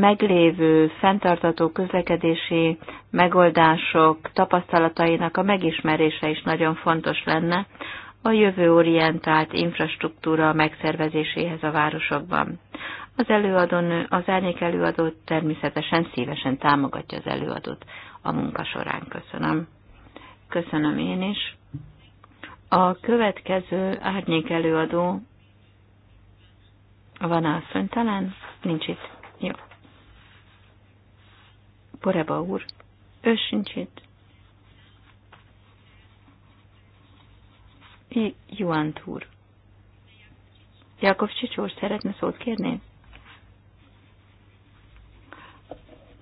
meglévő fenntartató közlekedési megoldások tapasztalatainak a megismerése is nagyon fontos lenne a jövő orientált infrastruktúra megszervezéséhez a városokban. Az előadónő, az árnyék előadót természetesen szívesen támogatja az előadót a munka során. Köszönöm. Köszönöm én is. A következő árnyék előadó van a talán? Nincs itt. Poreba úr. Ő sincs itt. I, Juant úr. Jakov Csicsúr szeretne szót kérni?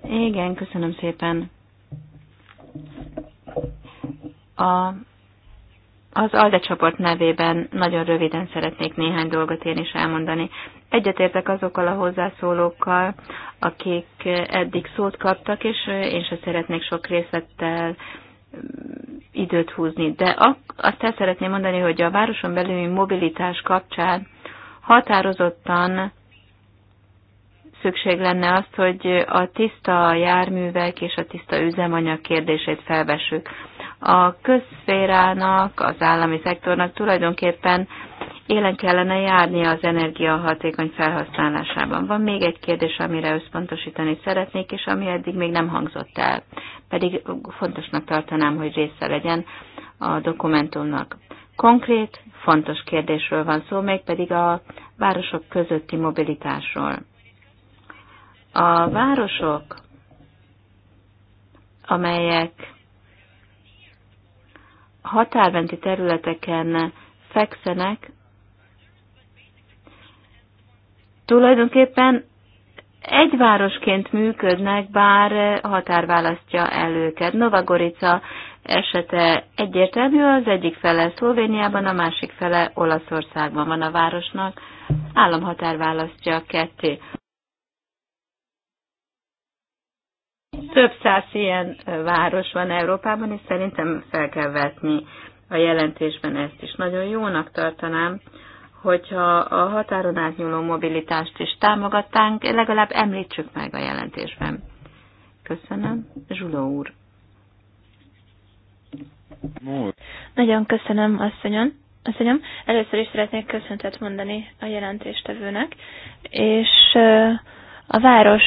Igen, köszönöm szépen. A az ALDE csoport nevében nagyon röviden szeretnék néhány dolgot én is elmondani. Egyetértek azokkal a hozzászólókkal, akik eddig szót kaptak, és én se szeretnék sok részlettel mm, időt húzni. De azt el szeretném mondani, hogy a városon belüli mobilitás kapcsán határozottan szükség lenne azt, hogy a tiszta járművek és a tiszta üzemanyag kérdését felvessük a közszférának, az állami szektornak tulajdonképpen élen kellene járni az energia hatékony felhasználásában. Van még egy kérdés, amire összpontosítani szeretnék, és ami eddig még nem hangzott el, pedig fontosnak tartanám, hogy része legyen a dokumentumnak. Konkrét, fontos kérdésről van szó, pedig a városok közötti mobilitásról. A városok, amelyek határmenti területeken fekszenek, tulajdonképpen egy városként működnek, bár határ választja el őket. Novagorica esete egyértelmű, az egyik fele Szlovéniában, a másik fele Olaszországban van a városnak. Államhatár választja ketté. Több száz ilyen város van Európában, és szerintem fel kell vetni a jelentésben ezt is. Nagyon jónak tartanám, hogyha a határon átnyúló mobilitást is támogatnánk, legalább említsük meg a jelentésben. Köszönöm. Zsuló úr. Nagyon köszönöm, asszonyon. Asszonyom, először is szeretnék köszöntet mondani a jelentéstevőnek, és a város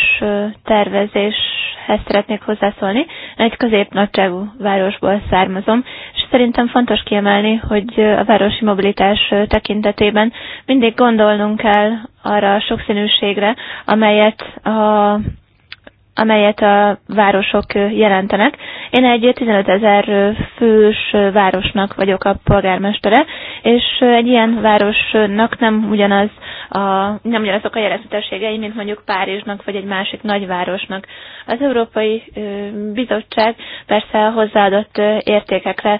tervezéshez szeretnék hozzászólni. Egy középnagyságú városból származom, és szerintem fontos kiemelni, hogy a városi mobilitás tekintetében mindig gondolnunk kell arra a sokszínűségre, amelyet a amelyet a városok jelentenek. Én egy 15 ezer fős városnak vagyok a polgármestere, és egy ilyen városnak nem ugyanaz a, nem ugyanazok a jelentőségei, mint mondjuk Párizsnak vagy egy másik nagyvárosnak. Az Európai Bizottság persze a hozzáadott értékekre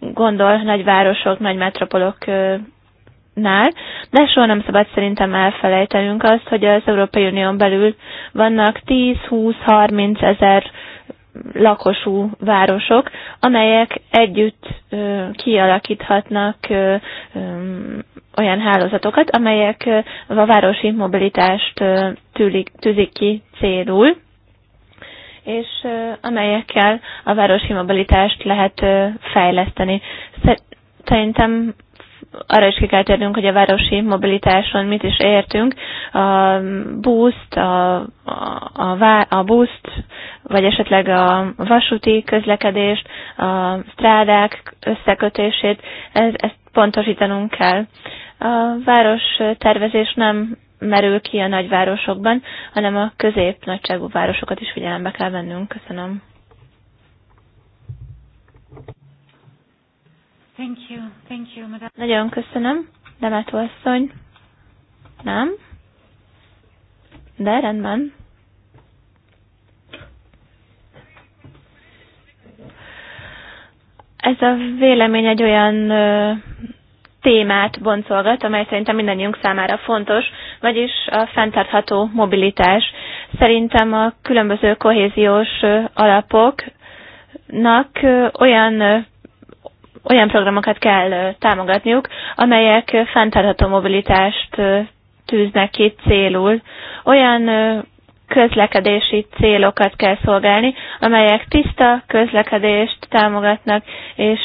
gondol nagyvárosok, nagy metropolok nál, de soha nem szabad szerintem elfelejtenünk azt, hogy az Európai Unión belül vannak 10-20-30 ezer lakosú városok, amelyek együtt ö, kialakíthatnak ö, ö, olyan hálózatokat, amelyek ö, a városi mobilitást ö, tűlik, tűzik ki célul, és ö, amelyekkel a városi mobilitást lehet ö, fejleszteni. Szerintem arra is ki kell térnünk, hogy a városi mobilitáson mit is értünk. A buszt, a, a, a, a buszt, vagy esetleg a vasúti közlekedést, a strádák összekötését, ez, ezt pontosítanunk kell. A város tervezés nem merül ki a nagyvárosokban, hanem a közép-nagyságú városokat is figyelembe kell vennünk. Köszönöm. Thank you, thank you, madame. Nagyon köszönöm, Demetó asszony. Nem? De rendben. Ez a vélemény egy olyan ö, témát boncolgat, amely szerintem mindannyiunk számára fontos, vagyis a fenntartható mobilitás. Szerintem a különböző kohéziós alapoknak olyan olyan programokat kell támogatniuk, amelyek fenntartható mobilitást tűznek ki célul. Olyan közlekedési célokat kell szolgálni, amelyek tiszta közlekedést támogatnak, és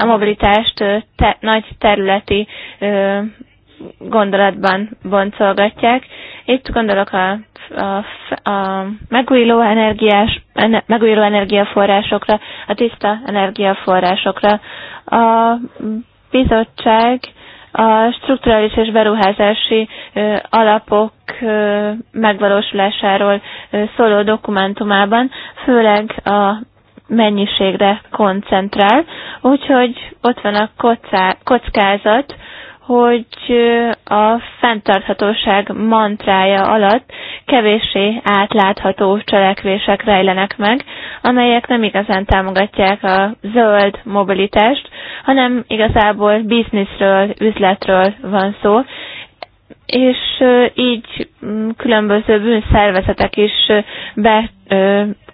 a mobilitást te- nagy területi gondolatban boncolgatják. Itt gondolok a, a, a megújuló, energiás, ener, megújuló energiaforrásokra, a tiszta energiaforrásokra. A bizottság a strukturális és beruházási alapok megvalósulásáról szóló dokumentumában, főleg a mennyiségre koncentrál, úgyhogy ott van a kockázat, hogy a fenntarthatóság mantrája alatt kevéssé átlátható cselekvések rejlenek meg, amelyek nem igazán támogatják a zöld mobilitást, hanem igazából bizniszről, üzletről van szó, és így mm, különböző bűnszervezetek is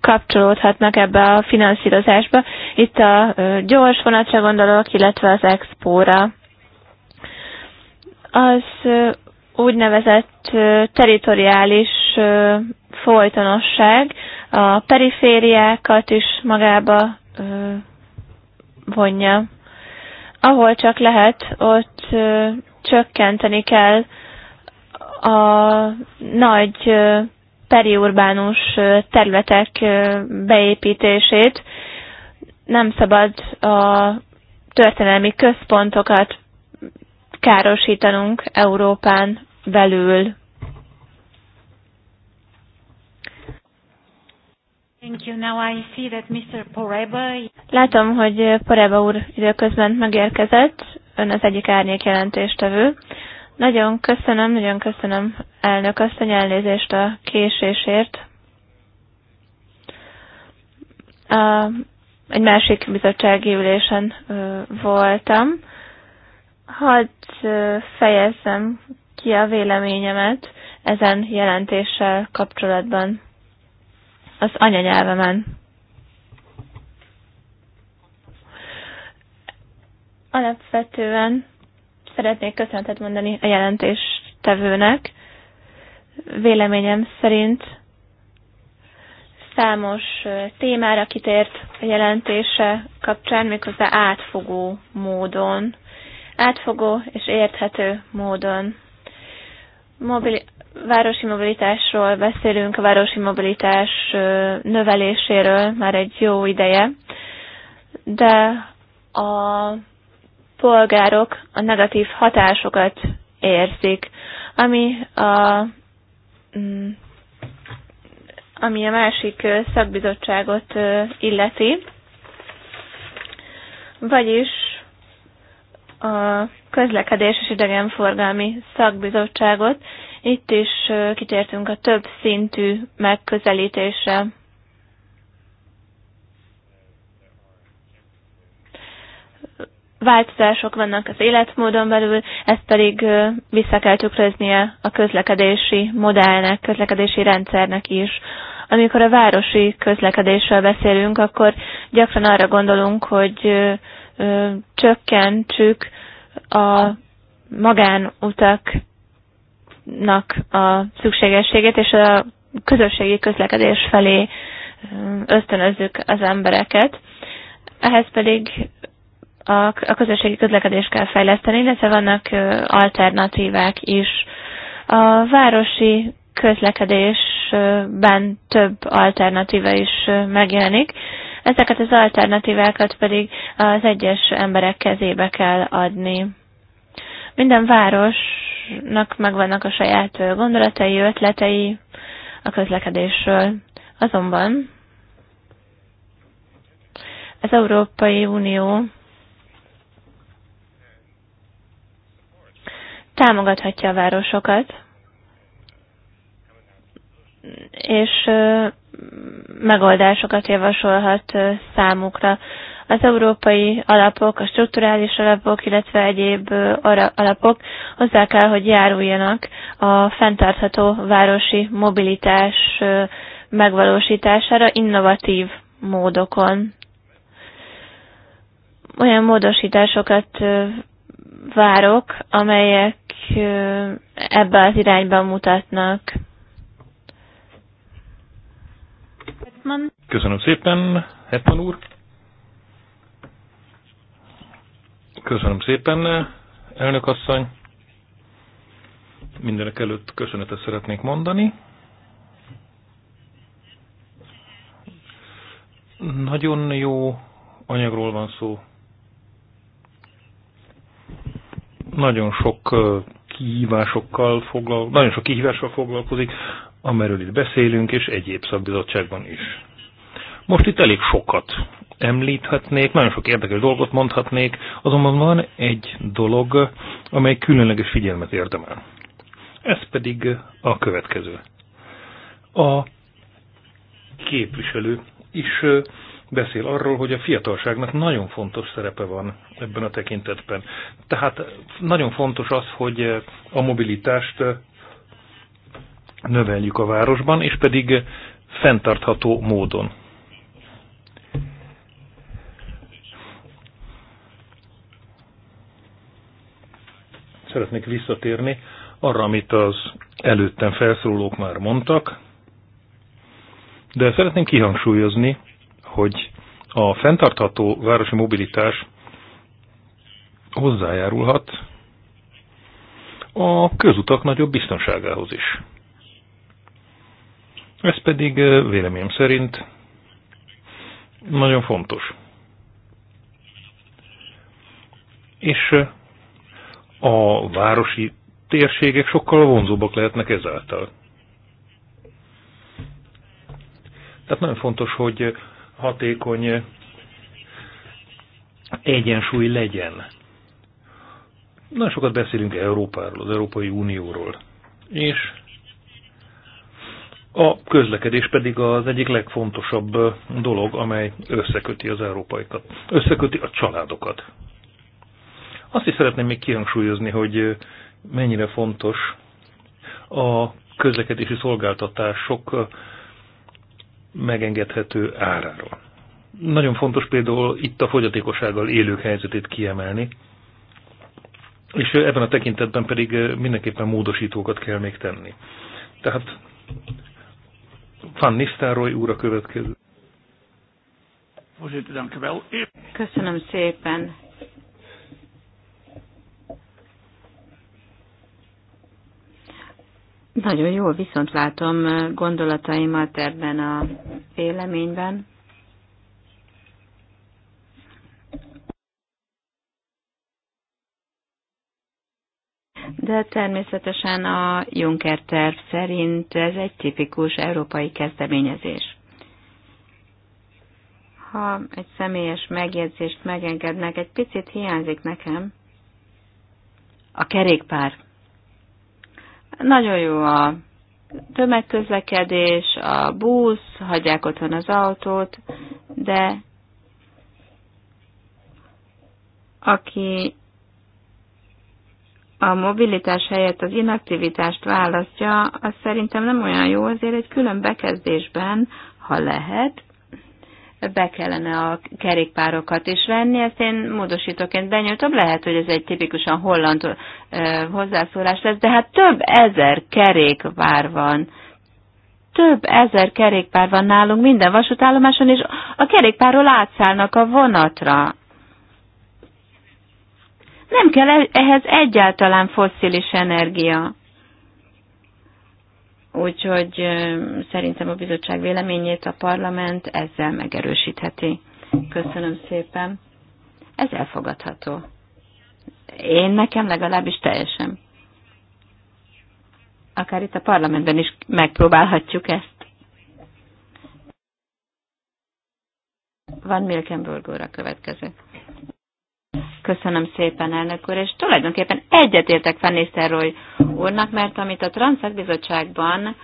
kapcsolódhatnak ebbe a finanszírozásba. Itt a gyors vonatra gondolok, illetve az expóra az úgynevezett teritoriális folytonosság a perifériákat is magába vonja. Ahol csak lehet, ott csökkenteni kell a nagy periurbánus területek beépítését. Nem szabad a történelmi központokat károsítanunk Európán belül. Thank you. Now I see that Mr. Poreba... Látom, hogy Poreba úr időközben megérkezett, ön az egyik árnyék jelentéstevő. Nagyon köszönöm, nagyon köszönöm elnök asszony elnézést a késésért. A, egy másik bizottsági ülésen ö, voltam. Hadd fejezzem ki a véleményemet ezen jelentéssel kapcsolatban az anyanyelvemen. Alapvetően szeretnék köszöntet mondani a jelentéstevőnek. Véleményem szerint számos témára kitért a jelentése kapcsán, méghozzá átfogó módon átfogó és érthető módon. Mobili- városi mobilitásról beszélünk, a városi mobilitás növeléséről már egy jó ideje, de a polgárok a negatív hatásokat érzik, ami a, mm, ami a másik szakbizottságot illeti, vagyis a közlekedés és idegenforgalmi szakbizottságot. Itt is kitértünk a több szintű megközelítésre. Változások vannak az életmódon belül, ezt pedig vissza kell tükröznie a közlekedési modellnek, közlekedési rendszernek is amikor a városi közlekedésről beszélünk, akkor gyakran arra gondolunk, hogy csökkentsük a magánutaknak a szükségességét, és a közösségi közlekedés felé ösztönözzük az embereket. Ehhez pedig a, a közösségi közlekedést kell fejleszteni, illetve vannak alternatívák is. A városi közlekedésben több alternatíva is megjelenik, ezeket az alternatívákat pedig az egyes emberek kezébe kell adni. Minden városnak megvannak a saját gondolatai, ötletei a közlekedésről. Azonban az Európai Unió támogathatja a városokat, és megoldásokat javasolhat számukra. Az európai alapok, a strukturális alapok, illetve egyéb alapok hozzá kell, hogy járuljanak a fenntartható városi mobilitás megvalósítására innovatív módokon. Olyan módosításokat várok, amelyek ebbe az irányba mutatnak. Hetman. Köszönöm szépen, Hetman úr. Köszönöm szépen, elnök asszony. Mindenek előtt köszönetet szeretnék mondani. Nagyon jó anyagról van szó. Nagyon sok eh, kihívásokkal foglalkozik, nagyon sok kihívással foglalkozik, amiről itt beszélünk, és egyéb szakbizottságban is. Most itt elég sokat említhetnék, nagyon sok érdekes dolgot mondhatnék, azonban van egy dolog, amely különleges figyelmet érdemel. Ez pedig a következő. A képviselő is beszél arról, hogy a fiatalságnak nagyon fontos szerepe van ebben a tekintetben. Tehát nagyon fontos az, hogy a mobilitást növeljük a városban, és pedig fenntartható módon. Szeretnék visszatérni arra, amit az előttem felszólók már mondtak, de szeretném kihangsúlyozni, hogy a fenntartható városi mobilitás hozzájárulhat a közutak nagyobb biztonságához is. Ez pedig véleményem szerint nagyon fontos. És a városi térségek sokkal vonzóbbak lehetnek ezáltal. Tehát nagyon fontos, hogy hatékony egyensúly legyen. Nagyon sokat beszélünk Európáról, az Európai Unióról. És a közlekedés pedig az egyik legfontosabb dolog, amely összeköti az európaikat, összeköti a családokat. Azt is szeretném még kihangsúlyozni, hogy mennyire fontos a közlekedési szolgáltatások megengedhető árára. Nagyon fontos például itt a fogyatékossággal élők helyzetét kiemelni, és ebben a tekintetben pedig mindenképpen módosítókat kell még tenni. Tehát van Nisztároly úr a következő. Köszönöm szépen. Nagyon jól viszont látom eh, gondolataimat ebben a véleményben. De természetesen a Juncker terv szerint ez egy tipikus európai kezdeményezés. Ha egy személyes megjegyzést megengednek, egy picit hiányzik nekem a kerékpár. Nagyon jó a tömegközlekedés, a busz, hagyják otthon az autót, de aki a mobilitás helyett az inaktivitást választja, az szerintem nem olyan jó, azért egy külön bekezdésben, ha lehet, be kellene a kerékpárokat is venni, ezt én módosítóként benyújtom, lehet, hogy ez egy tipikusan holland hozzászólás lesz, de hát több ezer kerékpár van, több ezer kerékpár van nálunk minden vasútállomáson, és a kerékpárról átszállnak a vonatra. Nem kell e- ehhez egyáltalán fosszilis energia. Úgyhogy szerintem a bizottság véleményét a parlament ezzel megerősítheti. Köszönöm szépen. Ez elfogadható. Én nekem legalábbis teljesen. Akár itt a parlamentben is megpróbálhatjuk ezt. Van Milkenburg úr a következő. Köszönöm szépen, elnök úr, és tulajdonképpen egyetértek Fannisterroy úrnak, mert amit a Transzak Bizottságban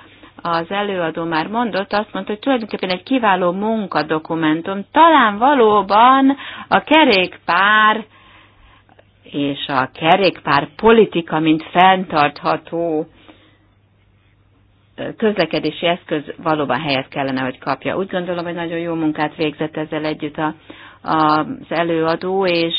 az előadó már mondott, azt mondta, hogy tulajdonképpen egy kiváló munkadokumentum. Talán valóban a kerékpár és a kerékpár politika, mint fenntartható közlekedési eszköz valóban helyet kellene, hogy kapja. Úgy gondolom, hogy nagyon jó munkát végzett ezzel együtt a, az előadó, és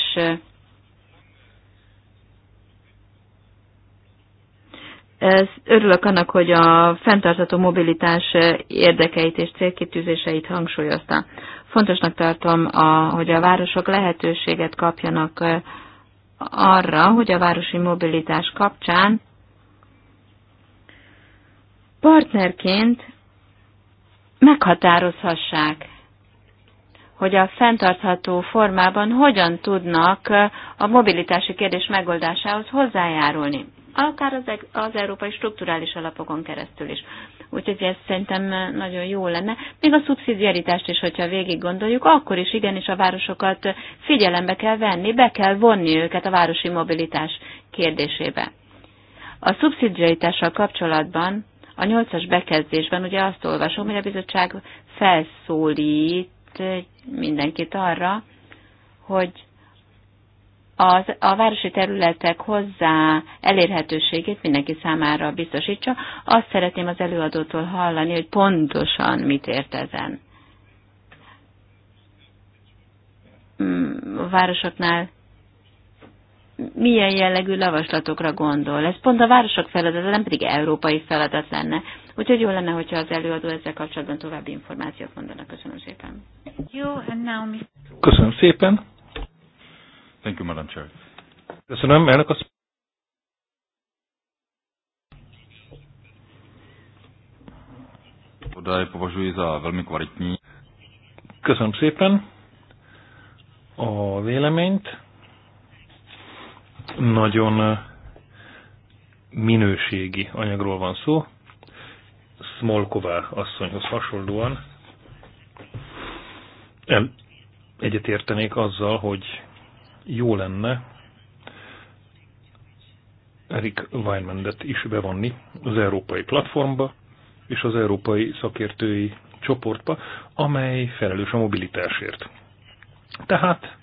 Örülök annak, hogy a fenntartható mobilitás érdekeit és célkitűzéseit hangsúlyozta. Fontosnak tartom, a, hogy a városok lehetőséget kapjanak arra, hogy a városi mobilitás kapcsán partnerként meghatározhassák, hogy a fenntartható formában hogyan tudnak a mobilitási kérdés megoldásához hozzájárulni akár az, az európai strukturális alapokon keresztül is. Úgyhogy ez szerintem eh, nagyon jó lenne. Még a szubszidiaritást is, hogyha végig gondoljuk, akkor is igenis a városokat eh, figyelembe kell venni, be kell vonni őket a városi mobilitás kérdésébe. A szubszidiaritással kapcsolatban a nyolcas bekezdésben ugye azt olvasom, hogy a bizottság felszólít eh, mindenkit arra, hogy az, a városi területek hozzá elérhetőségét mindenki számára biztosítsa. Azt szeretném az előadótól hallani, hogy pontosan mit ért ezen. Mm, a városoknál milyen jellegű lavaslatokra gondol. Ez pont a városok feladata, nem pedig európai feladat lenne. Úgyhogy jó lenne, hogyha az előadó ezzel kapcsolatban további információt mondanak. Köszönöm szépen. Köszönöm szépen. Thank you, Madam Chair. Köszönöm, elnök az... považuji za velmi kvalitní. Köszönöm szépen a véleményt. Nagyon eh, minőségi anyagról van szó. Smolková asszonyhoz hasonlóan egyetértenék azzal, hogy jó lenne Erik Weinmendet is bevonni az európai platformba és az európai szakértői csoportba, amely felelős a mobilitásért. Tehát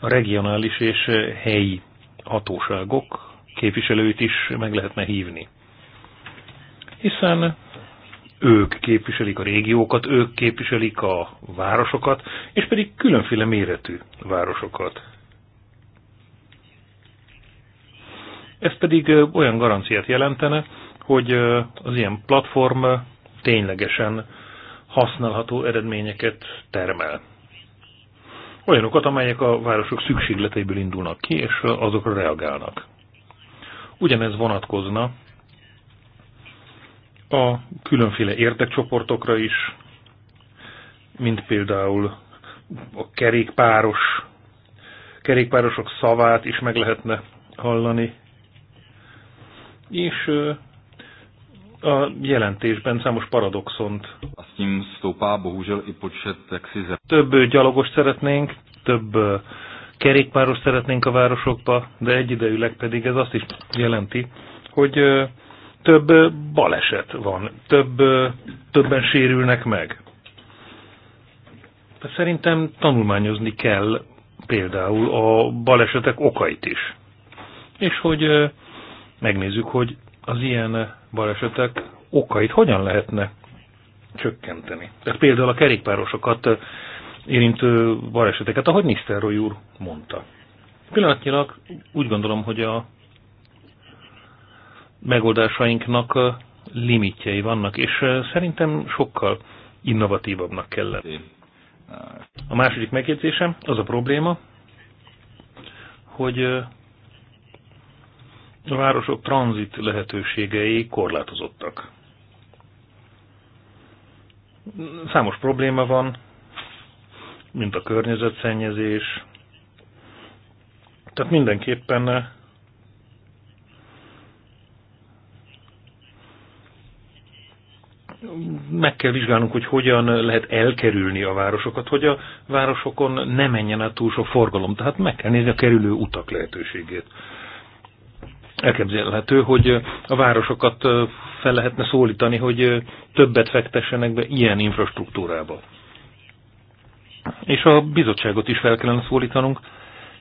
a regionális és helyi hatóságok képviselőit is meg lehetne hívni. Hiszen ők képviselik a régiókat, ők képviselik a városokat, és pedig különféle méretű városokat. Ez pedig olyan garanciát jelentene, hogy az ilyen platform ténylegesen használható eredményeket termel. Olyanokat, amelyek a városok szükségleteiből indulnak ki, és azokra reagálnak. Ugyanez vonatkozna a különféle érdekcsoportokra is, mint például a kerékpáros, kerékpárosok szavát is meg lehetne hallani, és a jelentésben számos paradoxont. Több gyalogos szeretnénk, több kerékpáros szeretnénk a városokba, de egyidejűleg pedig ez azt is jelenti, hogy több baleset van, több, többen sérülnek meg. De hát szerintem tanulmányozni kell például a balesetek okait is. És hogy megnézzük, hogy az ilyen balesetek okait hogyan lehetne csökkenteni. Tehát például a kerékpárosokat eh, érintő baleseteket, ahogy Nisztelrooy úr mondta. Pillanatnyilag úgy gondolom, hogy a megoldásainknak eh, limitjei vannak, és eh, szerintem sokkal innovatívabbnak kell lenni. A második megjegyzésem, az a probléma, hogy a városok tranzit lehetőségei korlátozottak. Számos probléma van, mint a környezetszennyezés. Tehát mindenképpen meg kell vizsgálnunk, hogy hogyan lehet elkerülni a városokat, hogy a városokon ne menjen át túl sok forgalom. Tehát meg kell nézni a kerülő utak lehetőségét elképzelhető, hogy a városokat fel lehetne szólítani, hogy többet fektessenek be ilyen infrastruktúrába. És a bizottságot is fel kellene szólítanunk,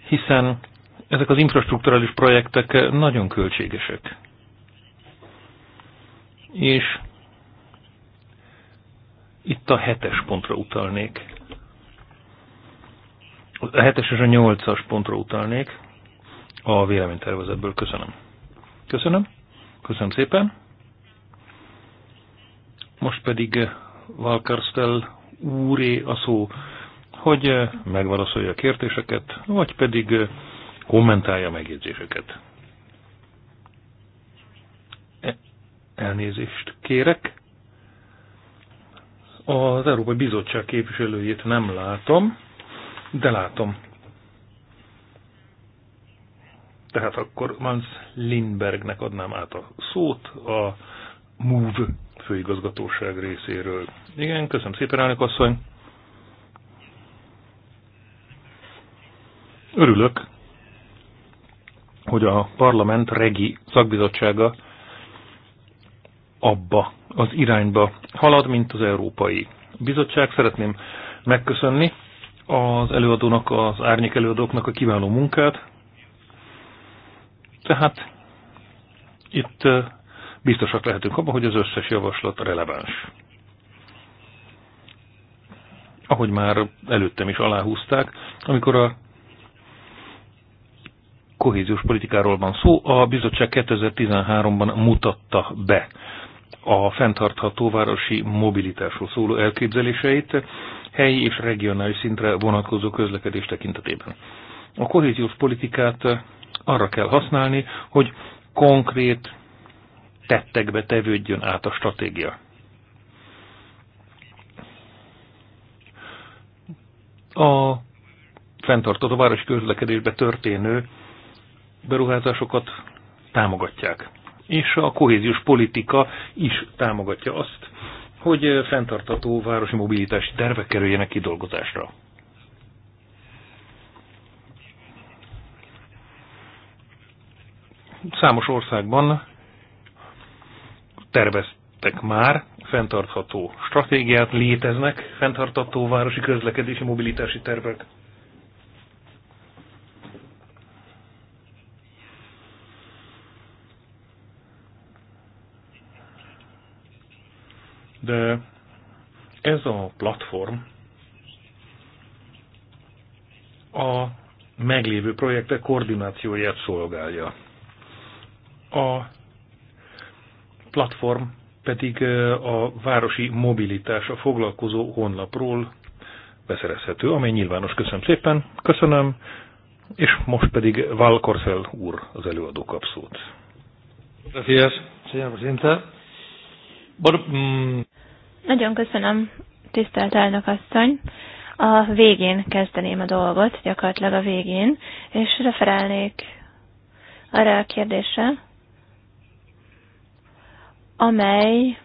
hiszen ezek az infrastruktúrális projektek nagyon költségesek. És itt a hetes pontra utalnék. A hetes és a nyolcas pontra utalnék a véleménytervezetből. Köszönöm. Köszönöm. Köszönöm szépen. Most pedig eh, Valkarsztel úré a szó, hogy eh, megválaszolja a kérdéseket, vagy pedig eh, kommentálja a megjegyzéseket. E, elnézést kérek. Az Európai Bizottság képviselőjét nem látom, de látom tehát akkor Mans Lindbergnek adnám át a szót a MOVE főigazgatóság részéről. Igen, köszönöm szépen, elnök asszony. Örülök, hogy a parlament regi szakbizottsága abba az irányba halad, mint az Európai Bizottság. Szeretném megköszönni az előadónak, az árnyék előadóknak a kiváló munkát. Tehát itt biztosak lehetünk abban, hogy az összes javaslat releváns. Ahogy már előttem is aláhúzták, amikor a kohéziós politikáról van szó, a bizottság 2013-ban mutatta be a fenntartható városi mobilitásról szóló elképzeléseit helyi és regionális szintre vonatkozó közlekedés tekintetében. A kohéziós politikát arra kell használni, hogy konkrét tettekbe tevődjön át a stratégia. A fenntartott városi közlekedésbe történő beruházásokat támogatják. És a kohéziós politika is támogatja azt, hogy fenntartató városi mobilitási tervek kerüljenek kidolgozásra. Számos országban terveztek már fenntartható stratégiát, léteznek fenntartható városi közlekedési mobilitási tervek. De ez a platform a meglévő projektek koordinációját szolgálja. A platform pedig a városi mobilitásra foglalkozó honlapról beszerezhető, amely nyilvános. Köszönöm szépen, köszönöm, és most pedig Val Korszel úr az előadó kap szót. Mm, Nagyon köszönöm, tisztelt elnök asszony. A végén kezdeném a dolgot, gyakorlatilag a végén, és referálnék arra a kérdésre, amely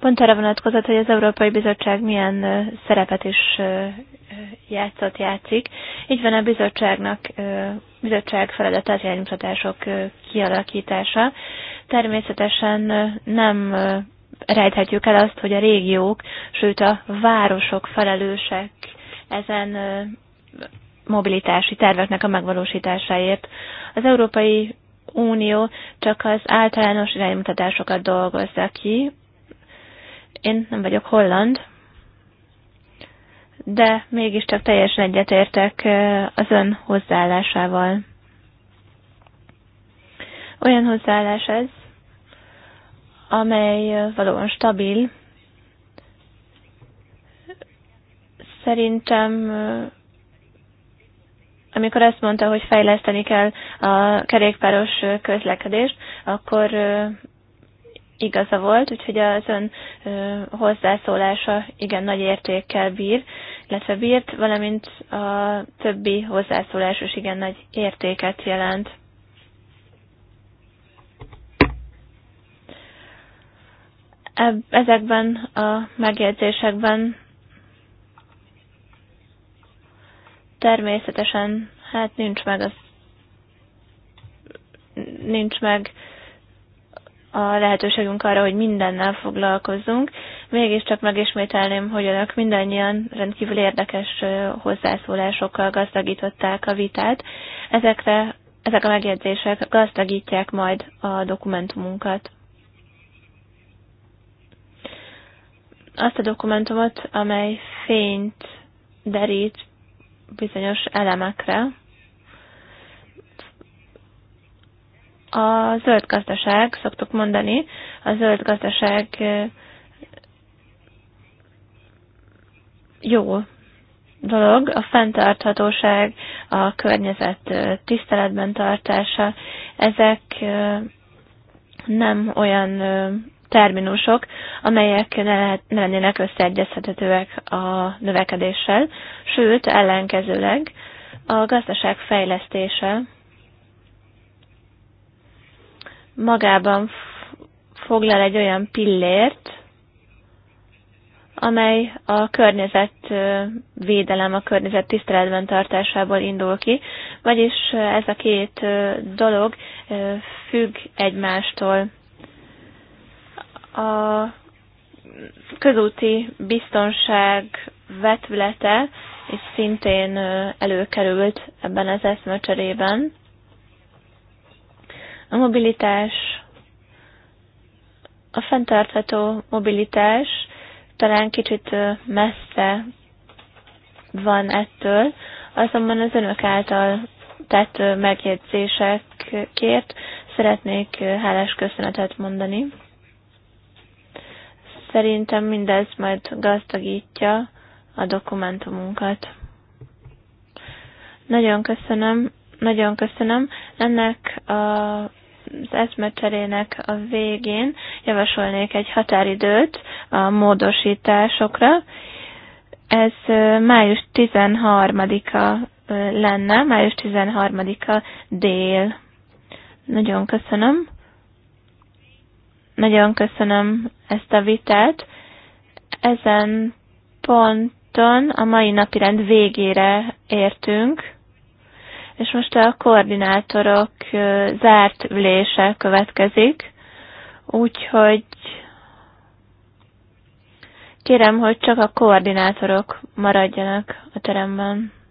pont arra vonatkozott, hogy az Európai Bizottság milyen szerepet is játszott, játszik. Így van a bizottságnak, bizottság feladata az iránymutatások kialakítása. Természetesen nem rejthetjük el azt, hogy a régiók, sőt a városok felelősek ezen mobilitási terveknek a megvalósításáért. Az Európai Unió csak az általános iránymutatásokat dolgozza ki. Én nem vagyok holland, de mégiscsak teljesen egyetértek az ön hozzáállásával. Olyan hozzáállás ez, amely valóban stabil. Szerintem amikor azt mondta, hogy fejleszteni kell a kerékpáros közlekedést, akkor igaza volt, úgyhogy az ön hozzászólása igen nagy értékkel bír, illetve bírt, valamint a többi hozzászólás is igen nagy értéket jelent. Ezekben a megjegyzésekben természetesen hát nincs meg az nincs meg a lehetőségünk arra, hogy mindennel foglalkozzunk. Mégiscsak megismételném, hogy önök mindannyian rendkívül érdekes hozzászólásokkal gazdagították a vitát. Ezekre, ezek a megjegyzések gazdagítják majd a dokumentumunkat. Azt a dokumentumot, amely fényt derít bizonyos elemekre. A zöld gazdaság, szoktuk mondani, a zöld gazdaság jó dolog, a fenntarthatóság, a környezet tiszteletben tartása, ezek nem olyan terminusok, amelyek ne, ne lennének összeegyezhetetőek a növekedéssel, sőt, ellenkezőleg a gazdaság fejlesztése magában foglal egy olyan pillért, amely a környezetvédelem, a környezet tiszteletben tartásából indul ki, vagyis ez a két dolog függ egymástól. A közúti biztonság vetülete és szintén előkerült ebben az eszmecserében. A mobilitás, a fenntartható mobilitás talán kicsit messze van ettől, azonban az önök által tett megjegyzésekért szeretnék hálás köszönetet mondani. Szerintem mindez majd gazdagítja a dokumentumunkat. Nagyon köszönöm, nagyon köszönöm. Ennek a, az eszmecserének a végén javasolnék egy határidőt a módosításokra. Ez május 13-a lenne, május 13-a dél. Nagyon köszönöm. Nagyon köszönöm ezt a vitát. Ezen ponton a mai napirend végére értünk, és most a koordinátorok zárt ülése következik, úgyhogy kérem, hogy csak a koordinátorok maradjanak a teremben.